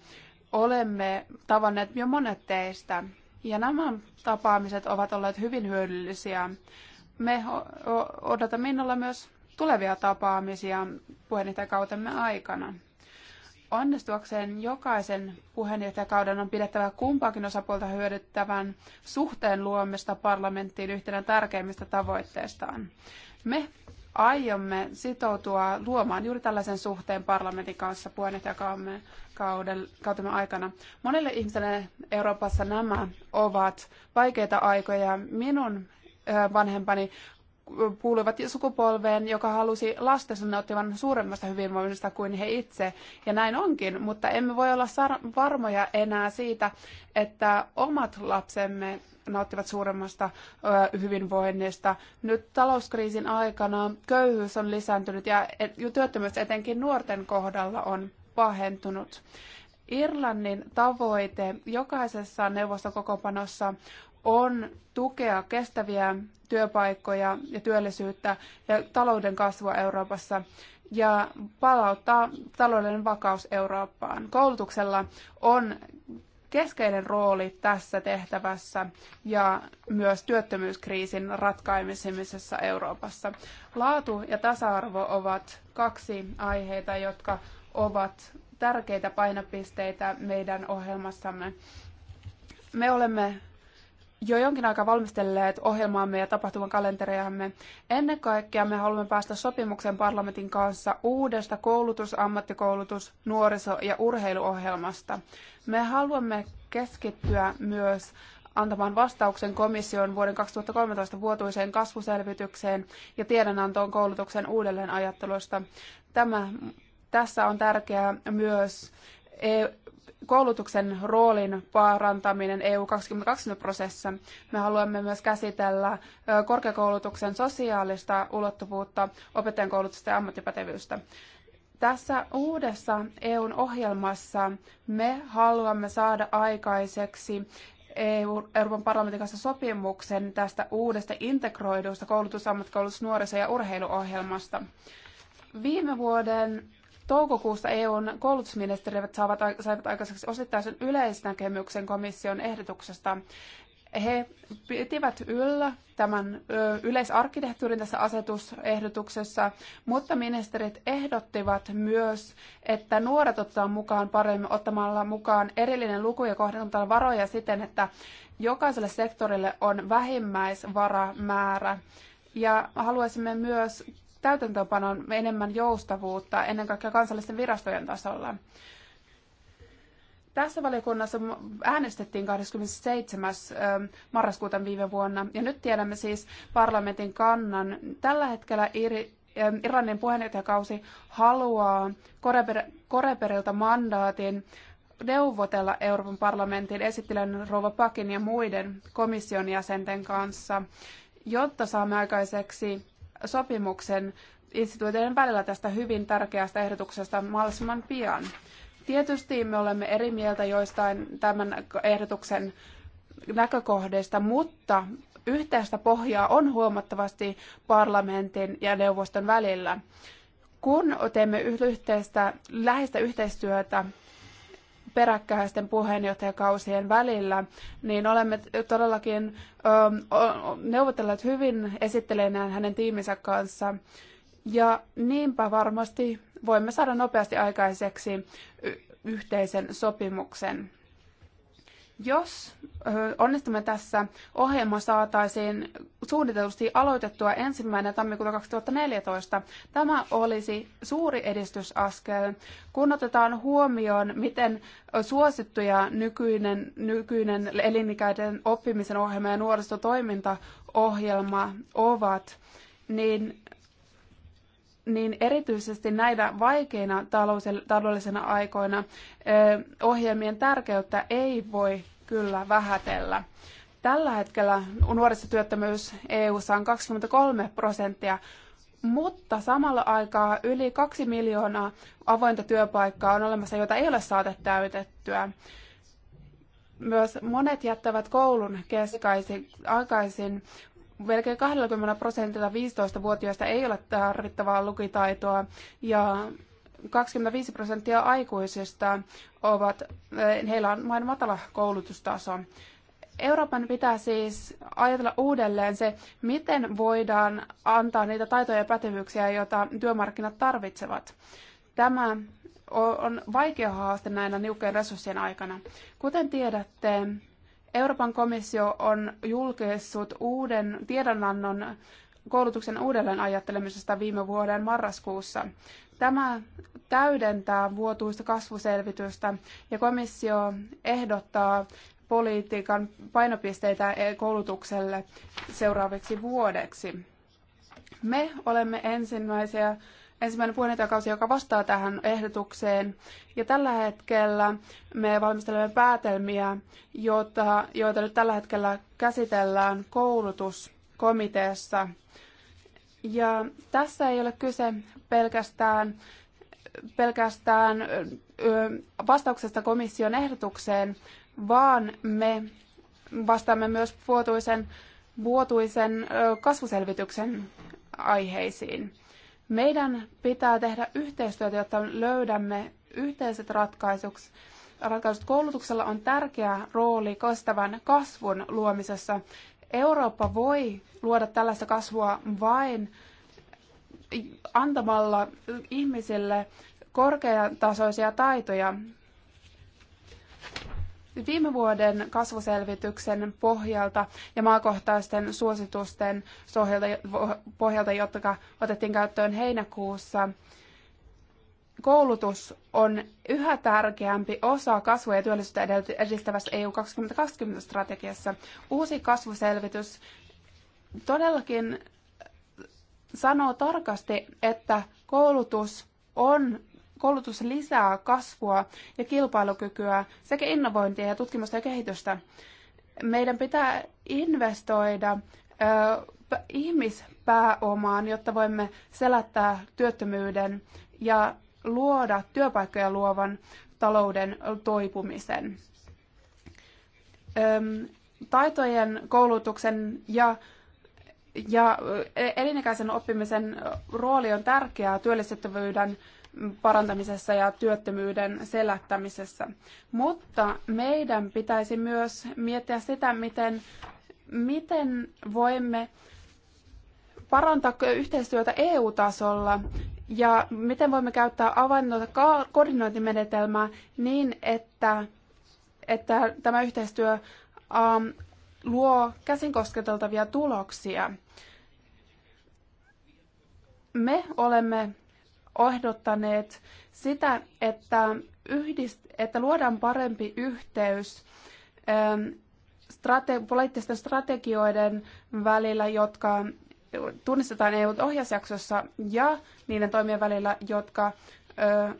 S1: olemme tavanneet jo monet teistä. Ja nämä tapaamiset ovat olleet hyvin hyödyllisiä. Me odotamme innolla myös tulevia tapaamisia puheenjohtajakautemme aikana. Onnistuakseen jokaisen puheenjohtajakauden on pidettävä kumpaakin osapuolta hyödyttävän suhteen luomista parlamenttiin yhtenä tärkeimmistä tavoitteistaan. Me aiomme sitoutua luomaan juuri tällaisen suhteen parlamentin kanssa puheenjohtajakautemme kautemme aikana. Monelle ihmiselle Euroopassa nämä ovat vaikeita aikoja. Minun vanhempani kuuluivat sukupolveen, joka halusi lastensa nauttivan suuremmasta hyvinvoinnista kuin he itse. Ja näin onkin, mutta emme voi olla varmoja enää siitä, että omat lapsemme nauttivat suuremmasta hyvinvoinnista. Nyt talouskriisin aikana köyhyys on lisääntynyt ja työttömyys etenkin nuorten kohdalla on pahentunut. Irlannin tavoite jokaisessa neuvostokokopanossa on tukea kestäviä työpaikkoja ja työllisyyttä ja talouden kasvua Euroopassa ja palauttaa talouden vakaus Eurooppaan. Koulutuksella on keskeinen rooli tässä tehtävässä ja myös työttömyyskriisin ratkaisemisessa Euroopassa. Laatu ja tasa-arvo ovat kaksi aiheita, jotka ovat tärkeitä painopisteitä meidän ohjelmassamme. Me olemme jo jonkin aikaa valmistelleet ohjelmaamme ja tapahtuman kalenterejamme. Ennen kaikkea me haluamme päästä sopimuksen parlamentin kanssa uudesta koulutus-, ammattikoulutus-, nuoriso- ja urheiluohjelmasta. Me haluamme keskittyä myös antamaan vastauksen komission vuoden 2013 vuotuiseen kasvuselvitykseen ja tiedonantoon koulutuksen uudelleenajattelusta. Tämä, tässä on tärkeää myös e- koulutuksen roolin parantaminen EU 2020-prosessissa. Me haluamme myös käsitellä korkeakoulutuksen sosiaalista ulottuvuutta, opettajankoulutusta koulutusta ja ammattipätevyystä. Tässä uudessa EUn ohjelmassa me haluamme saada aikaiseksi EU, Euroopan parlamentin kanssa sopimuksen tästä uudesta integroidusta koulutus, ammattikoulutus, nuoriso- ja urheiluohjelmasta. Viime vuoden Toukokuussa EUn koulutusministerit saavat, saivat aikaiseksi osittaisen yleisnäkemyksen komission ehdotuksesta. He pitivät yllä tämän yleisarkkitehtuurin tässä asetusehdotuksessa, mutta ministerit ehdottivat myös, että nuoret otetaan mukaan paremmin ottamalla mukaan erillinen luku ja kohdentamalla varoja siten, että jokaiselle sektorille on vähimmäisvaramäärä. Ja haluaisimme myös täytäntöönpanon enemmän joustavuutta ennen kaikkea kansallisten virastojen tasolla. Tässä valiokunnassa äänestettiin 27. marraskuuta viime vuonna, ja nyt tiedämme siis parlamentin kannan. Tällä hetkellä Irlannin puheenjohtajakausi haluaa Koreperilta mandaatin neuvotella Euroopan parlamentin esittelyn Rova Pakin ja muiden komission jäsenten kanssa, jotta saamme aikaiseksi sopimuksen instituutioiden välillä tästä hyvin tärkeästä ehdotuksesta mahdollisimman pian. Tietysti me olemme eri mieltä joistain tämän ehdotuksen näkökohdista, mutta yhteistä pohjaa on huomattavasti parlamentin ja neuvoston välillä. Kun teemme yhteistä, läheistä yhteistyötä peräkkäisten puheenjohtajakausien välillä, niin olemme todellakin neuvotelleet hyvin esittelemään hänen tiiminsä kanssa. Ja niinpä varmasti voimme saada nopeasti aikaiseksi yhteisen sopimuksen. Jos onnistumme tässä, ohjelma saataisiin suunnitelusti aloitettua ensimmäinen tammikuuta 2014. Tämä olisi suuri edistysaskel, kun otetaan huomioon, miten suosittuja nykyinen, nykyinen elinikäiden oppimisen ohjelma ja nuorisotoimintaohjelma ovat, niin niin erityisesti näinä vaikeina taloudellisena aikoina ohjelmien tärkeyttä ei voi kyllä vähätellä. Tällä hetkellä nuorisotyöttömyys EU:ssa on 23 prosenttia, mutta samalla aikaa yli kaksi miljoonaa avointa työpaikkaa on olemassa, joita ei ole saatu täytettyä. Myös monet jättävät koulun keskaisin aikaisin melkein 20 prosentilla 15-vuotiaista ei ole tarvittavaa lukitaitoa ja 25 prosenttia aikuisista ovat, eh, heillä on vain matala koulutustaso. Euroopan pitää siis ajatella uudelleen se, miten voidaan antaa niitä taitoja ja pätevyyksiä, joita työmarkkinat tarvitsevat. Tämä on vaikea haaste näinä niukkojen resurssien aikana. Kuten tiedätte, Euroopan komissio on julkaissut uuden tiedonannon koulutuksen uudelleen ajattelemisesta viime vuoden marraskuussa. Tämä täydentää vuotuista kasvuselvitystä ja komissio ehdottaa politiikan painopisteitä koulutukselle seuraaviksi vuodeksi. Me olemme ensimmäisiä ensimmäinen puheenjohtajakausi, joka vastaa tähän ehdotukseen. Ja tällä hetkellä me valmistelemme päätelmiä, joita, joita nyt tällä hetkellä käsitellään koulutuskomiteassa. Ja tässä ei ole kyse pelkästään pelkästään vastauksesta komission ehdotukseen, vaan me vastaamme myös vuotuisen, vuotuisen kasvuselvityksen aiheisiin. Meidän pitää tehdä yhteistyötä, jotta löydämme yhteiset ratkaisut. ratkaisut. Koulutuksella on tärkeä rooli kestävän kasvun luomisessa. Eurooppa voi luoda tällaista kasvua vain antamalla ihmisille korkeatasoisia taitoja. Viime vuoden kasvuselvityksen pohjalta ja maakohtaisten suositusten pohjalta, jotka otettiin käyttöön heinäkuussa, koulutus on yhä tärkeämpi osa kasvu- ja työllisyyttä edistävässä EU 2020-strategiassa. Uusi kasvuselvitys todellakin sanoo tarkasti, että koulutus on koulutus lisää kasvua ja kilpailukykyä sekä innovointia ja tutkimusta ja kehitystä. Meidän pitää investoida ö, ihmispääomaan, jotta voimme selättää työttömyyden ja luoda työpaikkoja luovan talouden toipumisen. Öm, taitojen, koulutuksen ja ja e-, elinikäisen oppimisen rooli on tärkeää työllistettävyyden parantamisessa ja työttömyyden selättämisessä. Mutta meidän pitäisi myös miettiä sitä, miten, miten voimme parantaa yhteistyötä EU-tasolla ja miten voimme käyttää avainnoita koordinointimenetelmää niin, että, että tämä yhteistyö ähm, luo käsin kosketeltavia tuloksia. Me olemme ehdottaneet sitä, että, yhdist- että luodaan parempi yhteys ähm, strate- poliittisten strategioiden välillä, jotka tunnistetaan EU-ohjausjaksossa ja niiden toimien välillä, jotka, äh,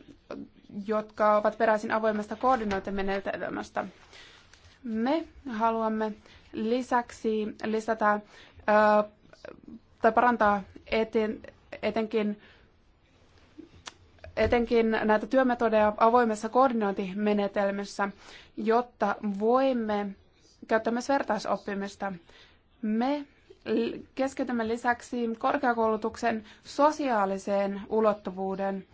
S1: jotka ovat peräisin avoimesta koordinointimenetelmästä. Me haluamme lisäksi lisätä äh, tai parantaa eten, etenkin etenkin näitä työmetodeja avoimessa koordinointimenetelmissä, jotta voimme käyttää myös vertaisoppimista. Me keskitymme lisäksi korkeakoulutuksen sosiaaliseen ulottuvuuden.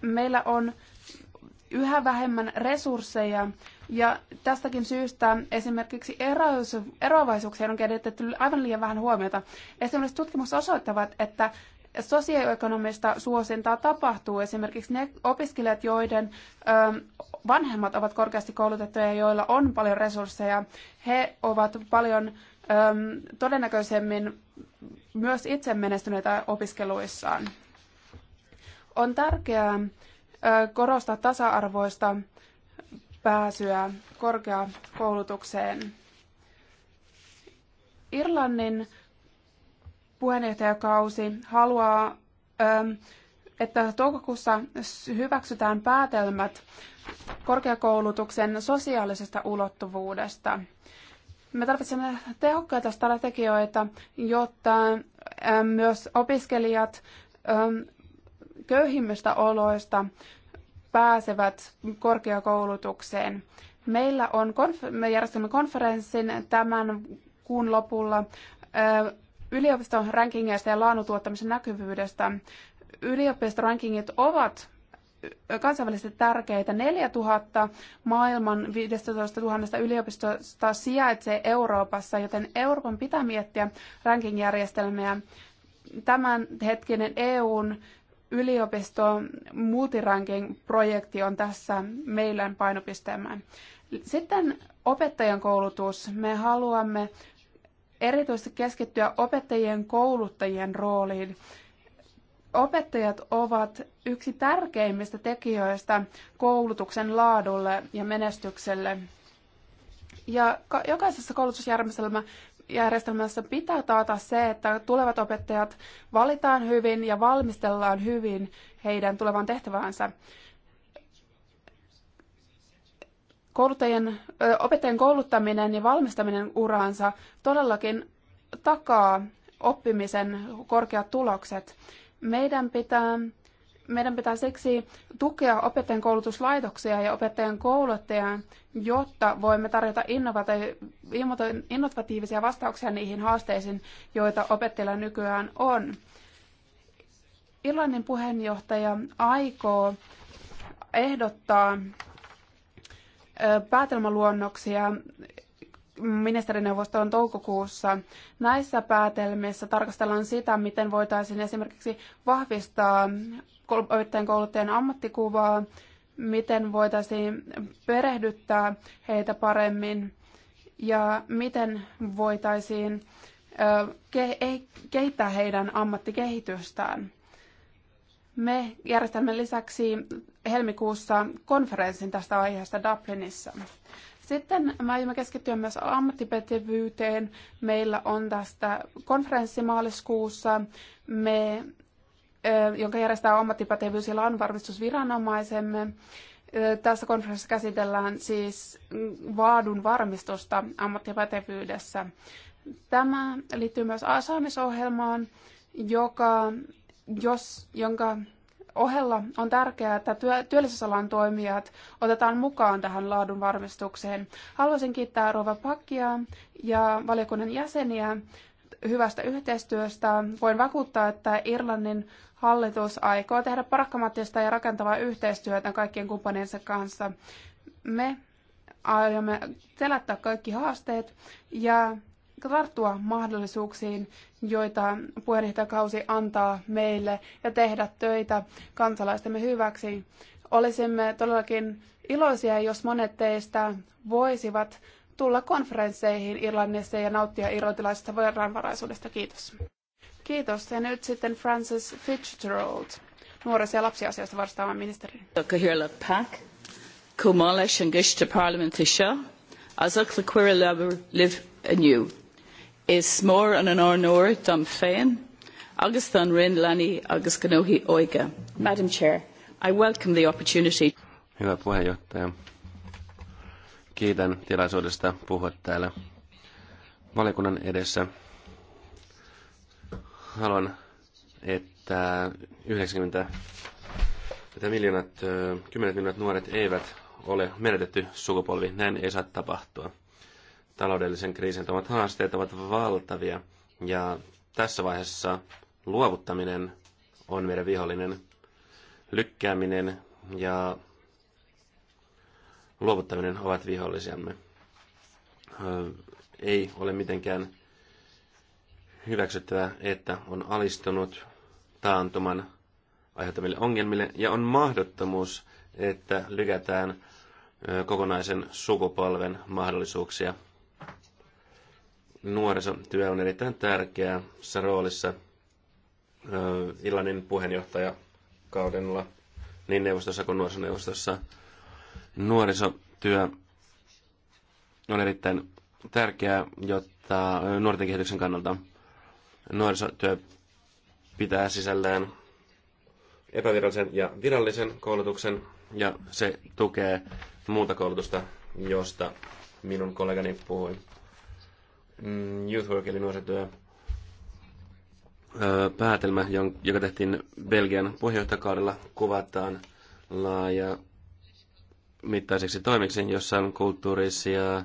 S1: Meillä on yhä vähemmän resursseja ja tästäkin syystä esimerkiksi eroavaisuuksiin on kiinnitetty aivan liian vähän huomiota. Esimerkiksi tutkimus osoittavat, että sosioekonomista suosintaa tapahtuu. Esimerkiksi ne opiskelijat, joiden ähm, vanhemmat ovat korkeasti koulutettuja ja joilla on paljon resursseja, he ovat paljon ähm, todennäköisemmin myös itse menestyneitä opiskeluissaan. On tärkeää äh, korostaa tasa-arvoista pääsyä korkeakoulutukseen. Irlannin puheenjohtajakausi haluaa, ähm, että toukokuussa hyväksytään päätelmät korkeakoulutuksen sosiaalisesta ulottuvuudesta. Me tarvitsemme tehokkaita strategioita, jotta ähm, myös opiskelijat ähm, köyhimmistä oloista pääsevät korkeakoulutukseen. Meillä on, me järjestämme konferenssin tämän kuun lopulla äh, yliopistorankingeista ja laanutuottamisen näkyvyydestä. Yliopistorankingit ovat kansainvälisesti tärkeitä. 4000 maailman 15 000 yliopistosta sijaitsee Euroopassa, joten Euroopan pitää miettiä rankingjärjestelmiä. Tämänhetkinen EUn yliopisto multiranking-projekti on tässä meidän painopisteemme. Sitten opettajan koulutus. Me haluamme erityisesti keskittyä opettajien kouluttajien rooliin. Opettajat ovat yksi tärkeimmistä tekijöistä koulutuksen laadulle ja menestykselle. Ja jokaisessa koulutusjärjestelmässä pitää taata se, että tulevat opettajat valitaan hyvin ja valmistellaan hyvin heidän tulevaan tehtäväänsä. Koulutajien, opettajien kouluttaminen ja valmistaminen uraansa todellakin takaa oppimisen korkeat tulokset. Meidän pitää, meidän pitää siksi tukea opettajien koulutuslaitoksia ja opettajien kouluttajia, jotta voimme tarjota innovatiivisia vastauksia niihin haasteisiin, joita opettajilla nykyään on. Irlannin puheenjohtaja aikoo ehdottaa päätelmäluonnoksia ministerineuvostoon toukokuussa. Näissä päätelmissä tarkastellaan sitä, miten voitaisiin esimerkiksi vahvistaa opettajan kouluttajan ammattikuvaa, miten voitaisiin perehdyttää heitä paremmin ja miten voitaisiin kehittää heidän ammattikehitystään. Me järjestämme lisäksi helmikuussa konferenssin tästä aiheesta Dublinissa. Sitten me aiomme keskittyä myös ammattipätevyyteen. Meillä on tästä konferenssi maaliskuussa, me, jonka järjestää ammattipätevyys- ja lainvarmistusviranomaisemme. Tässä konferenssissa käsitellään siis vaadun varmistusta ammattipätevyydessä. Tämä liittyy myös asaamisohjelmaan, joka jos, jonka ohella on tärkeää, että työ, työllisyysalan toimijat otetaan mukaan tähän laadun varmistukseen. Haluaisin kiittää Rova Pakkia ja valiokunnan jäseniä hyvästä yhteistyöstä. Voin vakuuttaa, että Irlannin hallitus aikoo tehdä parakkamattista ja rakentavaa yhteistyötä kaikkien kumppaniensa kanssa. Me aiomme selättää kaikki haasteet ja tarttua mahdollisuuksiin, joita puheenjohtajakausi antaa meille ja tehdä töitä kansalaistemme hyväksi. Olisimme todellakin iloisia, jos monet teistä voisivat tulla konferensseihin Irlannissa ja nauttia irlantilaisesta varanvaraisuudesta. Kiitos. Kiitos. Ja nyt sitten Francis Fitzgerald, nuoris- ja lapsiasioista vastaava ministeri.
S2: Pack. Kumalais an giste parlamentissa, as a live anew is mór an an nóir dom féin agus don rinn lani agus ganohi óige. Madam Chair, I welcome the opportunity.
S3: Hyvä puheenjohtaja. Kiitän tilaisuudesta puhua täällä valiokunnan edessä. Haluan, että 90 että miljoonat, kymmenet miljoonat nuoret eivät ole menetetty sukupolvi. Näin ei saa tapahtua taloudellisen kriisin tuomat haasteet ovat valtavia. Ja tässä vaiheessa luovuttaminen on meidän vihollinen. Lykkääminen ja luovuttaminen ovat vihollisiamme. Ei ole mitenkään hyväksyttävää, että on alistunut taantuman aiheuttamille ongelmille ja on mahdottomuus, että lykätään kokonaisen sukupolven mahdollisuuksia – nuorisotyö on erittäin tärkeässä roolissa Ilanin puheenjohtaja kaudella niin neuvostossa kuin nuorisoneuvostossa. Nuorisotyö on erittäin tärkeää, jotta nuorten kehityksen kannalta nuorisotyö pitää sisällään epävirallisen ja virallisen koulutuksen ja se tukee muuta koulutusta, josta minun kollegani puhui. Mm, Youth Work eli nuorisotyö päätelmä, joka tehtiin Belgian puheenjohtajakaudella, kuvataan laaja mittaiseksi toimiksi, jossa on kulttuurisia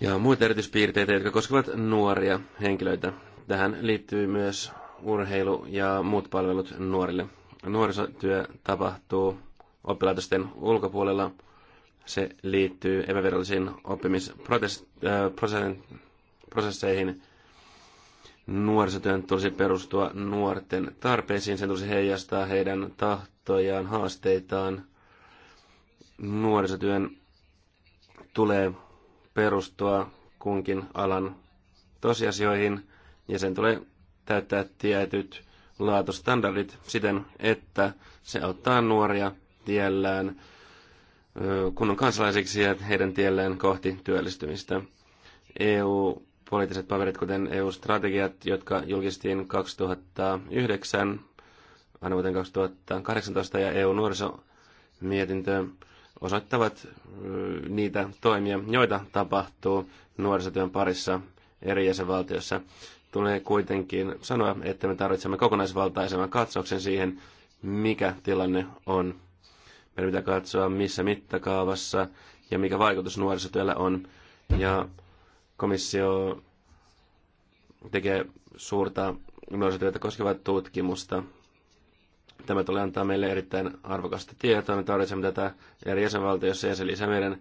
S3: ja muita erityispiirteitä, jotka koskevat nuoria henkilöitä. Tähän liittyy myös urheilu ja muut palvelut nuorille. Nuorisotyö tapahtuu oppilaitosten ulkopuolella. Se liittyy epävirallisiin oppimisprotesteihin Äh, prosesseihin nuorisotyön tulisi perustua nuorten tarpeisiin. Sen tulisi heijastaa heidän tahtojaan, haasteitaan. Nuorisotyön tulee perustua kunkin alan tosiasioihin ja sen tulee täyttää tietyt laatustandardit siten, että se auttaa nuoria tiellään kunnon kansalaisiksi ja heidän tielleen kohti työllistymistä. EU-poliittiset paperit, kuten EU-strategiat, jotka julkistiin 2009, aina vuoteen 2018 ja EU-nuorisomietintö osoittavat niitä toimia, joita tapahtuu nuorisotyön parissa eri jäsenvaltiossa. Tulee kuitenkin sanoa, että me tarvitsemme kokonaisvaltaisemman katsauksen siihen, mikä tilanne on meidän pitää katsoa, missä mittakaavassa ja mikä vaikutus nuorisotyöllä on. Ja komissio tekee suurta nuorisotyötä koskevaa tutkimusta. Tämä tulee antaa meille erittäin arvokasta tietoa. Me tarvitsemme tätä eri jäsenvaltioissa ja se lisää meidän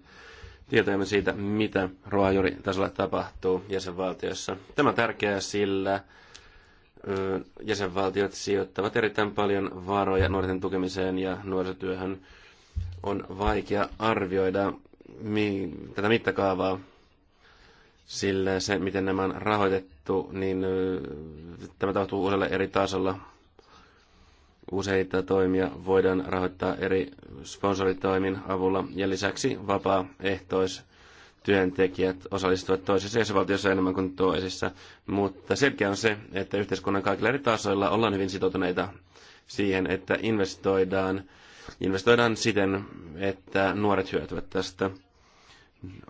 S3: tietojamme siitä, mitä ruohonjuuritasolla tapahtuu jäsenvaltioissa. Tämä on tärkeää, sillä jäsenvaltiot sijoittavat erittäin paljon varoja nuorten tukemiseen ja nuorisotyöhön on vaikea arvioida mi- tätä mittakaavaa, sillä se, miten nämä on rahoitettu, niin tämä tapahtuu usealla eri tasolla. Useita toimia voidaan rahoittaa eri sponsoritoimin avulla ja lisäksi vapaaehtoistyöntekijät osallistuvat toisissa jäsenvaltioissa enemmän kuin toisissa. Mutta selkeä on se, että yhteiskunnan kaikilla eri tasoilla ollaan hyvin sitoutuneita siihen, että investoidaan investoidaan siten, että nuoret hyötyvät tästä.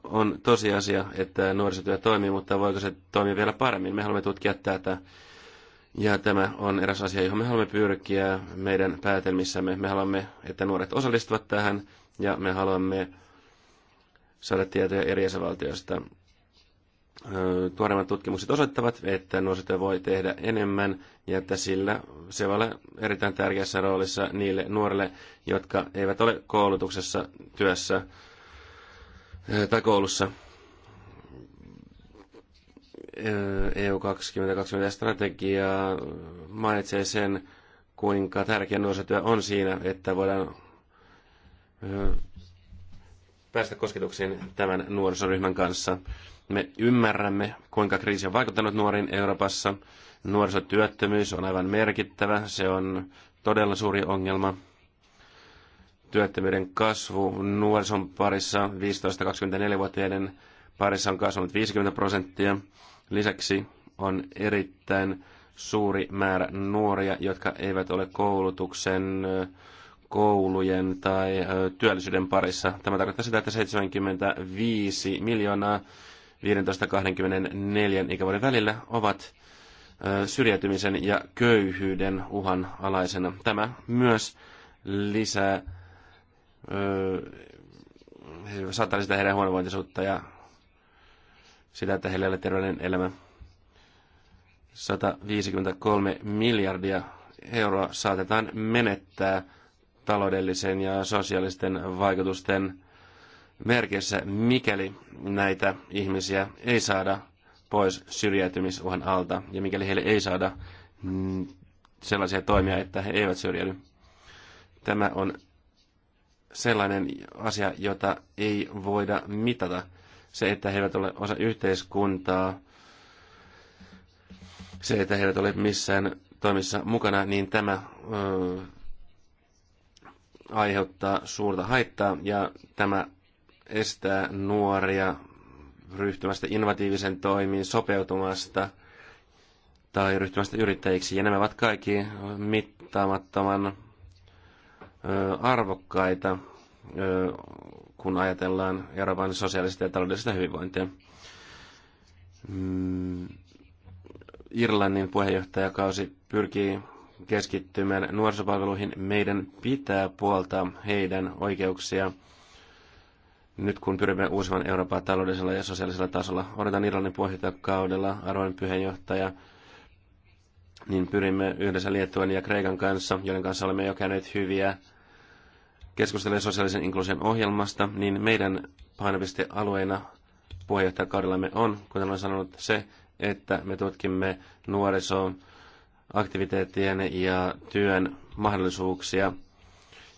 S3: On tosiasia, että nuorisotyö toimii, mutta voiko se toimia vielä paremmin? Me haluamme tutkia tätä. Ja tämä on eräs asia, johon me haluamme pyrkiä meidän päätelmissämme. Me haluamme, että nuoret osallistuvat tähän ja me haluamme saada tietoja eri jäsenvaltioista tuoreimmat tutkimukset osoittavat, että nuorisotyö voi tehdä enemmän ja että sillä se voi olla erittäin tärkeässä roolissa niille nuorille, jotka eivät ole koulutuksessa, työssä tai koulussa. EU 2020 strategia mainitsee sen, kuinka tärkeä nuorisotyö on siinä, että voidaan päästä kosketuksiin tämän nuorisoryhmän kanssa. Me ymmärrämme, kuinka kriisi on vaikuttanut nuoriin Euroopassa. Nuorisotyöttömyys on aivan merkittävä. Se on todella suuri ongelma. Työttömyyden kasvu nuorison parissa 15-24-vuotiaiden parissa on kasvanut 50 prosenttia. Lisäksi on erittäin suuri määrä nuoria, jotka eivät ole koulutuksen, koulujen tai työllisyyden parissa. Tämä tarkoittaa sitä, että 75 miljoonaa 15-24 ikävuoden välillä ovat syrjäytymisen ja köyhyyden uhan alaisena. Tämä myös lisää, saattaa lisätä heidän huonovointisuutta ja sitä, että heillä ei ole terveellinen elämä. 153 miljardia euroa saatetaan menettää taloudellisen ja sosiaalisten vaikutusten merkissä, mikäli näitä ihmisiä ei saada pois syrjäytymisuhan alta ja mikäli heille ei saada mm, sellaisia toimia, että he eivät syrjäydy. Tämä on sellainen asia, jota ei voida mitata. Se, että he eivät ole osa yhteiskuntaa, se, että he eivät ole missään toimissa mukana, niin tämä ö, aiheuttaa suurta haittaa ja tämä estää nuoria ryhtymästä innovatiivisen toimiin, sopeutumasta tai ryhtymästä yrittäjiksi. Ja nämä ovat kaikki mittaamattoman arvokkaita, kun ajatellaan Euroopan sosiaalista ja taloudellista hyvinvointia. Mm, Irlannin puheenjohtajakausi pyrkii keskittymään nuorisopalveluihin. Meidän pitää puoltaa heidän oikeuksia nyt kun pyrimme uusimaan Eurooppaa taloudellisella ja sosiaalisella tasolla, odotan Irlannin puheenjohtajakaudella arvoin puheenjohtaja, niin pyrimme yhdessä Liettuan ja Kreikan kanssa, joiden kanssa olemme jo käyneet hyviä keskustelua sosiaalisen inkluusion ohjelmasta, niin meidän painopistealueena puheenjohtajakaudellamme on, kuten olen sanonut, se, että me tutkimme nuorisoon, aktiviteettien ja työn mahdollisuuksia.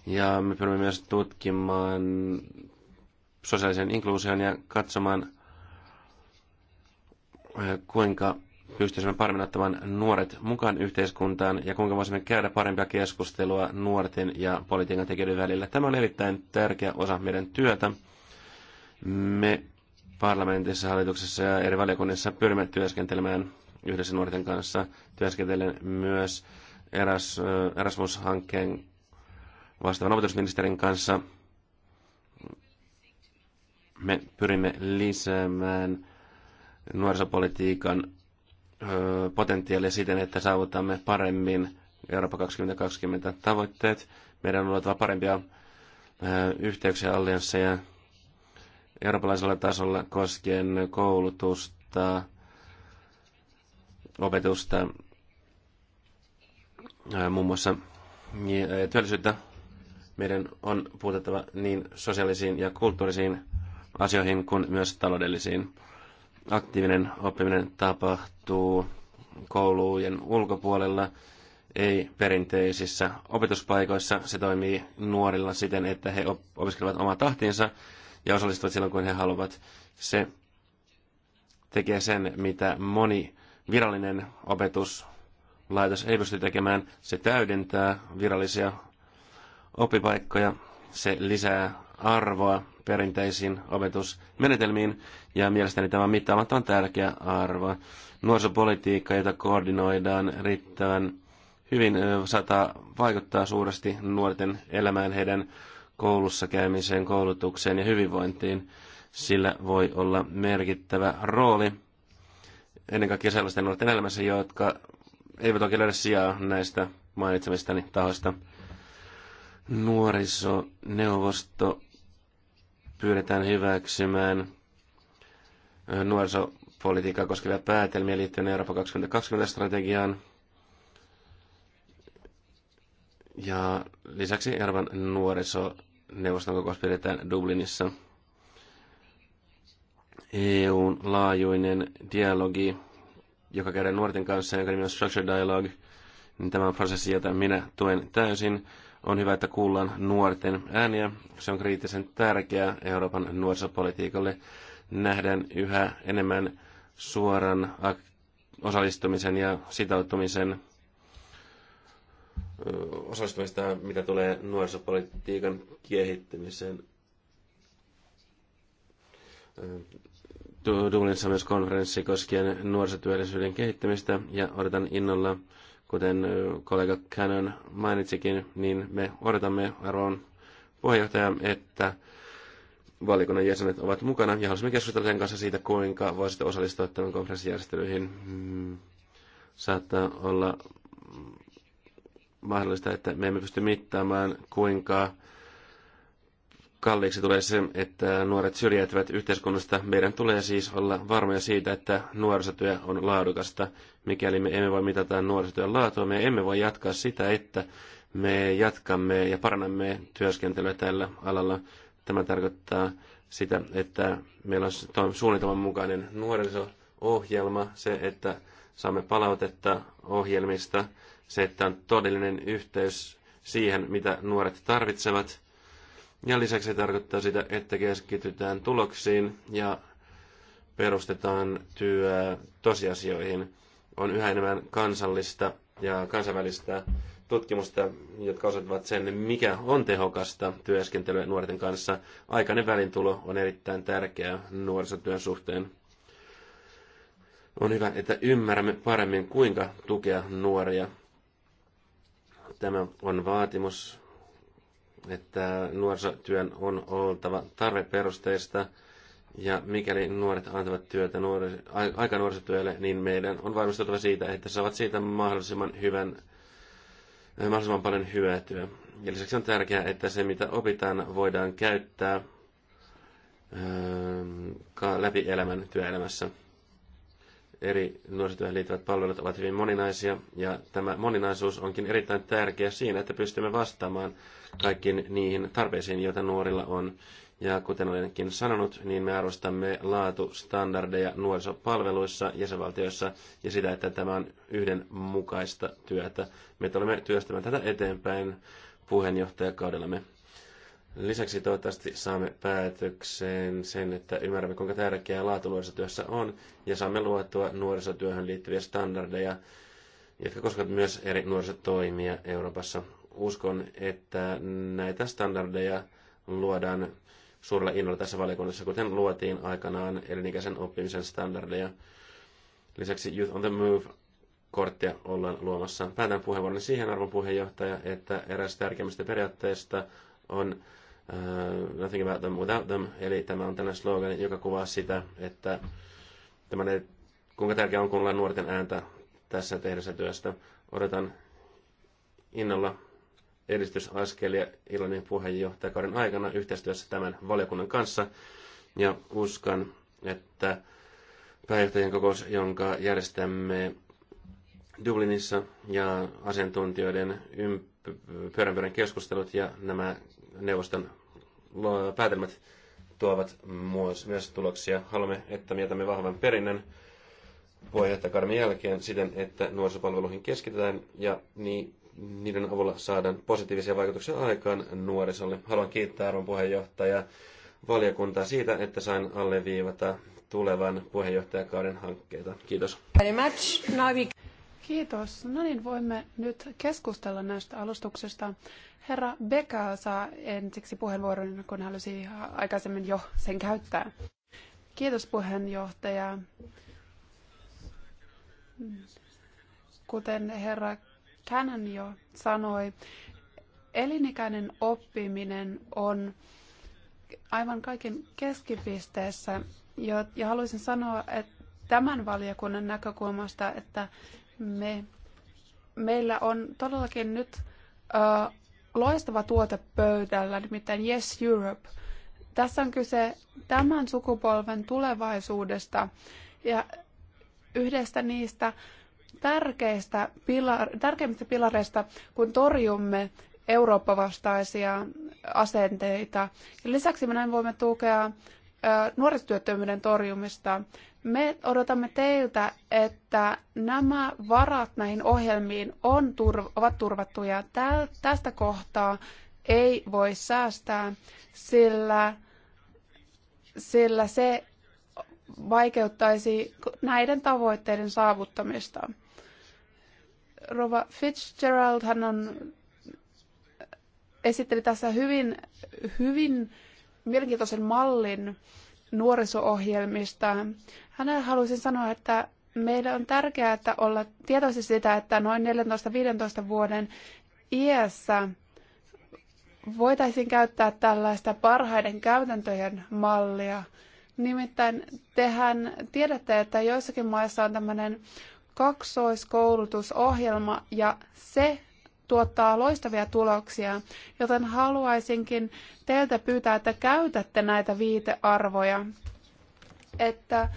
S3: Ja me pyrimme myös tutkimaan sosiaalisen inkluusion ja katsomaan, eh, kuinka pystyisimme paremmin ottamaan nuoret mukaan yhteiskuntaan ja kuinka voisimme käydä parempia keskustelua nuorten ja politiikan tekijöiden välillä. Tämä on erittäin tärkeä osa meidän työtä. Me parlamentissa, hallituksessa ja eri valiokunnissa pyrimme työskentelemään yhdessä nuorten kanssa. Työskentelen myös eh, Erasmus-hankkeen vastaavan opetusministerin kanssa – me pyrimme lisäämään nuorisopolitiikan potentiaalia siten, että saavutamme paremmin Eurooppa 2020 tavoitteet. Meidän on oltava parempia yhteyksiä allianssia eurooppalaisella tasolla koskien koulutusta, opetusta, muun muassa niin, työllisyyttä. Meidän on puutettava niin sosiaalisiin ja kulttuurisiin asioihin kuin myös taloudellisiin. Aktiivinen oppiminen tapahtuu koulujen ulkopuolella, ei perinteisissä opetuspaikoissa. Se toimii nuorilla siten, että he opiskelevat omaa tahtiinsa ja osallistuvat silloin, kun he haluavat. Se tekee sen, mitä moni virallinen opetuslaitos ei pysty tekemään. Se täydentää virallisia oppipaikkoja, se lisää arvoa perinteisiin opetusmenetelmiin, ja mielestäni tämä on mittaamattoman tärkeä arvo. Nuorisopolitiikka, jota koordinoidaan riittävän hyvin, saattaa vaikuttaa suuresti nuorten elämään, heidän koulussa käymiseen, koulutukseen ja hyvinvointiin. Sillä voi olla merkittävä rooli ennen kaikkea sellaisten nuorten elämässä, jotka eivät oikein löydä sijaa näistä mainitsemistani tahoista. Nuorisoneuvosto pyydetään hyväksymään nuorisopolitiikkaa koskevia päätelmiä liittyen Euroopan 2020-strategiaan. Ja lisäksi Euroopan nuorisoneuvoston kokous pidetään Dublinissa. EUn laajuinen dialogi, joka käydään nuorten kanssa, joka nimi on Structure Dialogue, niin tämä on prosessi, jota minä tuen täysin. On hyvä, että kuullaan nuorten ääniä. Se on kriittisen tärkeää Euroopan nuorisopolitiikalle. Nähdään yhä enemmän suoran osallistumisen ja sitoutumisen osallistumista, mitä tulee nuorisopolitiikan kehittämiseen. Dublinissa myös konferenssi koskien nuorisotyöllisyyden kehittämistä ja odotan innolla Kuten kollega Cannon mainitsikin, niin me odotamme Aron puheenjohtaja, että valikunnan jäsenet ovat mukana ja haluaisimme keskustella sen kanssa siitä, kuinka voisitte osallistua tämän konferenssijärjestelyihin. Mm, saattaa olla mahdollista, että me emme pysty mittaamaan, kuinka kalliiksi tulee se, että nuoret syrjäytyvät yhteiskunnasta. Meidän tulee siis olla varmoja siitä, että nuorisotyö on laadukasta. Mikäli me emme voi mitata nuorisotyön laatua, me emme voi jatkaa sitä, että me jatkamme ja parannamme työskentelyä tällä alalla. Tämä tarkoittaa sitä, että meillä on suunnitelman mukainen nuoriso-ohjelma, se, että saamme palautetta ohjelmista, se, että on todellinen yhteys siihen, mitä nuoret tarvitsevat – ja lisäksi se tarkoittaa sitä, että keskitytään tuloksiin ja perustetaan työ tosiasioihin. On yhä enemmän kansallista ja kansainvälistä tutkimusta, jotka osoittavat sen, mikä on tehokasta työskentelyä nuorten kanssa. Aikainen välintulo on erittäin tärkeä nuorisotyön suhteen. On hyvä, että ymmärrämme paremmin, kuinka tukea nuoria. Tämä on vaatimus että nuorisotyön on oltava tarveperusteista, ja mikäli nuoret antavat työtä nuori, aika nuorisotyölle, niin meidän on varmistuttava siitä, että saavat siitä mahdollisimman hyvän eh, mahdollisimman paljon hyötyä. Ja lisäksi on tärkeää, että se mitä opitaan voidaan käyttää öö, läpi elämän työelämässä. Eri nuorisotyöhön liittyvät palvelut ovat hyvin moninaisia ja tämä moninaisuus onkin erittäin tärkeä siinä, että pystymme vastaamaan kaikkiin niihin tarpeisiin, joita nuorilla on. Ja kuten olenkin sanonut, niin me arvostamme laatustandardeja nuorisopalveluissa jäsenvaltioissa ja sitä, että tämä on yhdenmukaista työtä. Me tulemme työstämään tätä eteenpäin puheenjohtajakaudellamme. Lisäksi toivottavasti saamme päätökseen sen, että ymmärrämme kuinka tärkeää laatu nuorisotyössä on ja saamme luotua nuorisotyöhön liittyviä standardeja, jotka koskevat myös eri nuorisotoimia Euroopassa uskon, että näitä standardeja luodaan suurella innolla tässä valiokunnassa, kuten luotiin aikanaan elinikäisen oppimisen standardeja. Lisäksi Youth on the Move-korttia ollaan luomassa. Päätän puheenvuoron siihen, arvon puheenjohtaja, että eräs tärkeimmistä periaatteista on uh, Nothing about them without them, eli tämä on tällainen slogan, joka kuvaa sitä, että tämän, kuinka tärkeää on kuunnella nuorten ääntä tässä tehdessä työstä. Odotan innolla edistysaskelia Irlannin puheenjohtajakauden aikana yhteistyössä tämän valiokunnan kanssa. Ja uskon, että pääjohtajien kokous, jonka järjestämme Dublinissa ja asiantuntijoiden pyöränpyörän keskustelut ja nämä neuvoston päätelmät tuovat myös tuloksia. Haluamme, että mietämme vahvan perinnön puheenjohtajakauden jälkeen siten, että nuorisopalveluihin keskitytään ja niin niiden avulla saadaan positiivisia vaikutuksia aikaan nuorisolle. Haluan kiittää arvon puheenjohtajaa valiokuntaa siitä, että sain alleviivata tulevan puheenjohtajakauden hankkeita. Kiitos.
S1: Kiitos. No niin, voimme nyt keskustella näistä alustuksista. Herra Beka saa ensiksi puheenvuoron, kun halusi aikaisemmin jo sen käyttää. Kiitos puheenjohtaja. Kuten herra Cannon jo sanoi, elinikäinen oppiminen on aivan kaiken keskipisteessä. Ja, ja haluaisin sanoa, että tämän valiokunnan näkökulmasta, että me, meillä on todellakin nyt loistava tuote pöydällä, nimittäin Yes Europe. Tässä on kyse tämän sukupolven tulevaisuudesta ja yhdestä niistä tärkeistä pilar, tärkeimmistä pilareista, kun torjumme Eurooppa-vastaisia asenteita. Lisäksi me näin voimme tukea nuorisotyöttömyyden torjumista. Me odotamme teiltä, että nämä varat näihin ohjelmiin on, ovat turvattuja. Tästä kohtaa ei voi säästää, sillä, sillä se vaikeuttaisi näiden tavoitteiden saavuttamista. Rova Fitzgerald hän on, esitteli tässä hyvin, hyvin mielenkiintoisen mallin nuoriso-ohjelmista. Hänelle haluaisin sanoa, että meidän on tärkeää että olla tietoisia sitä, että noin 14-15 vuoden iässä voitaisiin käyttää tällaista parhaiden käytäntöjen mallia – Nimittäin tehän tiedätte, että joissakin maissa on tämmöinen kaksoiskoulutusohjelma ja se tuottaa loistavia tuloksia, joten haluaisinkin teiltä pyytää, että käytätte näitä viitearvoja, että,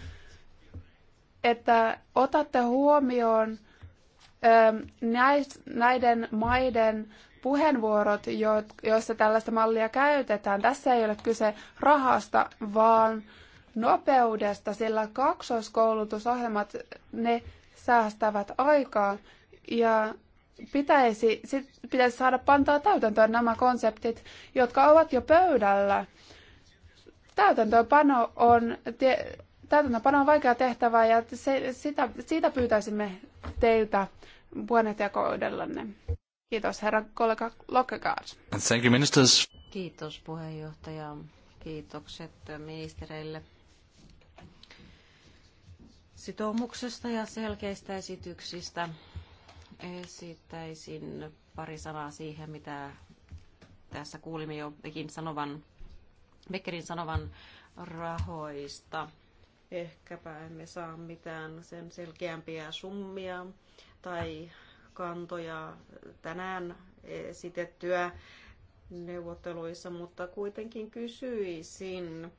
S1: että otatte huomioon ähm, näiden maiden puheenvuorot, joissa tällaista mallia käytetään. Tässä ei ole kyse rahasta, vaan nopeudesta, sillä kaksoiskoulutusohjelmat, ne säästävät aikaa ja pitäisi, sit pitäisi saada pantaa täytäntöön nämä konseptit, jotka ovat jo pöydällä. Täytäntöönpano on, tie, täytäntöönpano on vaikea tehtävä ja se, sitä, siitä pyytäisimme teiltä puheenjohtajakoudellanne. Kiitos herra kollega Lokkegaard.
S3: Thank you ministers.
S2: Kiitos puheenjohtaja. Kiitokset ministereille sitoumuksesta ja selkeistä esityksistä. Esittäisin pari sanaa siihen, mitä tässä kuulimme jo Bekin sanovan, Beckerin sanovan rahoista. Ehkäpä emme saa mitään sen selkeämpiä summia tai kantoja tänään esitettyä neuvotteluissa, mutta kuitenkin kysyisin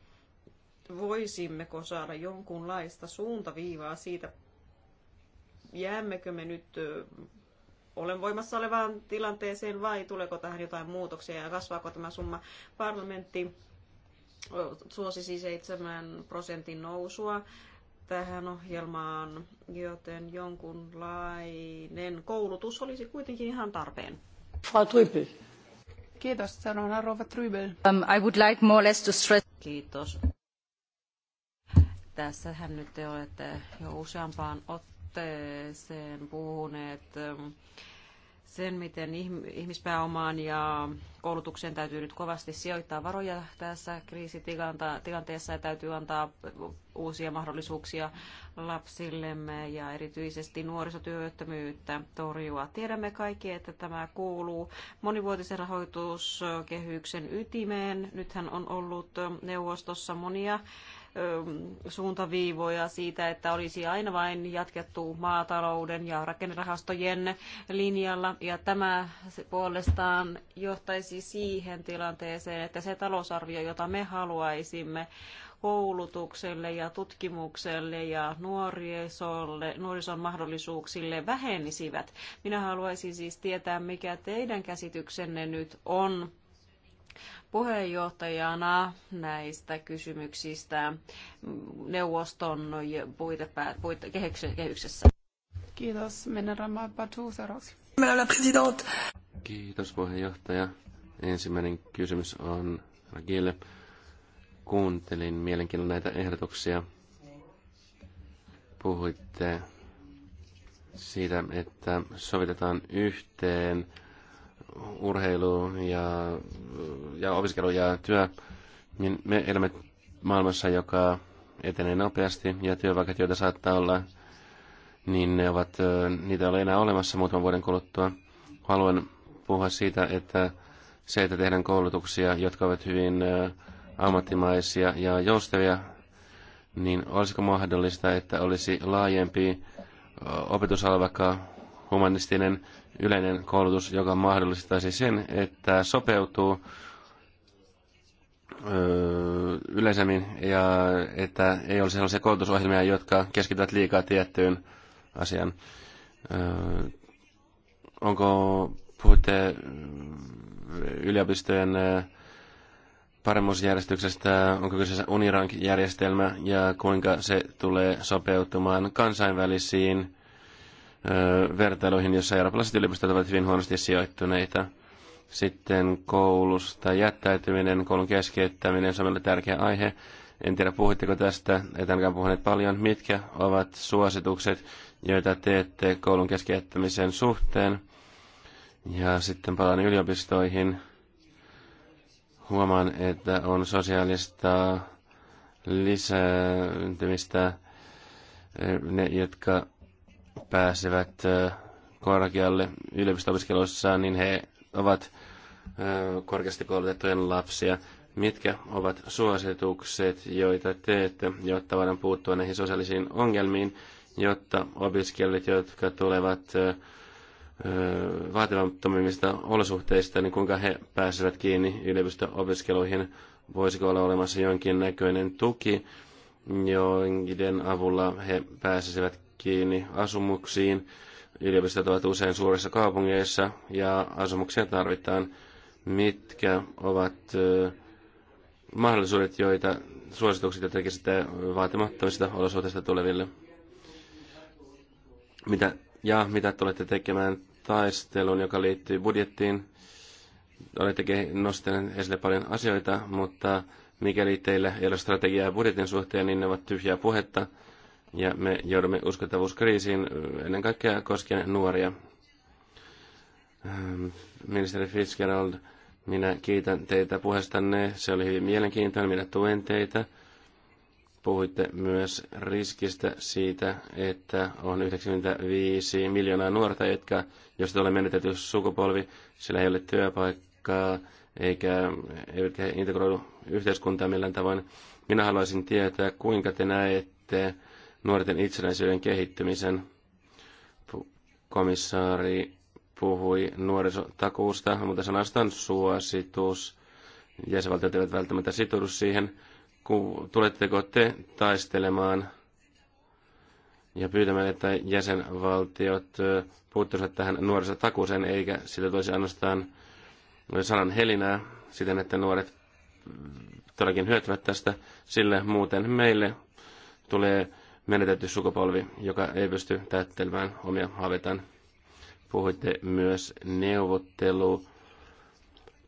S2: voisimmeko saada jonkunlaista suuntaviivaa siitä, jäämmekö me nyt olen voimassa olevaan tilanteeseen vai tuleeko tähän jotain muutoksia ja kasvaako tämä summa. Parlamentti suosisi 7 prosentin nousua tähän ohjelmaan, joten jonkunlainen koulutus olisi kuitenkin ihan tarpeen.
S1: Kiitos, sanon Rova Trübel.
S2: Um, I would like more or less to stress... Kiitos Tässähän nyt te olette jo useampaan otteeseen puhuneet ähm, sen, miten ihmispääomaan ja koulutukseen täytyy nyt kovasti sijoittaa varoja tässä kriisitilanteessa ja täytyy antaa uusia mahdollisuuksia lapsillemme ja erityisesti nuorisotyöttömyyttä torjua. Tiedämme kaikki, että tämä kuuluu monivuotisen rahoituskehyksen ytimeen. Nythän on ollut neuvostossa monia Ähm, suuntaviivoja siitä, että olisi aina vain jatkettu maatalouden ja rakennerahastojen linjalla. Ja tämä puolestaan johtaisi siihen tilanteeseen, että se talousarvio, jota me haluaisimme, koulutukselle ja tutkimukselle ja nuorisolle, nuorison mahdollisuuksille vähenisivät. Minä haluaisin siis tietää, mikä teidän käsityksenne nyt on puheenjohtajana näistä kysymyksistä neuvoston puitekehyksessä.
S1: Kiitos. Mennään Ramaan Patu seuraavaksi.
S3: Kiitos puheenjohtaja. Ensimmäinen kysymys on Ragille. Kuuntelin mielenkiinnolla näitä ehdotuksia. Puhuitte siitä, että sovitetaan yhteen urheilu ja, ja opiskelu ja työ, niin me elämme maailmassa, joka etenee nopeasti ja työpaikat, joita saattaa olla, niin ne ovat, niitä ei ole enää olemassa muutaman vuoden kuluttua. Haluan puhua siitä, että se, että tehdään koulutuksia, jotka ovat hyvin ammattimaisia ja joustavia, niin olisiko mahdollista, että olisi laajempi opetusala, vaikka humanistinen yleinen koulutus, joka mahdollistaisi sen, että sopeutuu yleisemmin ja että ei olisi sellaisia koulutusohjelmia, jotka keskittyvät liikaa tiettyyn asiaan. Onko puhutte yliopistojen paremmuusjärjestyksestä, onko kyseessä Unirank-järjestelmä ja kuinka se tulee sopeutumaan kansainvälisiin vertailuihin, jossa eurooppalaiset yliopistot ovat hyvin huonosti sijoittuneita. Sitten koulusta jättäytyminen, koulun keskeyttäminen, se on tärkeä aihe. En tiedä, puhuitteko tästä, ainakaan puhuneet paljon. Mitkä ovat suositukset, joita teette koulun keskeyttämisen suhteen? Ja sitten palaan yliopistoihin. Huomaan, että on sosiaalista lisääntymistä. Ne, jotka pääsevät korkealle yliopisto-opiskeluissaan, niin he ovat korkeasti koulutettujen lapsia. Mitkä ovat suositukset, joita teette, jotta voidaan puuttua näihin sosiaalisiin ongelmiin, jotta opiskelijat, jotka tulevat vaativattomimmista olosuhteista, niin kuinka he pääsevät kiinni yliopisto-opiskeluihin? Voisiko olla olemassa jonkinnäköinen tuki, joiden avulla he pääsisivät kiinni asumuksiin. Yliopistot ovat usein suurissa kaupungeissa ja asumuksia tarvitaan. Mitkä ovat mahdollisuudet, joita suositukset joita tekisitte vaatimattomista olosuhteista tuleville? Mitä, ja mitä tulette tekemään taistelun, joka liittyy budjettiin? Olette nostaneet esille paljon asioita, mutta mikäli teillä ei ole strategiaa budjetin suhteen, niin ne ovat tyhjää puhetta ja me joudumme uskottavuuskriisiin ennen kaikkea koskien nuoria. Ähm, ministeri Fitzgerald, minä kiitän teitä puheestanne. Se oli hyvin mielenkiintoinen. Minä tuen teitä. Puhuitte myös riskistä siitä, että on 95 miljoonaa nuorta, jotka, jos tulee menetetty sukupolvi, sillä ei ole työpaikkaa eikä, eivätkä integroidu yhteiskuntaa millään tavoin. Minä haluaisin tietää, kuinka te näette nuorten itsenäisyyden kehittymisen. Komissaari puhui nuorisotakuusta, mutta se on suositus. Jäsenvaltiot eivät välttämättä sitoudu siihen. Tuletteko te taistelemaan ja pyytämään, että jäsenvaltiot puuttuisivat tähän nuorisotakuuseen, eikä sitä toisi ainoastaan sanan helinää siten, että nuoret todellakin hyötyvät tästä, sillä muuten meille tulee menetetty sukupolvi, joka ei pysty täyttelemään omia haaveitaan. Puhuitte myös neuvottelu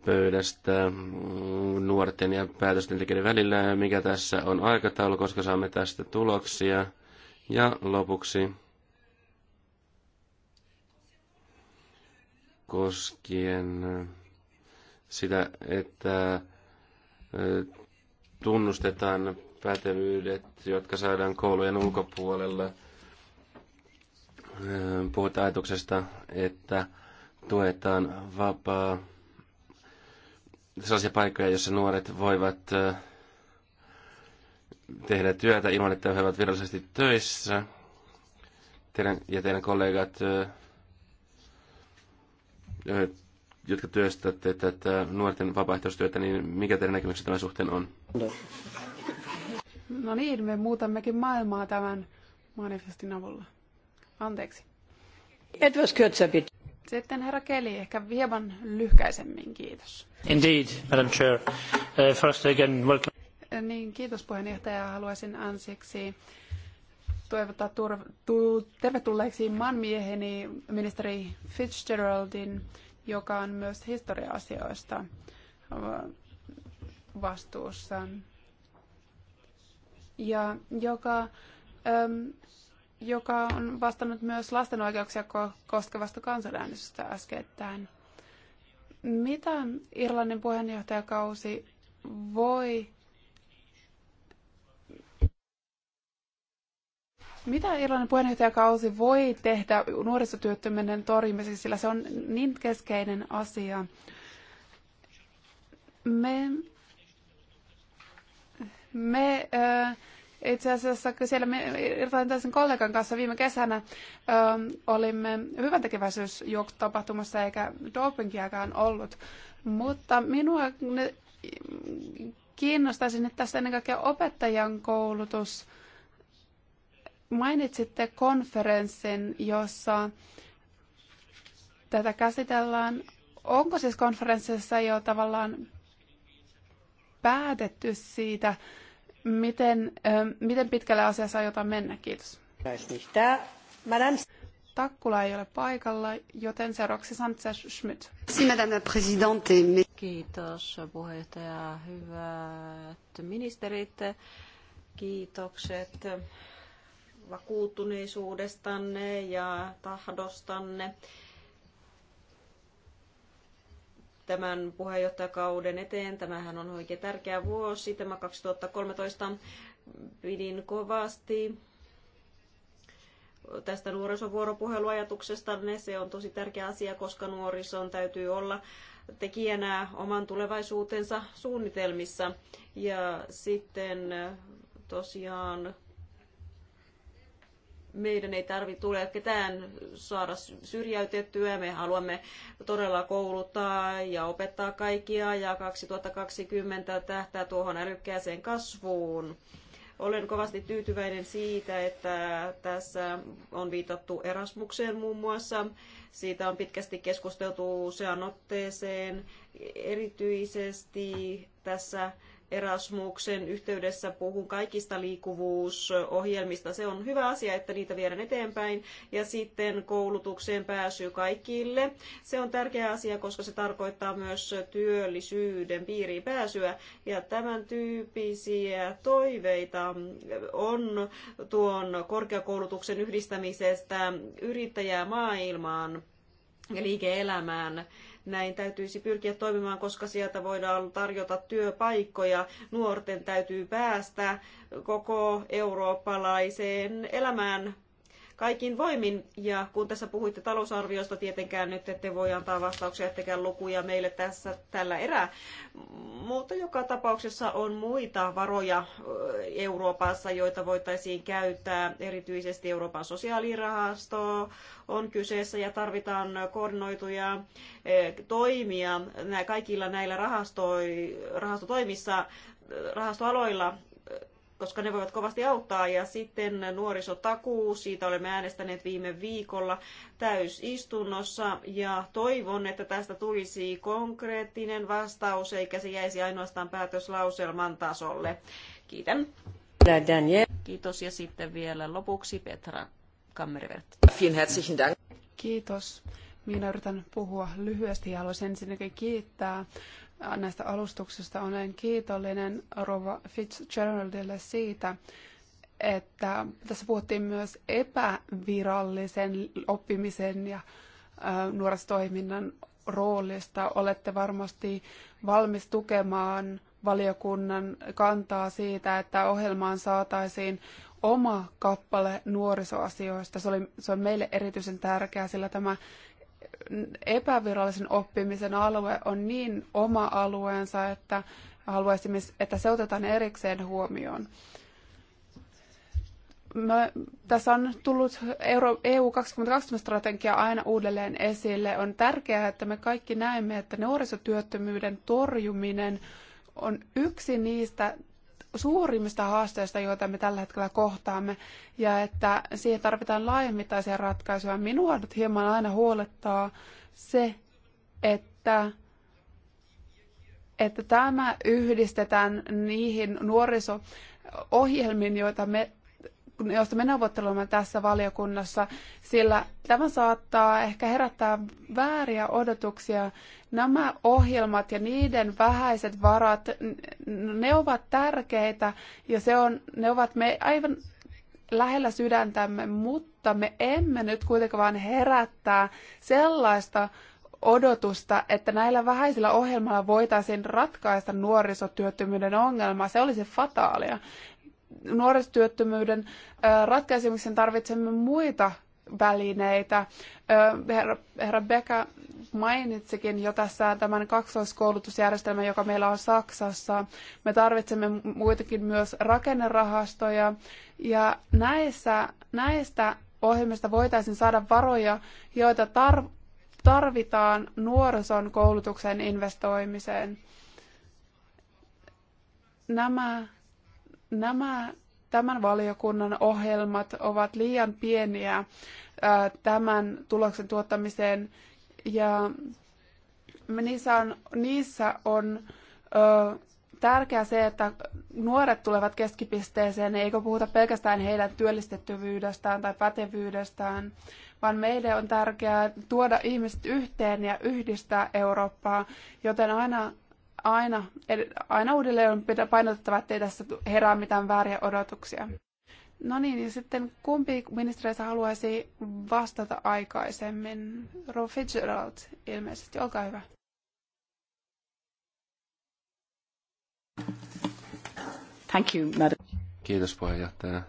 S3: pöydästä mm, nuorten ja päätöstentekijöiden välillä, mikä tässä on aikataulu, koska saamme tästä tuloksia. Ja lopuksi koskien sitä, että tunnustetaan pätevyydet, jotka saadaan koulujen ulkopuolella. Öö, Puhutaan ajatuksesta, että tuetaan vapaa sellaisia paikkoja, joissa nuoret voivat öö, tehdä työtä ilman, että he ovat virallisesti töissä. Teidän ja teidän kollegat, öö, jotka työstätte tätä nuorten vapaaehtoistyötä, niin mikä teidän näkemyksenne tämän suhteen on?
S1: No niin, me muutammekin maailmaa tämän manifestin avulla. Anteeksi. Etwas kürzer bitte. Sitten herra Keli, ehkä hieman lyhkäisemmin, kiitos.
S3: Indeed, Madam Chair. Uh, first again, welcome.
S1: Eh, niin, kiitos puheenjohtaja. Haluaisin ansiksi toivottaa tur- tu- tervetulleeksi maanmieheni ministeri Fitzgeraldin, joka on myös historia-asioista vastuussa ja joka, äm, joka on vastannut myös lasten oikeuksia koskevasta kansanäänestystä äskettäin. Mitä Irlannin puheenjohtajakausi voi Mitä Irlannin puheenjohtajakausi voi tehdä nuorisotyöttömyyden torjumiseksi, sillä se on niin keskeinen asia? Me me äh, itse asiassa siellä me irtaisin kollegan kanssa viime kesänä äh, olimme hyväntekeväisyysjuoksutapahtumassa eikä dopingiakaan ollut. Mutta minua ne, kiinnostaisi nyt tässä ennen kaikkea opettajan koulutus. Mainitsitte konferenssin, jossa tätä käsitellään. Onko siis konferenssissa jo tavallaan päätetty siitä, Miten, miten pitkälle asiassa aiotaan mennä? Kiitos. Takkula ei ole paikalla, joten seuraavaksi Sanchez Schmidt.
S2: Kiitos puheenjohtaja, hyvät ministerit. Kiitokset vakuuttuneisuudestanne ja tahdostanne tämän puheenjohtajakauden eteen. Tämähän on oikein tärkeä vuosi, tämä 2013. Pidin kovasti tästä nuorisovuoropuheluajatuksesta. Se on tosi tärkeä asia, koska nuorison täytyy olla tekijänä oman tulevaisuutensa suunnitelmissa. Ja sitten äh, tosiaan meidän ei tarvitse tule ketään saada syrjäytettyä. Me haluamme todella kouluttaa ja opettaa kaikkia ja 2020 tähtää tuohon älykkääseen kasvuun. Olen kovasti tyytyväinen siitä, että tässä on viitattu Erasmukseen muun muassa. Siitä on pitkästi keskusteltu useaan otteeseen. Erityisesti tässä Erasmuksen yhteydessä puhun kaikista liikkuvuusohjelmista. Se on hyvä asia, että niitä viedään eteenpäin. Ja sitten koulutukseen pääsy kaikille. Se on tärkeä asia, koska se tarkoittaa myös työllisyyden piiriin pääsyä. Ja tämän tyyppisiä toiveita on tuon korkeakoulutuksen yhdistämisestä maailmaan ja liike-elämään näin täytyisi pyrkiä toimimaan, koska sieltä voidaan tarjota työpaikkoja. Nuorten täytyy päästä koko eurooppalaiseen elämään kaikin voimin. Ja kun tässä puhuitte talousarviosta, tietenkään nyt ette voi antaa vastauksia ettekä lukuja meille tässä tällä erää. Mutta joka tapauksessa on muita varoja Euroopassa, joita voitaisiin käyttää. Erityisesti Euroopan sosiaalirahasto on kyseessä ja tarvitaan koordinoituja toimia kaikilla näillä rahastoi, rahastotoimissa rahastoaloilla koska ne voivat kovasti auttaa. Ja sitten nuorisotakuu, siitä olemme äänestäneet viime viikolla täysistunnossa ja toivon, että tästä tulisi konkreettinen vastaus eikä se jäisi ainoastaan päätöslauselman tasolle. Kiitän. Kiitos ja sitten vielä lopuksi Petra Kammervert.
S1: Kiitos. Minä yritän puhua lyhyesti ja haluaisin ensinnäkin kiittää näistä alustuksista. Olen kiitollinen Rova Fitzgeraldille siitä, että tässä puhuttiin myös epävirallisen oppimisen ja nuorisotoiminnan roolista. Olette varmasti valmis tukemaan valiokunnan kantaa siitä, että ohjelmaan saataisiin oma kappale nuorisoasioista. Se, oli, se on meille erityisen tärkeää, sillä tämä epävirallisen oppimisen alue on niin oma alueensa, että haluaisimme, että se otetaan erikseen huomioon. Me, tässä on tullut Euro, EU 2020-strategia aina uudelleen esille. On tärkeää, että me kaikki näemme, että nuorisotyöttömyyden torjuminen on yksi niistä suurimmista haasteista, joita me tällä hetkellä kohtaamme, ja että siihen tarvitaan laajemmittaisia ratkaisuja. Minua nyt hieman aina huolettaa se, että että tämä yhdistetään niihin nuoriso-ohjelmiin, joita me josta me neuvottelemme tässä valiokunnassa, sillä tämä saattaa ehkä herättää vääriä odotuksia. Nämä ohjelmat ja niiden vähäiset varat, ne ovat tärkeitä ja se on, ne ovat me aivan lähellä sydäntämme, mutta me emme nyt kuitenkaan herättää sellaista odotusta, että näillä vähäisillä ohjelmilla voitaisiin ratkaista nuorisotyöttömyyden ongelmaa. Se olisi fataalia nuorisotyöttömyyden ratkaisemiseen tarvitsemme muita välineitä. Herra, Beka mainitsikin jo tässä tämän kaksoiskoulutusjärjestelmän, joka meillä on Saksassa. Me tarvitsemme muitakin myös rakennerahastoja ja näissä, näistä ohjelmista voitaisiin saada varoja, joita tar- tarvitaan nuorison koulutuksen investoimiseen. Nämä Nämä tämän valiokunnan ohjelmat ovat liian pieniä äh, tämän tuloksen tuottamiseen ja niissä on, niissä on ö, tärkeää se, että nuoret tulevat keskipisteeseen, eikä puhuta pelkästään heidän työllistettävyydestään tai pätevyydestään, vaan meidän on tärkeää tuoda ihmiset yhteen ja yhdistää Eurooppaa, joten aina aina, aina uudelleen on painotettava, ettei tässä herää mitään vääriä odotuksia. No niin, ja sitten kumpi ministereistä haluaisi vastata aikaisemmin? Rob Fitzgerald ilmeisesti, olkaa hyvä.
S3: Thank you, madam. Kiitos puheenjohtaja.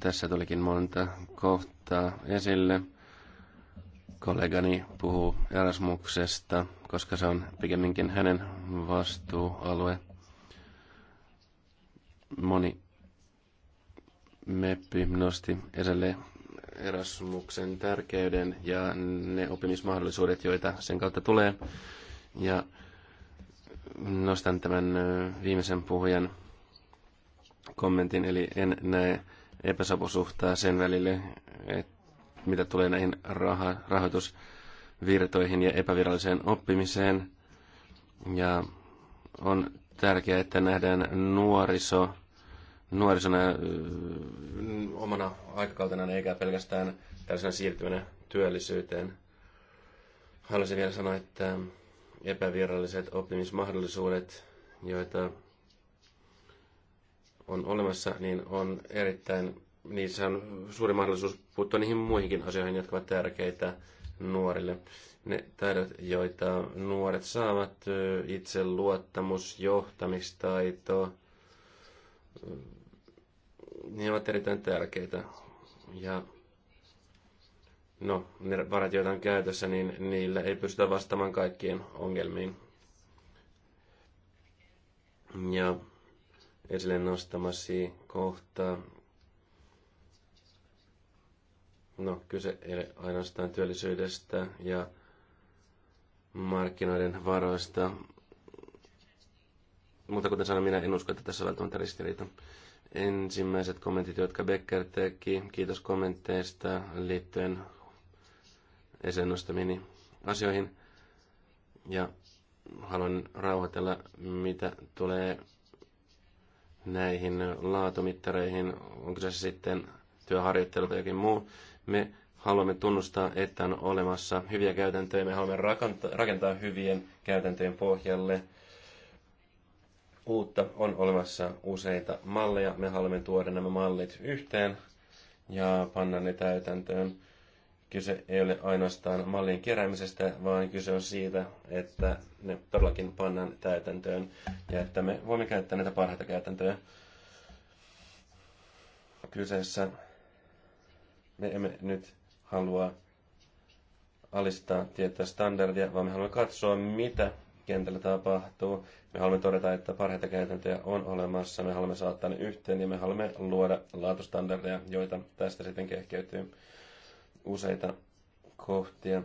S3: Tässä tulikin monta kohtaa esille. Kollegani puhuu Erasmuksesta, koska se on pikemminkin hänen vastuualue. Moni meppi nosti esille Erasmuksen tärkeyden ja ne oppimismahdollisuudet, joita sen kautta tulee. Ja nostan tämän viimeisen puhujan kommentin, eli en näe epäsapusuhtaa sen välille, että mitä tulee näihin raha, rahoitus- virtoihin ja epäviralliseen oppimiseen. Ja on tärkeää, että nähdään nuoriso nuorisona omana aikakautena eikä pelkästään tällaisena siirtyvänä työllisyyteen. Haluaisin vielä sanoa, että epäviralliset oppimismahdollisuudet, joita on olemassa, niin on erittäin, niissä on suuri mahdollisuus puuttua niihin muihinkin asioihin, jotka ovat tärkeitä nuorille. Ne taidot, joita nuoret saavat, itse luottamus, johtamistaito, ne ovat erittäin tärkeitä. Ja no, ne varat, joita on käytössä, niin niillä ei pystytä vastaamaan kaikkiin ongelmiin. Ja esille nostamasi kohtaa No, kyse ei ole ainoastaan työllisyydestä ja markkinoiden varoista. Mutta kuten sanoin, minä en usko, että tässä on välttämättä ristiriita. Ensimmäiset kommentit, jotka Becker teki, kiitos kommenteista liittyen esiin nostamiini asioihin. Ja haluan rauhoitella, mitä tulee näihin laatumittareihin, onko se sitten työharjoittelu tai jokin muu. Me haluamme tunnustaa, että on olemassa hyviä käytäntöjä. Me haluamme rakentaa, rakentaa hyvien käytäntöjen pohjalle. Uutta on olemassa useita malleja. Me haluamme tuoda nämä mallit yhteen ja panna ne täytäntöön. Kyse ei ole ainoastaan mallien keräämisestä, vaan kyse on siitä, että ne todellakin pannaan täytäntöön ja että me voimme käyttää näitä parhaita käytäntöjä. Kyseessä me emme nyt halua alistaa tiettyä standardia, vaan me haluamme katsoa, mitä kentällä tapahtuu. Me haluamme todeta, että parhaita käytäntöjä on olemassa, me haluamme saattaa ne yhteen ja me haluamme luoda laatustandardeja, joita tästä sitten kehkeytyy useita kohtia.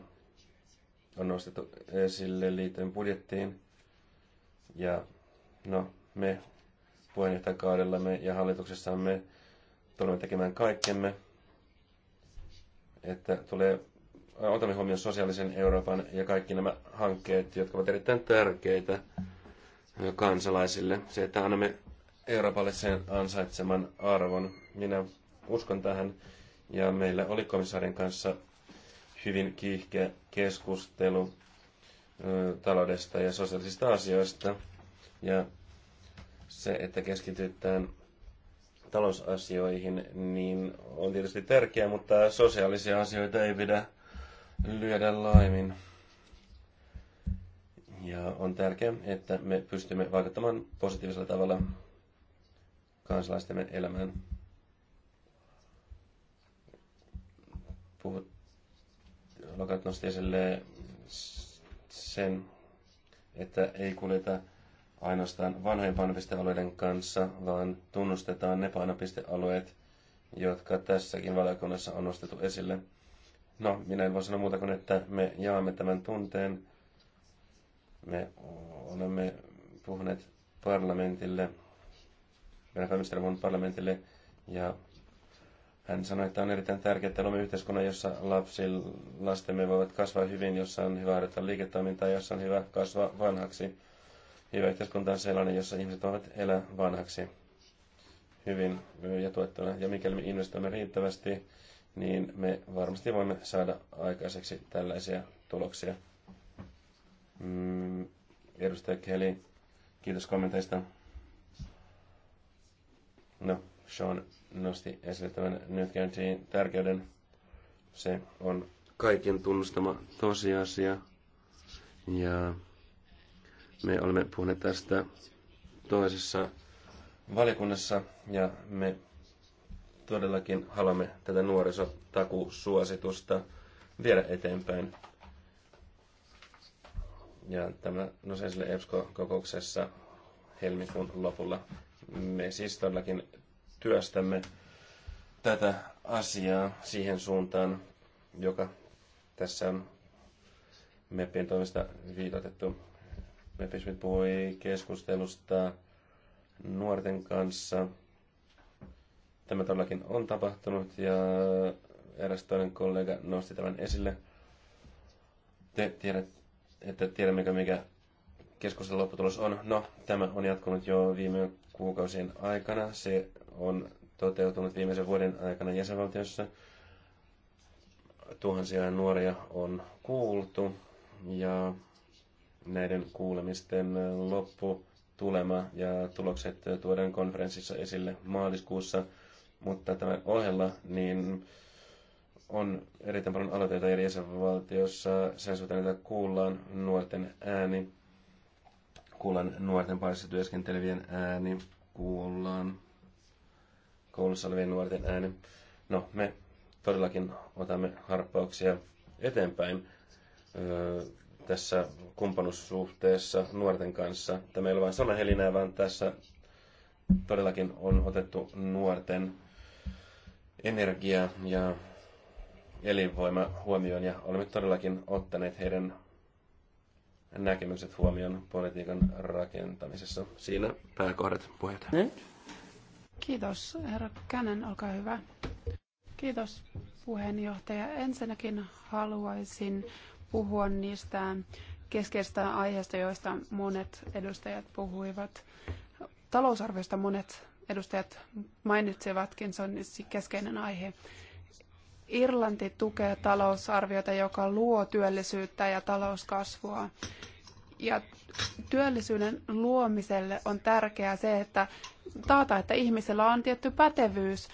S3: On nostettu esille liittyen budjettiin ja no, me puheenjohtajakaudella me ja hallituksessamme tulemme tekemään kaikkemme, että tulee äh, otamme huomioon sosiaalisen Euroopan ja kaikki nämä hankkeet, jotka ovat erittäin tärkeitä kansalaisille. Se, että annamme Euroopalle sen ansaitseman arvon. Minä uskon tähän ja meillä oli komissaarin kanssa hyvin kiihkeä keskustelu taloudesta ja sosiaalisista asioista. Ja se, että keskitytään talousasioihin, niin on tietysti tärkeää, mutta sosiaalisia asioita ei pidä lyödä laimin. Ja on tärkeää, että me pystymme vaikuttamaan positiivisella tavalla kansalaistemme elämään. Puhut, Lokat nosti esille sen, että ei kuljeta ainoastaan vanhojen painopistealueiden kanssa, vaan tunnustetaan ne painopistealueet, jotka tässäkin valiokunnassa on nostettu esille. No, minä en voi sanoa muuta kuin, että me jaamme tämän tunteen. Me olemme puhuneet parlamentille, meidän on parlamentille, ja hän sanoi, että on erittäin tärkeää, että olemme yhteiskunnan, jossa lapsi, lastemme voivat kasvaa hyvin, jossa on hyvä harjoittaa liiketoimintaa, jossa on hyvä kasvaa vanhaksi Hyvä yhteiskunta on sellainen, jossa ihmiset voivat elää vanhaksi hyvin ja tuettuna. Ja mikäli me investoimme riittävästi, niin me varmasti voimme saada aikaiseksi tällaisia tuloksia. Mm, edustaja Kelly, kiitos kommenteista. No, Sean nosti esille tämän nytkäyntiin tärkeyden. Se on kaiken tunnustama tosiasia. Ja me olemme puhuneet tästä toisessa valiokunnassa ja me todellakin haluamme tätä nuorisotakuusuositusta viedä eteenpäin. Ja tämä Nosensille EPSCO-kokouksessa helmikuun lopulla me siis todellakin työstämme tätä asiaa siihen suuntaan, joka tässä on MEPin toimesta viitotettu. Meppi puhui keskustelusta nuorten kanssa. Tämä todellakin on tapahtunut ja eräs toinen kollega nosti tämän esille. Te tiedät, että tiedämmekö mikä keskustelun lopputulos on. No, tämä on jatkunut jo viime kuukausien aikana. Se on toteutunut viimeisen vuoden aikana jäsenvaltiossa. Tuhansia nuoria on kuultu ja näiden kuulemisten lopputulema ja tulokset tuodaan konferenssissa esille maaliskuussa. Mutta tämän ohella niin on erittäin paljon aloitteita eri jäsenvaltioissa, sen suhteen, että kuullaan nuorten ääni, kuullaan nuorten parissa työskentelevien ääni, kuullaan koulussa olevien nuorten ääni. No, me todellakin otamme harppauksia eteenpäin. Öö, tässä kumppanussuhteessa nuorten kanssa. Tämä ei ole vain sanahelinää, vaan tässä todellakin on otettu nuorten energia ja elinvoima huomioon ja olemme todellakin ottaneet heidän näkemykset huomioon politiikan rakentamisessa. Siinä pääkohdat puheenjohtaja.
S1: Kiitos, herra Känen, olkaa hyvä. Kiitos puheenjohtaja. Ensinnäkin haluaisin puhua niistä keskeistä aiheista, joista monet edustajat puhuivat. Talousarviosta monet edustajat mainitsivatkin, se on keskeinen aihe. Irlanti tukee talousarviota, joka luo työllisyyttä ja talouskasvua. Ja työllisyyden luomiselle on tärkeää se, että taata, että ihmisellä on tietty pätevyys,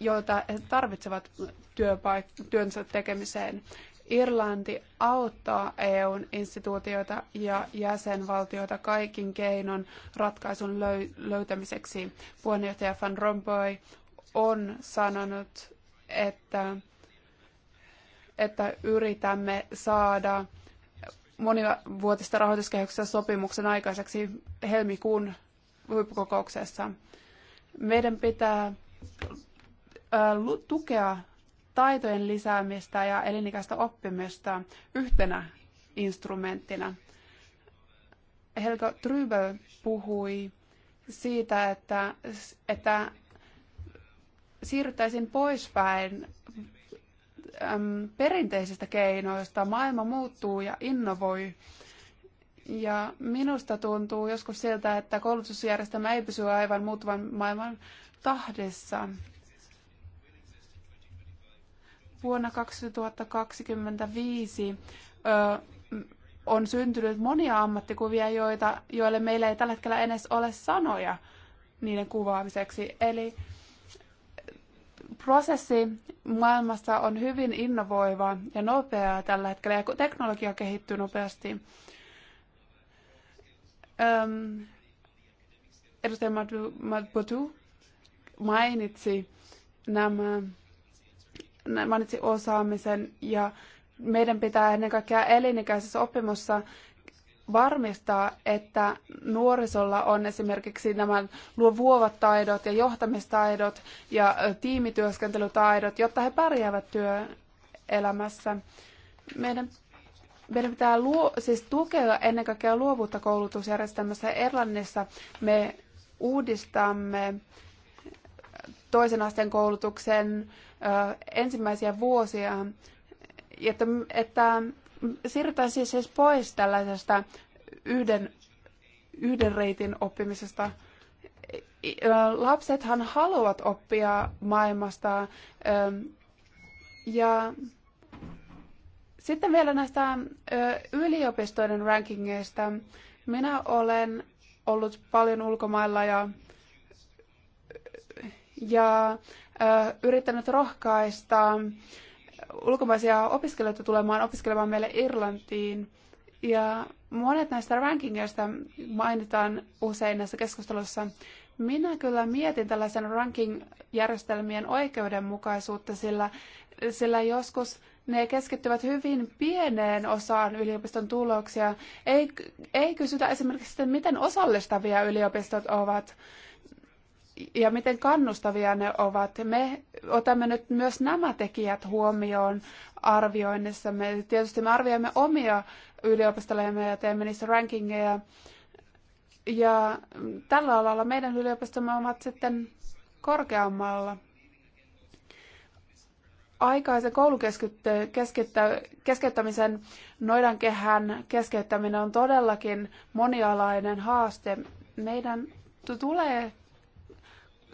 S1: jota he tarvitsevat työpaik- työnsä tekemiseen. Irlanti auttaa EUn instituutioita ja jäsenvaltioita kaikin keinon ratkaisun löytämiseksi. Puheenjohtaja Van Rompuy on sanonut, että, että yritämme saada monivuotista rahoituskehyksestä sopimuksen aikaiseksi helmikuun huippukokouksessa. Meidän pitää tukea taitojen lisäämistä ja elinikäistä oppimista yhtenä instrumenttina. Helga Trübel puhui siitä, että, että siirryttäisiin poispäin perinteisistä keinoista. Maailma muuttuu ja innovoi. Ja minusta tuntuu joskus siltä, että koulutusjärjestelmä ei pysy aivan muuttuvan maailman tahdissa vuonna 2025 ö, on syntynyt monia ammattikuvia, joita, joille meillä ei tällä hetkellä edes ole sanoja niiden kuvaamiseksi. Eli prosessi maailmassa on hyvin innovoiva ja nopea tällä hetkellä, ja teknologia kehittyy nopeasti. Öm, edustaja Madbutu mainitsi nämä mainitsi osaamisen ja meidän pitää ennen kaikkea elinikäisessä oppimossa varmistaa, että nuorisolla on esimerkiksi nämä luovuovat taidot ja johtamistaidot ja tiimityöskentelytaidot, jotta he pärjäävät työelämässä. Meidän, meidän pitää luo, siis tukea ennen kaikkea luovuutta koulutusjärjestelmässä. Erlannissa me uudistamme toisen asteen koulutuksen ensimmäisiä vuosia, että, että siirrytäisiin siis pois tällaisesta yhden, yhden reitin oppimisesta. Lapsethan haluavat oppia maailmasta. Ja sitten vielä näistä yliopistoiden rankingeista. Minä olen ollut paljon ulkomailla ja, ja yrittänyt rohkaista ulkomaisia opiskelijoita tulemaan opiskelemaan meille Irlantiin. Ja monet näistä rankingeista mainitaan usein näissä keskustelussa. Minä kyllä mietin tällaisen ranking-järjestelmien oikeudenmukaisuutta, sillä, sillä joskus ne keskittyvät hyvin pieneen osaan yliopiston tuloksia. Ei, ei kysytä esimerkiksi miten osallistavia yliopistot ovat ja miten kannustavia ne ovat. Me otamme nyt myös nämä tekijät huomioon arvioinnissamme. Tietysti me arvioimme omia yliopistolajamme ja teemme niissä rankingeja. Ja tällä alalla meidän yliopistomme ovat sitten korkeammalla. Aikaisen koulukeskeyttämisen noidankehän keskeyttäminen on todellakin monialainen haaste. Meidän tulee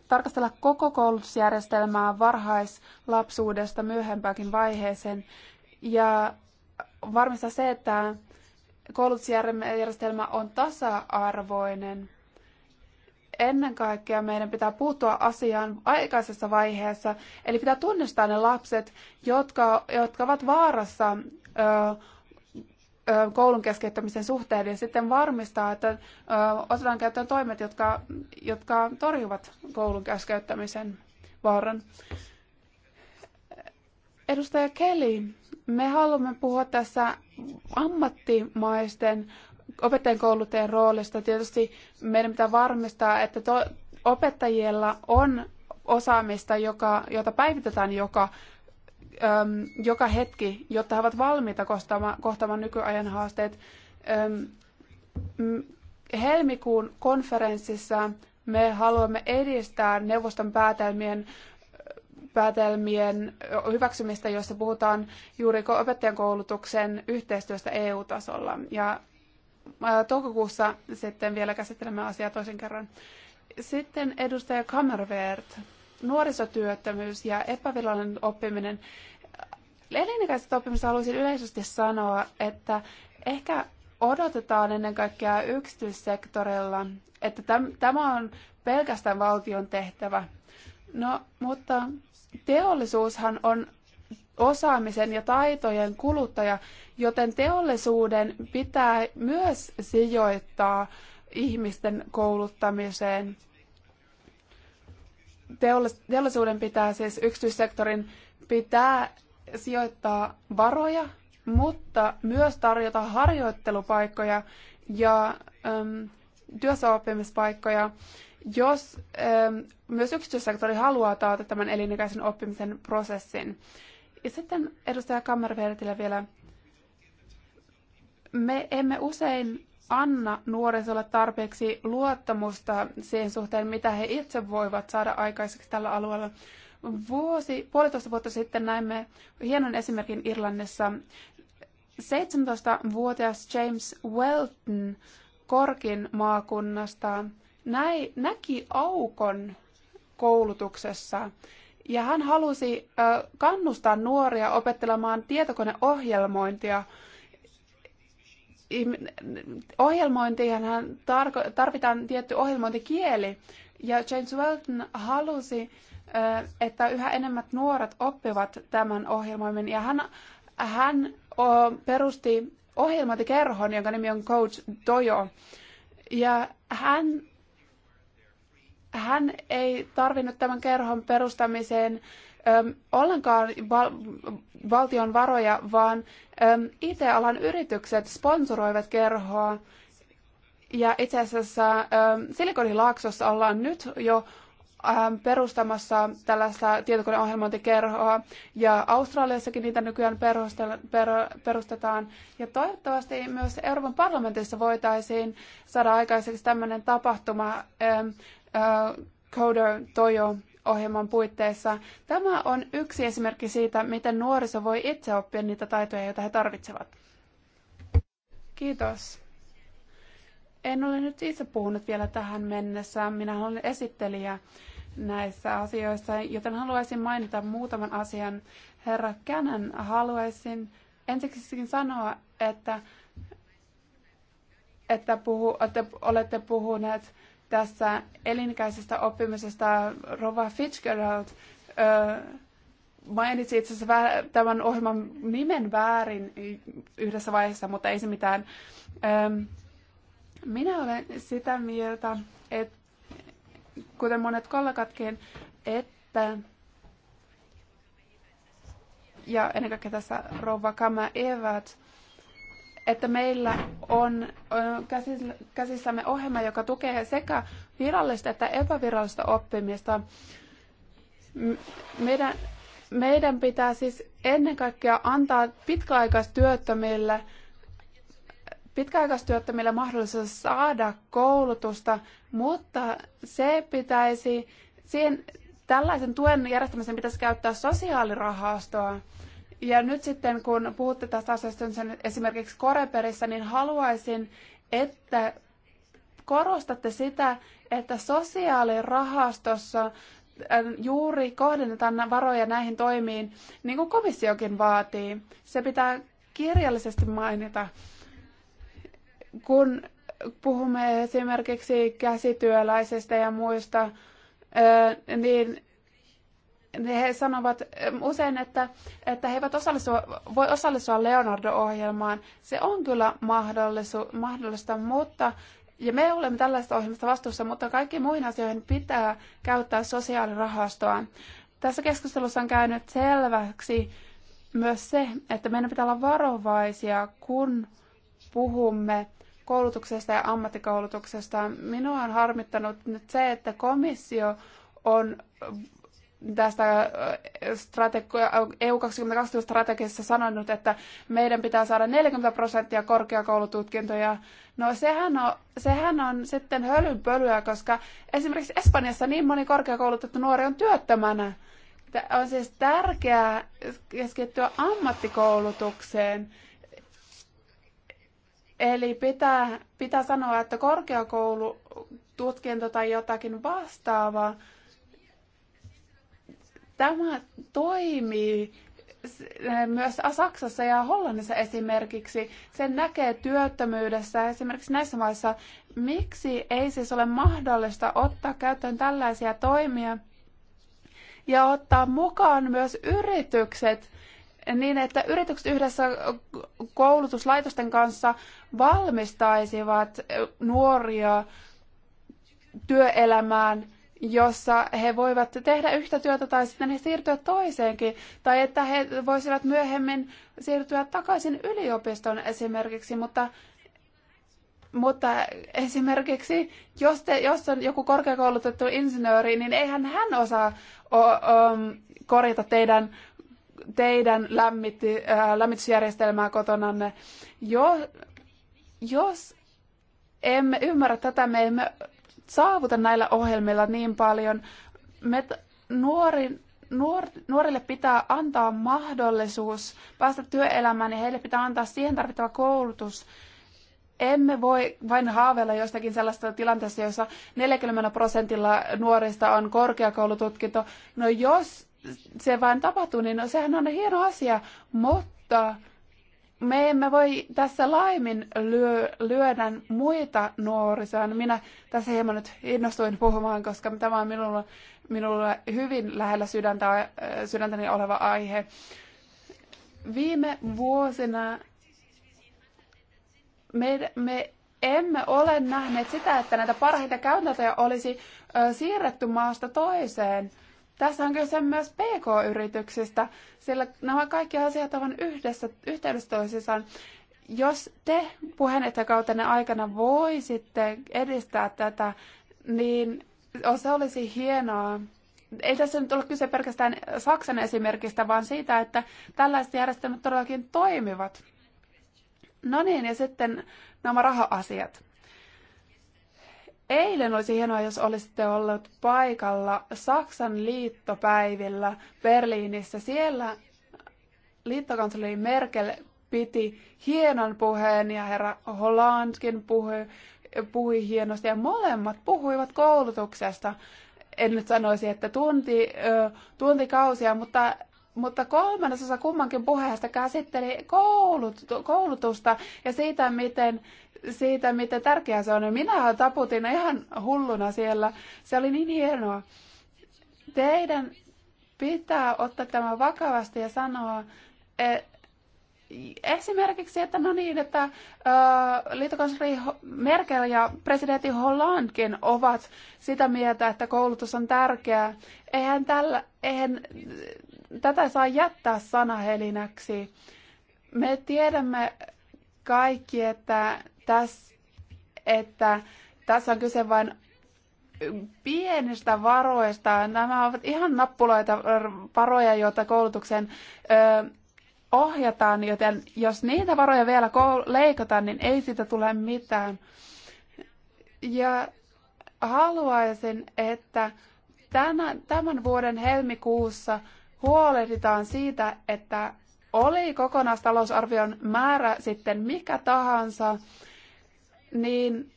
S1: tarkastella koko koulutusjärjestelmää varhaislapsuudesta myöhempäänkin vaiheeseen ja varmistaa se, että koulutusjärjestelmä on tasa-arvoinen. Ennen kaikkea meidän pitää puuttua asiaan aikaisessa vaiheessa, eli pitää tunnistaa ne lapset, jotka, jotka ovat vaarassa ö, koulun keskeyttämisen suhteen ja sitten varmistaa, että otetaan käyttöön toimet, jotka, jotka torjuvat koulun keskeyttämisen vaaran. Edustaja Kelly, me haluamme puhua tässä ammattimaisten opettajien kouluttajien roolista. Tietysti meidän pitää varmistaa, että to, opettajilla on osaamista, joka, jota päivitetään joka joka hetki, jotta he ovat valmiita kohtaamaan, kohtaamaan nykyajan haasteet. helmikuun konferenssissa me haluamme edistää neuvoston päätelmien päätelmien hyväksymistä, jossa puhutaan juuri opettajan koulutuksen yhteistyöstä EU-tasolla. Ja toukokuussa sitten vielä käsittelemme asiaa toisen kerran. Sitten edustaja Kammerwert nuorisotyöttömyys ja epävirallinen oppiminen. Elinikäisestä oppimisesta haluaisin yleisesti sanoa, että ehkä odotetaan ennen kaikkea yksityissektorilla, että täm, tämä on pelkästään valtion tehtävä. No, mutta teollisuushan on osaamisen ja taitojen kuluttaja, joten teollisuuden pitää myös sijoittaa ihmisten kouluttamiseen teollisuuden pitää, siis yksityissektorin pitää sijoittaa varoja, mutta myös tarjota harjoittelupaikkoja ja äm, työssäoppimispaikkoja, jos äm, myös yksityissektori haluaa taata tämän elinikäisen oppimisen prosessin. Ja sitten edustaja Kammervertillä vielä. Me emme usein anna nuorisolle tarpeeksi luottamusta siihen suhteen, mitä he itse voivat saada aikaiseksi tällä alueella. Vuosi, puolitoista vuotta sitten näimme hienon esimerkin Irlannissa. 17-vuotias James Welton Korkin maakunnasta näi, näki aukon koulutuksessa ja hän halusi kannustaa nuoria opettelemaan tietokoneohjelmointia – ohjelmointiinhan tarvitaan tietty ohjelmointikieli, ja James Welton halusi, että yhä enemmän nuoret oppivat tämän ohjelmoimin, ja hän, hän perusti ohjelmointikerhon, jonka nimi on Coach Dojo, ja hän, hän ei tarvinnut tämän kerhon perustamiseen ollenkaan val- valtion varoja, vaan äm, IT-alan yritykset sponsoroivat kerhoa. Ja itse asiassa äm, Silikonilaaksossa ollaan nyt jo perustamassa tällaista tietokoneohjelmointikerhoa, ja Australiassakin niitä nykyään perustetaan. Ja toivottavasti myös Euroopan parlamentissa voitaisiin saada aikaiseksi tämmöinen tapahtuma, Coder Toyo ohjelman puitteissa. Tämä on yksi esimerkki siitä, miten nuoriso voi itse oppia niitä taitoja, joita he tarvitsevat. Kiitos. En ole nyt itse puhunut vielä tähän mennessä. Minä olen esittelijä näissä asioissa, joten haluaisin mainita muutaman asian. Herra Känän haluaisin ensiksikin sanoa, että, että, puhu, että olette puhuneet tässä elinikäisestä oppimisesta Rova Fitzgerald ö, mainitsi itse asiassa tämän ohjelman nimen väärin yhdessä vaiheessa, mutta ei se mitään. Ö, minä olen sitä mieltä, että kuten monet kollegatkin, että ja ennen kaikkea tässä Rova Kama Evät, että meillä on käsissämme ohjelma, joka tukee sekä virallista että epävirallista oppimista. Meidän, meidän pitää siis ennen kaikkea antaa pitkäaikaistyöttömille pitkäaikaistyöttömille mahdollisuus saada koulutusta, mutta se pitäisi, siihen, tällaisen tuen järjestämisen pitäisi käyttää sosiaalirahastoa. Ja nyt sitten, kun puhutte tästä asiasta esimerkiksi Koreperissä, niin haluaisin, että korostatte sitä, että sosiaalirahastossa äh, juuri kohdennetaan varoja näihin toimiin, niin kuin komissiokin vaatii. Se pitää kirjallisesti mainita, kun puhumme esimerkiksi käsityöläisistä ja muista, äh, niin he sanovat usein, että, että he eivät osallistua, voi osallistua Leonardo-ohjelmaan. Se on kyllä mahdollista, mutta ja me olemme tällaista ohjelmasta vastuussa, mutta kaikkiin muihin asioihin pitää käyttää sosiaalirahastoa. Tässä keskustelussa on käynyt selväksi myös se, että meidän pitää olla varovaisia, kun puhumme koulutuksesta ja ammattikoulutuksesta. Minua on harmittanut nyt se, että komissio on tästä EU 2020 strategiassa sanonut, että meidän pitää saada 40 prosenttia korkeakoulututkintoja. No sehän on, sehän on sitten hölynpölyä, koska esimerkiksi Espanjassa niin moni korkeakoulutettu nuori on työttömänä. On siis tärkeää keskittyä ammattikoulutukseen. Eli pitää, pitää sanoa, että korkeakoulututkinto tai jotakin vastaavaa Tämä toimii eh, myös Saksassa ja Hollannissa esimerkiksi. Sen näkee työttömyydessä esimerkiksi näissä maissa. Miksi ei siis ole mahdollista ottaa käyttöön tällaisia toimia ja ottaa mukaan myös yritykset niin, että yritykset yhdessä koulutuslaitosten kanssa valmistaisivat nuoria työelämään – jossa he voivat tehdä yhtä työtä tai sitten he siirtyä toiseenkin, tai että he voisivat myöhemmin siirtyä takaisin yliopistoon esimerkiksi, mutta, mutta esimerkiksi jos, te, jos on joku korkeakoulutettu insinööri, niin eihän hän osaa o, o, korjata teidän teidän lämmit, ää, äh, lämmitysjärjestelmää kotonanne. Jo, jos emme ymmärrä tätä, me emme saavuta näillä ohjelmilla niin paljon. Me nuori, nuor, nuorille pitää antaa mahdollisuus päästä työelämään ja heille pitää antaa siihen tarvittava koulutus. Emme voi vain haaveilla jostakin sellaista tilanteesta, jossa 40 prosentilla nuorista on korkeakoulututkinto. No jos se vain tapahtuu, niin no, sehän on hieno asia, mutta me emme voi tässä laimin lyö, lyödä muita nuorisoja. Minä tässä hieman nyt innostuin puhumaan, koska tämä on minulla, minulla hyvin lähellä sydäntä, äh, sydäntäni oleva aihe. Viime vuosina me, me emme ole nähneet sitä, että näitä parhaita käytäntöjä olisi äh, siirretty maasta toiseen – tässä on kyse myös PK-yrityksistä, sillä nämä kaikki asiat ovat yhdessä, yhteydessä toisissaan. Jos te puheenjohtajakautenne aikana voisitte edistää tätä, niin se olisi hienoa. Ei tässä nyt ole kyse pelkästään Saksan esimerkistä, vaan siitä, että tällaiset järjestelmät todellakin toimivat. No niin, ja sitten nämä raha-asiat. Eilen olisi hienoa, jos olisitte ollut paikalla Saksan liittopäivillä Berliinissä. Siellä liittokansleri Merkel piti hienon puheen ja herra Hollandkin puhui, puhui hienosti ja molemmat puhuivat koulutuksesta. En nyt sanoisi, että tunti, tuntikausia, mutta mutta kolmannesosa kummankin puheesta käsitteli koulut, koulutusta ja siitä, miten siitä, miten tärkeää se on. minä taputin ihan hulluna siellä. Se oli niin hienoa. Teidän pitää ottaa tämä vakavasti ja sanoa, että esimerkiksi, että no niin, että ö, liittokansleri Merkel ja presidentti Hollandkin ovat sitä mieltä, että koulutus on tärkeää. Eihän, tällä, eihän tätä saa jättää sanahelinäksi. Me tiedämme kaikki, että tässä, että tässä on kyse vain pienistä varoista. Nämä ovat ihan nappuloita äh, varoja, joita koulutuksen ö, äh, ohjataan, joten jos niitä varoja vielä leikataan, niin ei siitä tule mitään. Ja haluaisin, että tämän, tämän vuoden helmikuussa huolehditaan siitä, että oli kokonaistalousarvion määrä sitten mikä tahansa, niin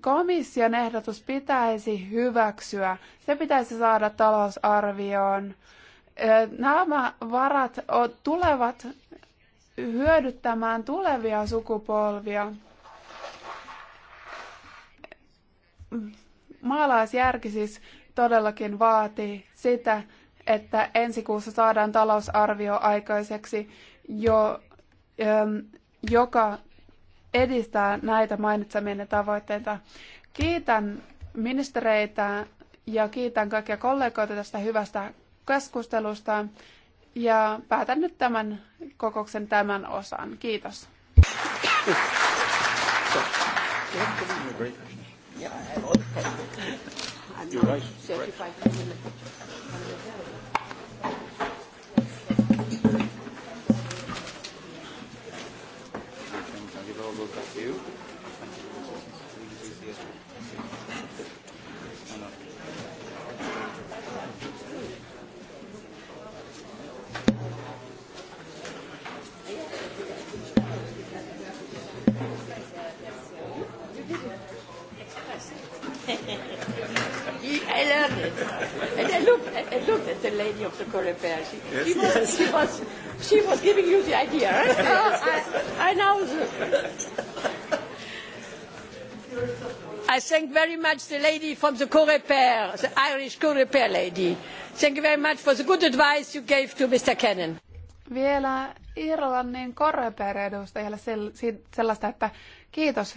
S1: komission ehdotus pitäisi hyväksyä. Se pitäisi saada talousarvioon. Nämä varat tulevat hyödyttämään tulevia sukupolvia. Maalaisjärki siis todellakin vaatii sitä, että ensi kuussa saadaan talousarvio aikaiseksi, jo, joka edistää näitä mainitsemienne tavoitteita. Kiitän ministereitä ja kiitän kaikkia kollegoita tästä hyvästä keskustelusta ja päätän nyt tämän kokouksen tämän osan. Kiitos. Yeah, I have all the time. I'm 35 minutes.
S3: you. I love it
S2: and look at the lady of the Corepair. She, yes, she, was, yes. she, was, she was giving you the idea. Right? Eh? yes,
S1: yes. I, I know.
S2: The, I thank very much the lady from the Corepair, the Irish Corepair lady. Thank you very much for the good advice you gave to Mr. Cannon.
S1: Vielä Irlannin Corepair-edustajalle sellaista, että kiitos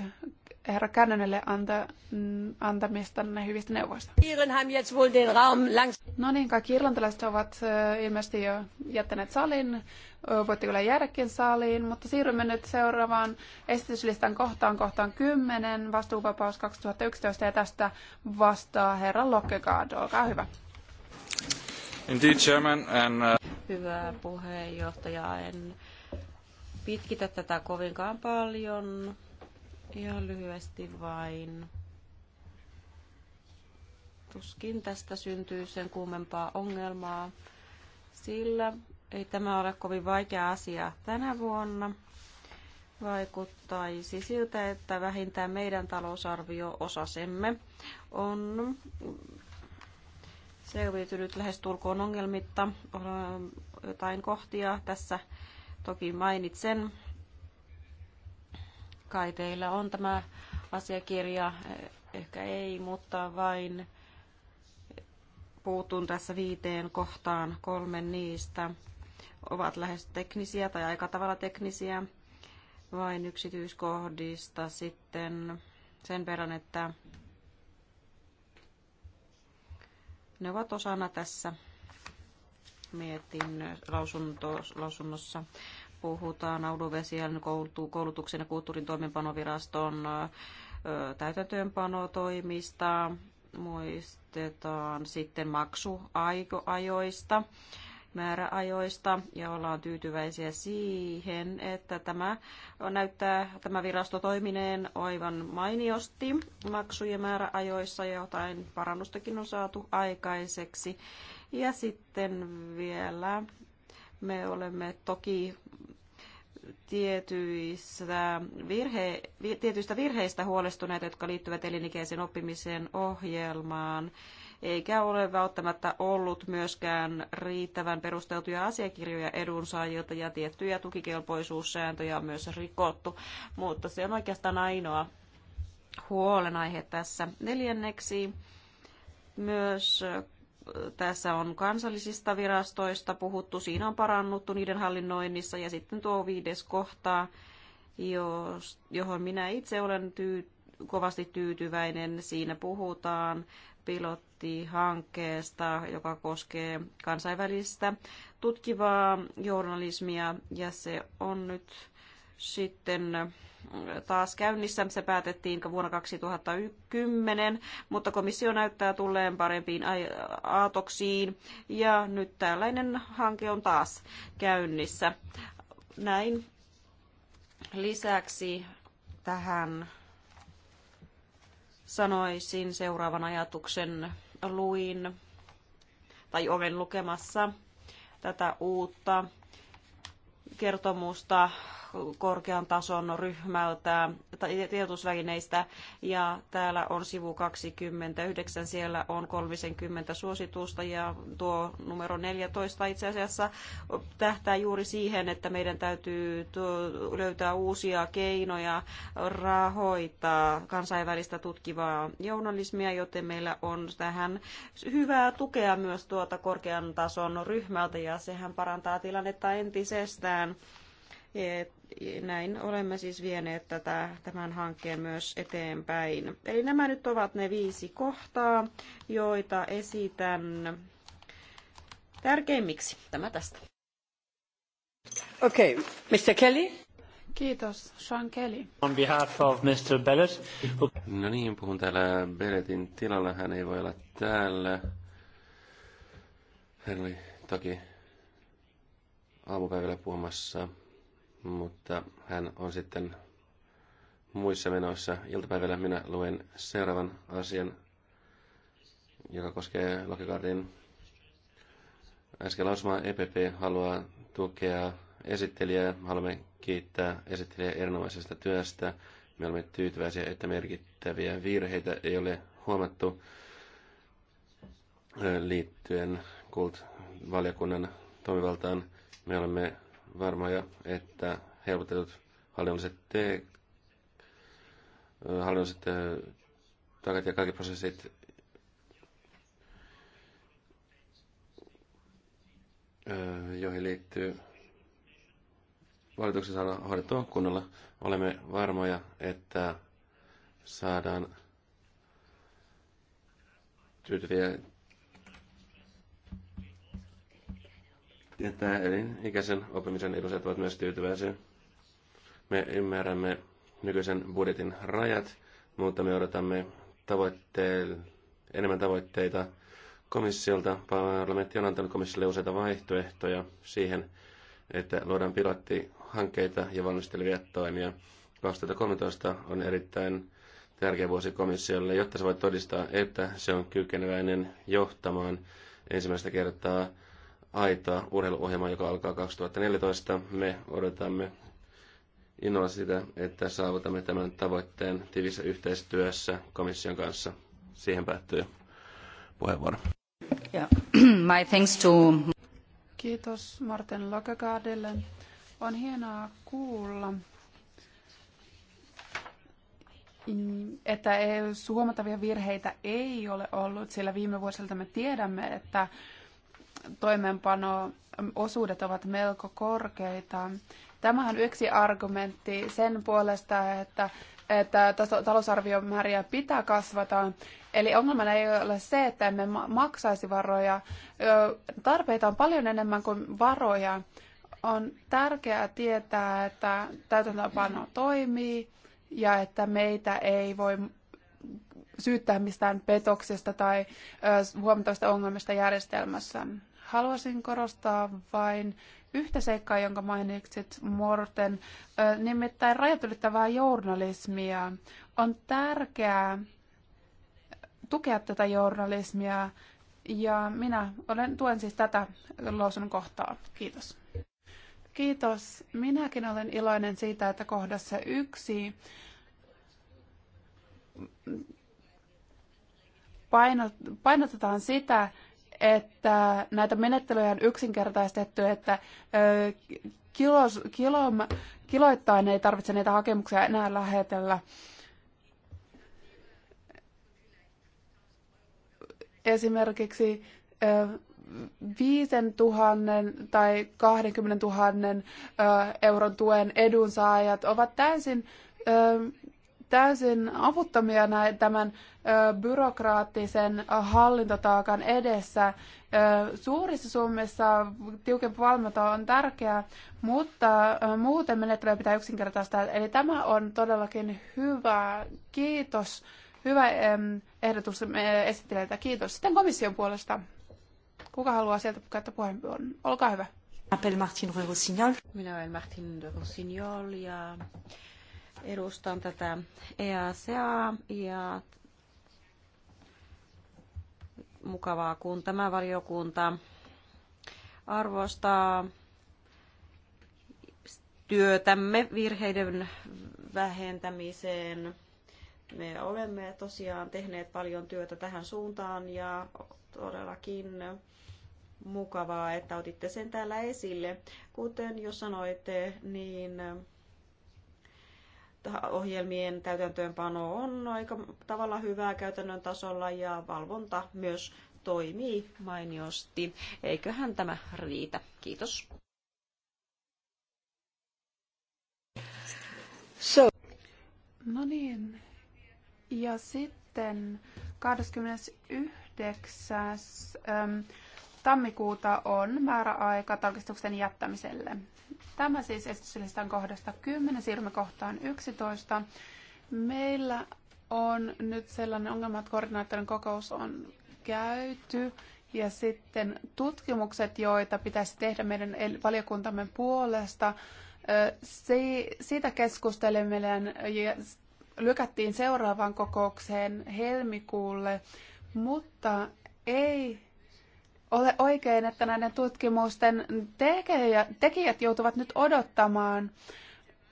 S1: herra Kännönelle anta, mm, antamistanne hyvistä neuvoista. No niin, kaikki irlantilaiset ovat ilmeisesti jo jättäneet salin. Voitte kyllä jäädäkin saliin, mutta siirrymme nyt seuraavaan esityslistan kohtaan, kohtaan 10, vastuuvapaus 2011, ja tästä vastaa herra Lokkegaard. Olkaa hyvä.
S3: Indeed, Chairman, and, uh...
S1: Hyvä puheenjohtaja, en
S2: pitkitä tätä kovinkaan paljon Ihan lyhyesti vain. Tuskin tästä syntyy sen kuumempaa ongelmaa, sillä ei tämä ole kovin vaikea asia tänä vuonna. Vaikuttaisi siltä, että vähintään meidän talousarvio-osasemme on selviytynyt lähes tulkoon ongelmitta. Jotain kohtia tässä toki mainitsen Kai teillä on tämä asiakirja, ehkä ei, mutta vain puutun tässä viiteen kohtaan. Kolme niistä ovat lähes teknisiä tai aika tavalla teknisiä. Vain yksityiskohdista sitten sen verran, että ne ovat osana tässä mietin lausunto, lausunnossa puhutaan Auduvesien koulutuksen ja kulttuurin toimenpanoviraston täytäntöönpanotoimista, muistetaan sitten maksuajoista, määräajoista ja ollaan tyytyväisiä siihen, että tämä näyttää tämä virasto toimineen aivan mainiosti maksujen määräajoissa ja jotain parannustakin on saatu aikaiseksi. Ja sitten vielä me olemme toki tietyistä, virhe, tietyistä virheistä huolestuneita, jotka liittyvät elinikäisen oppimisen ohjelmaan, eikä ole välttämättä ollut myöskään riittävän perusteltuja asiakirjoja edunsaajilta ja tiettyjä tukikelpoisuussääntöjä on myös rikottu, mutta se on oikeastaan ainoa huolenaihe tässä. Neljänneksi myös tässä on kansallisista virastoista puhuttu, siinä on parannuttu niiden hallinnoinnissa ja sitten tuo viides kohta, johon minä itse olen tyy- kovasti tyytyväinen, siinä puhutaan pilottihankkeesta, joka koskee kansainvälistä tutkivaa journalismia ja se on nyt sitten äh, taas käynnissä. Se päätettiin vuonna 2010, mutta komissio näyttää tulleen parempiin aatoksiin. Ja nyt tällainen hanke on taas käynnissä. Näin lisäksi tähän sanoisin seuraavan ajatuksen luin tai olen lukemassa tätä uutta kertomusta korkean tason ryhmältä tiedotusvälineistä ja täällä on sivu 29, siellä on 30 suositusta ja tuo numero 14 itse asiassa tähtää juuri siihen, että meidän täytyy löytää uusia keinoja rahoittaa kansainvälistä tutkivaa journalismia, joten meillä on tähän hyvää tukea myös tuota korkean tason ryhmältä ja sehän parantaa tilannetta entisestään. Näin olemme siis vieneet tätä, tämän hankkeen myös eteenpäin. Eli nämä nyt ovat ne viisi kohtaa, joita esitän tärkeimmiksi. Tämä tästä. Okei, okay.
S1: Mr. Kelly. Kiitos, Sean Kelly.
S3: On behalf of Mr. Bellet. No niin, puhun täällä Belletin tilalla. Hän ei voi olla täällä. Hän oli toki aamupäivällä puhumassa mutta hän on sitten muissa menoissa. Iltapäivällä minä luen seuraavan asian, joka koskee Lokikardin äsken lausumaa. EPP haluaa tukea esittelijää. Haluamme kiittää esittelijää erinomaisesta työstä. Me olemme tyytyväisiä, että merkittäviä virheitä ei ole huomattu liittyen kult-valiokunnan toimivaltaan. Me olemme varmoja, että helpotetut hallinnolliset te- hallinnolliset takat ja kaikki prosessit joihin liittyy valituksen saada hoidettua kunnolla. Olemme varmoja, että saadaan tyytyviä tietää elinikäisen oppimisen edustajat ovat myös tyytyväisiä. Me ymmärrämme nykyisen budjetin rajat, mutta me odotamme tavoitteille, enemmän tavoitteita komissiolta. Parlamentti on antanut komissiolle useita vaihtoehtoja siihen, että luodaan pilottihankkeita ja valmistelevia toimia. 2013 on erittäin tärkeä vuosi komissiolle, jotta se voi todistaa, että se on kykeneväinen johtamaan ensimmäistä kertaa aitaa urheiluohjelma, joka alkaa 2014. Me odotamme innolla sitä, että saavutamme tämän tavoitteen tiivissä yhteistyössä komission kanssa. Siihen päättyy puheenvuoro. Yeah. My thanks to...
S1: Kiitos Martin Lokegaardille. On hienoa kuulla, mm, että e huomattavia virheitä ei ole ollut, sillä viime vuosilta me tiedämme, että toimeenpano-osuudet ovat melko korkeita. Tämähän on yksi argumentti sen puolesta, että, että talousarviomääriä pitää kasvata. Eli ongelmana ei ole se, että emme maksaisi varoja. Tarpeita on paljon enemmän kuin varoja. On tärkeää tietää, että täytäntöpano toimii ja että meitä ei voi syyttää mistään petoksesta tai huomattavista ongelmista järjestelmässä. Haluaisin korostaa vain yhtä seikkaa, jonka mainitsit Morten, nimittäin rajat ylittävää journalismia. On tärkeää tukea tätä journalismia ja minä olen, tuen siis tätä lausun kohtaa. Kiitos. Kiitos. Minäkin olen iloinen siitä, että kohdassa yksi painotetaan sitä, että näitä menettelyjä on yksinkertaistettu, että kilos, kilo, kiloittain ei tarvitse näitä hakemuksia enää lähetellä. Esimerkiksi 5 000 tai 20 000 euron tuen edunsaajat ovat täysin täysin avuttomia näin, tämän byrokraattisen hallintotaakan edessä. Suurissa summissa tiukempi valmento on tärkeää, mutta muuten menettelyä pitää yksinkertaistaa. Eli tämä on todellakin hyvä. Kiitos. Hyvä ehdotus esittelijältä. Kiitos. Sitten komission puolesta. Kuka haluaa sieltä käyttää puheenvuoron? Olkaa hyvä.
S2: Appel Martin Rosignol. Minä olen Martin Rossignol ja Edustan tätä EASEA ja mukavaa, kun tämä valiokunta arvostaa työtämme virheiden vähentämiseen. Me olemme tosiaan tehneet paljon työtä tähän suuntaan ja todellakin mukavaa, että otitte sen täällä esille. Kuten jo sanoitte, niin ohjelmien täytäntöönpano on aika tavalla hyvää käytännön tasolla ja valvonta myös toimii mainiosti. Eiköhän tämä riitä. Kiitos.
S1: So. No niin. Ja sitten 29. tammikuuta on määräaika tarkistuksen jättämiselle. Tämä siis esityslistan kohdasta 10, siirrymme kohtaan 11. Meillä on nyt sellainen ongelma, että koordinaattorin kokous on käyty ja sitten tutkimukset, joita pitäisi tehdä meidän valiokuntamme puolesta, siitä keskustelemme ja lykättiin seuraavaan kokoukseen helmikuulle, mutta ei ole oikein, että näiden tutkimusten tekijät joutuvat nyt odottamaan.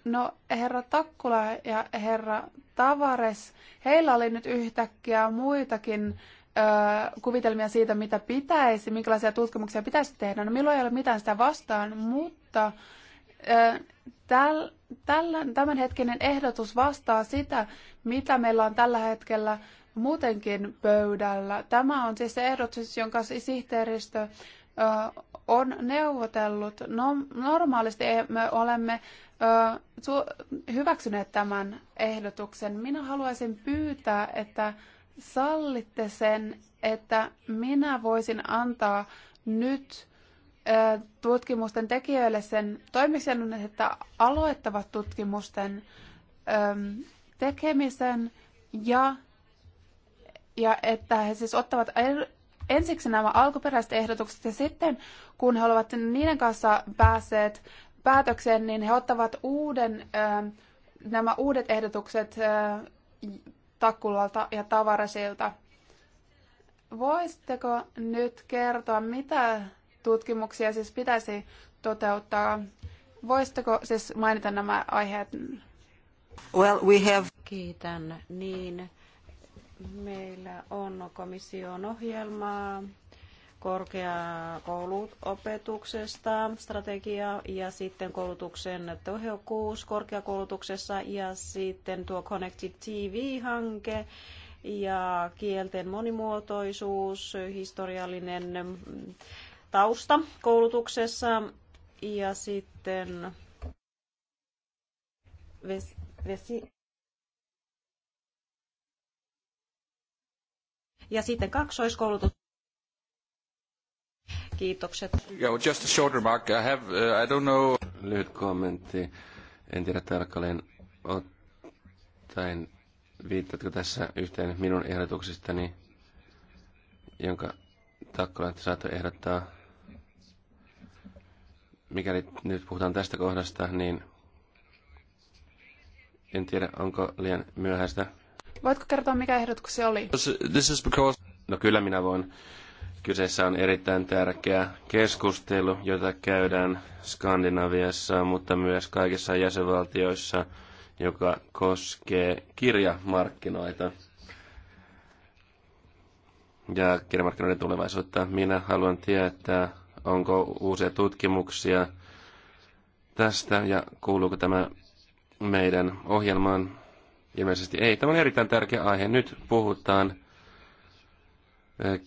S1: No herra Takkula ja herra Tavares, heillä oli nyt yhtäkkiä muitakin ö, kuvitelmia siitä, mitä pitäisi, minkälaisia tutkimuksia pitäisi tehdä. No milloin ei ole mitään sitä vastaan, mutta ö, täl, tällä, tämänhetkinen ehdotus vastaa sitä, mitä meillä on tällä hetkellä muutenkin pöydällä. Tämä on siis se ehdotus, jonka sihteeristö on neuvotellut. No, normaalisti me olemme hyväksyneet tämän ehdotuksen. Minä haluaisin pyytää, että sallitte sen, että minä voisin antaa nyt tutkimusten tekijöille sen toimisen, että aloittavat tutkimusten tekemisen ja ja että he siis ottavat ensiksi nämä alkuperäiset ehdotukset ja sitten kun he ovat niiden kanssa päässeet päätökseen, niin he ottavat uuden, ähm, nämä uudet ehdotukset äh, Takkulalta ja Tavarasilta. Voisitteko nyt kertoa, mitä tutkimuksia siis pitäisi toteuttaa? Voisitteko siis mainita nämä aiheet?
S2: Well, we have... Kiitän. Niin, Meillä on komission ohjelmaa korkeakouluopetuksesta strategia ja sitten koulutuksen tehokkuus korkeakoulutuksessa ja sitten tuo Connected TV-hanke ja kielten monimuotoisuus, historiallinen tausta koulutuksessa ja sitten vesi, Ja sitten kaksoiskoulutus. Kiitokset. Yeah,
S3: just a short remark. I have, uh, I don't know... Lyhyt kommentti. En tiedä tarkalleen ottaen, viittatko tässä yhteen minun ehdotuksistani, jonka Takkola saattoi ehdottaa. Mikäli nyt puhutaan tästä kohdasta, niin en tiedä, onko liian myöhäistä
S1: Voitko kertoa, mikä ehdotus se oli?
S3: This is because... No kyllä minä voin. Kyseessä on erittäin tärkeä keskustelu, jota käydään Skandinaviassa, mutta myös kaikissa jäsenvaltioissa, joka koskee kirjamarkkinoita ja kirjamarkkinoiden tulevaisuutta. Minä haluan tietää, onko uusia tutkimuksia tästä ja kuuluuko tämä meidän ohjelmaan. Ilmeisesti ei. Tämä on erittäin tärkeä aihe. Nyt puhutaan eh,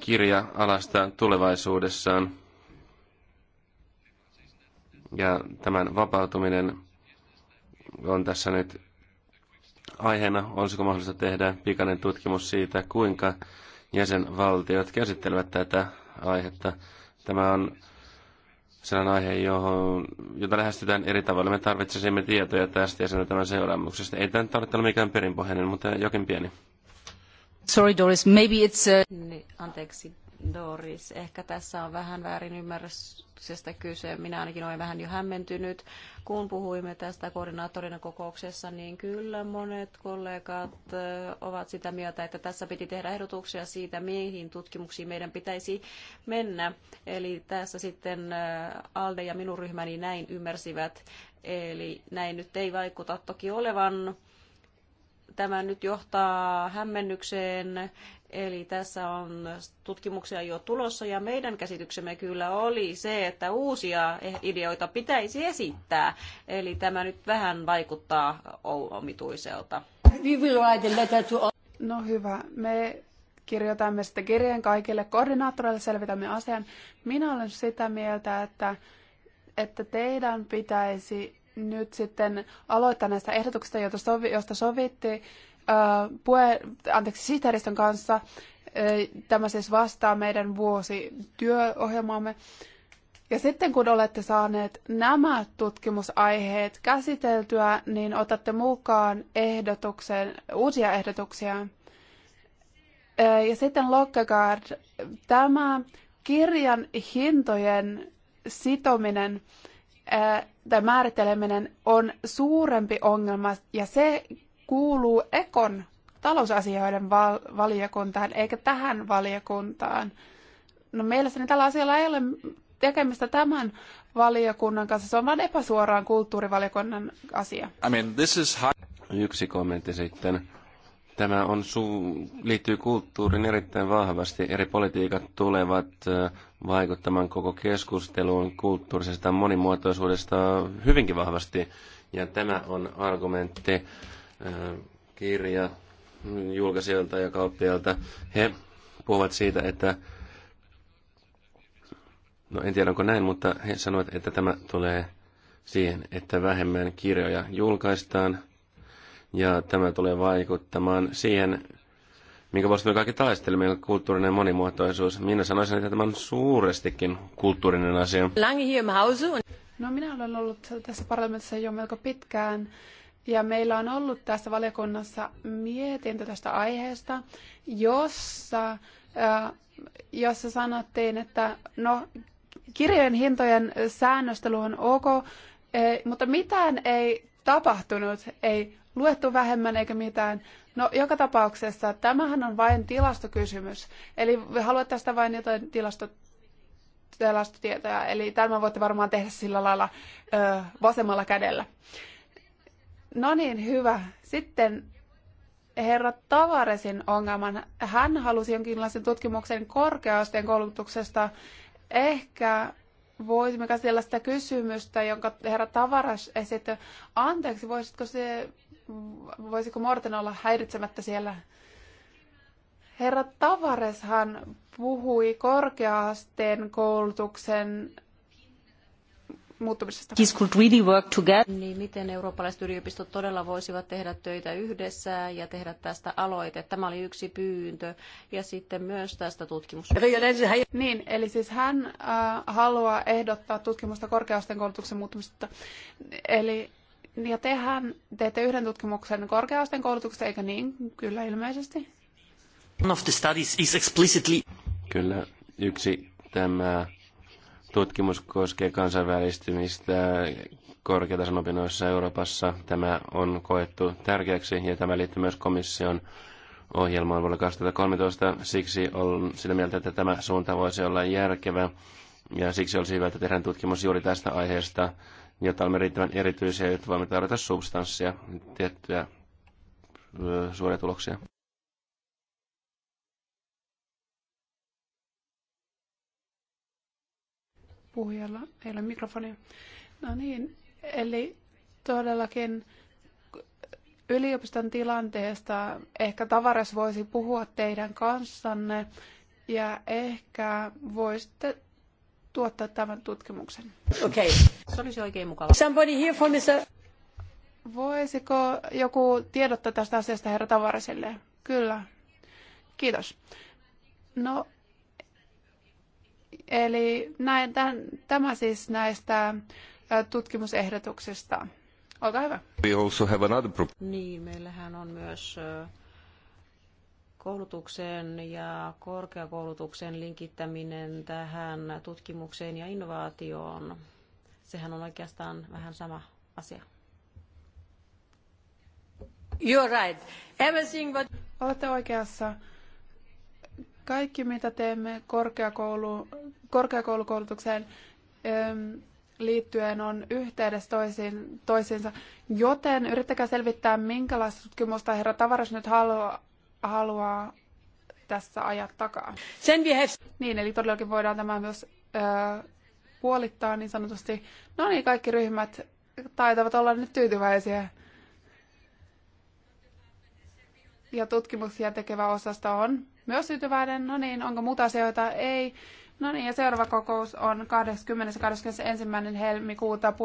S3: kirja-alasta tulevaisuudessaan. Ja tämän vapautuminen on tässä nyt aiheena. Olisiko mahdollista tehdä pikainen tutkimus siitä, kuinka jäsenvaltiot käsittelevät tätä aihetta? Tämä on se on aihe, johon, jota lähestytään eri tavalla. Me tarvitsisimme tietoja tästä ja tämän seuraamuksesta. Ei tämä tarvitse olla mikään perinpohjainen, mutta jokin pieni. Sorry Doris, maybe
S2: it's a... Uh, niin, anteeksi Doris. Ehkä tässä on vähän väärin väärinymmärryksestä kyse. Minä ainakin olen vähän jo hämmentynyt. Kun puhuimme tästä koordinaattorina kokouksessa, niin kyllä monet kollegat ovat sitä mieltä, että tässä piti tehdä ehdotuksia siitä, mihin tutkimuksiin meidän pitäisi mennä. Eli tässä sitten Alde ja minun ryhmäni näin ymmärsivät. Eli näin nyt ei vaikuta toki olevan tämä nyt johtaa hämmennykseen Eli tässä on tutkimuksia jo tulossa ja meidän käsityksemme kyllä oli se, että uusia ideoita pitäisi esittää. Eli tämä nyt vähän vaikuttaa omituiselta.
S1: No hyvä. Me kirjoitamme sitä kirjeen kaikille koordinaattoreille, selvitämme asian. Minä olen sitä mieltä, että, että teidän pitäisi nyt sitten aloittaa näistä ehdotuksista, joista, joista sovittiin, Äh, pue, anteeksi, sihteeristön kanssa. Äh, tämä siis vastaa meidän vuosityöohjelmaamme. Ja sitten kun olette saaneet nämä tutkimusaiheet käsiteltyä, niin otatte mukaan ehdotuksen, uusia ehdotuksia. Äh, ja sitten Lokkegaard, tämä kirjan hintojen sitominen tai määritteleminen on suurempi ongelma ja se kuuluu Ekon talousasioiden val- valiokuntaan eikä tähän valiokuntaan. No mielestäni tällä asialla ei ole tekemistä tämän valiokunnan kanssa. Se on vain epäsuoraan kulttuurivaliokunnan asia.
S3: I mean, this is high... Yksi kommentti sitten. Tämä on su- liittyy kulttuuriin erittäin vahvasti. Eri politiikat tulevat vaikuttamaan koko keskusteluun kulttuurisesta monimuotoisuudesta hyvinkin vahvasti. Ja tämä on argumentti kirja julkaisijoilta ja kauppiailta. He puhuvat siitä, että no en tiedä onko näin, mutta he sanoivat, että tämä tulee siihen, että vähemmän kirjoja julkaistaan ja tämä tulee vaikuttamaan siihen, minkä vastaan kaikki taistelemme, kulttuurinen monimuotoisuus. Minä sanoisin, että tämä on suurestikin kulttuurinen asia.
S1: No minä olen ollut tässä parlamentissa jo melko pitkään ja meillä on ollut tässä valiokunnassa mietintö tästä aiheesta, jossa, jossa sanottiin, että no, kirjojen hintojen säännöstely on ok, e, mutta mitään ei tapahtunut, ei luettu vähemmän eikä mitään. No joka tapauksessa tämähän on vain tilastokysymys. Eli haluat tästä vain jotain tilasto, tilastotietoja, eli tämä voitte varmaan tehdä sillä lailla ö, vasemmalla kädellä. No niin, hyvä. Sitten herra Tavaresin ongelman. Hän halusi jonkinlaisen tutkimuksen korkeasteen koulutuksesta. Ehkä voisimme käsitellä sitä kysymystä, jonka herra Tavares esitti. Anteeksi, voisitko se, voisiko Morten olla häiritsemättä siellä? Herra Tavareshan puhui korkeasteen koulutuksen muuttumisesta. Niin
S2: miten eurooppalaiset yliopistot todella voisivat tehdä töitä yhdessä ja tehdä tästä aloite? Tämä oli yksi pyyntö ja sitten myös tästä tutkimus.
S1: Niin, eli siis hän äh, haluaa ehdottaa tutkimusta korkeasteen koulutuksen muuttumista. Eli niin ja tehän teette yhden tutkimuksen korkeasteen koulutuksesta, eikö niin? Kyllä ilmeisesti.
S3: One of the studies is explicitly... Kyllä, yksi tämä tutkimus koskee kansainvälistymistä korkeatason opinnoissa Euroopassa. Tämä on koettu tärkeäksi ja tämä liittyy myös komission ohjelmaan vuonna 2013. Siksi on sitä mieltä, että tämä suunta voisi olla järkevä ja siksi olisi hyvä, että tehdään tutkimus juuri tästä aiheesta, jotta olemme riittävän erityisiä, jotta voimme tarjota substanssia, tiettyjä suoria tuloksia.
S1: puhujalla ei ole mikrofonia. No niin, eli todellakin yliopiston tilanteesta ehkä tavaras voisi puhua teidän kanssanne ja ehkä voisitte tuottaa tämän tutkimuksen. Okei.
S2: Okay. Se olisi oikein mukava.
S1: Somebody here for me, sir? Voisiko joku tiedottaa tästä asiasta herra Tavaraselle? Kyllä. Kiitos. No, Eli näin, tämän, tämä siis näistä tutkimusehdotuksista. Olkaa hyvä.
S3: We also have another niin, meillähän
S2: on myös koulutuksen ja korkeakoulutuksen linkittäminen tähän tutkimukseen ja innovaatioon. Sehän on oikeastaan vähän
S1: sama asia. You're right. Everything but... Olette oikeassa kaikki, mitä teemme korkeakoulu, korkeakoulukoulutukseen liittyen, on yhteydessä toisiin, toisiinsa. Joten yrittäkää selvittää, minkälaista tutkimusta herra Tavaras nyt haluaa, haluaa tässä ajat takaa. Sen viehessä. Niin, eli todellakin voidaan tämä myös ö, puolittaa niin sanotusti. No niin, kaikki ryhmät taitavat olla nyt tyytyväisiä. Ja tutkimuksia tekevä osasta on myös tyytyväinen. No niin, onko muuta asioita? Ei. No niin, ja seuraava kokous on 20. 21. helmikuuta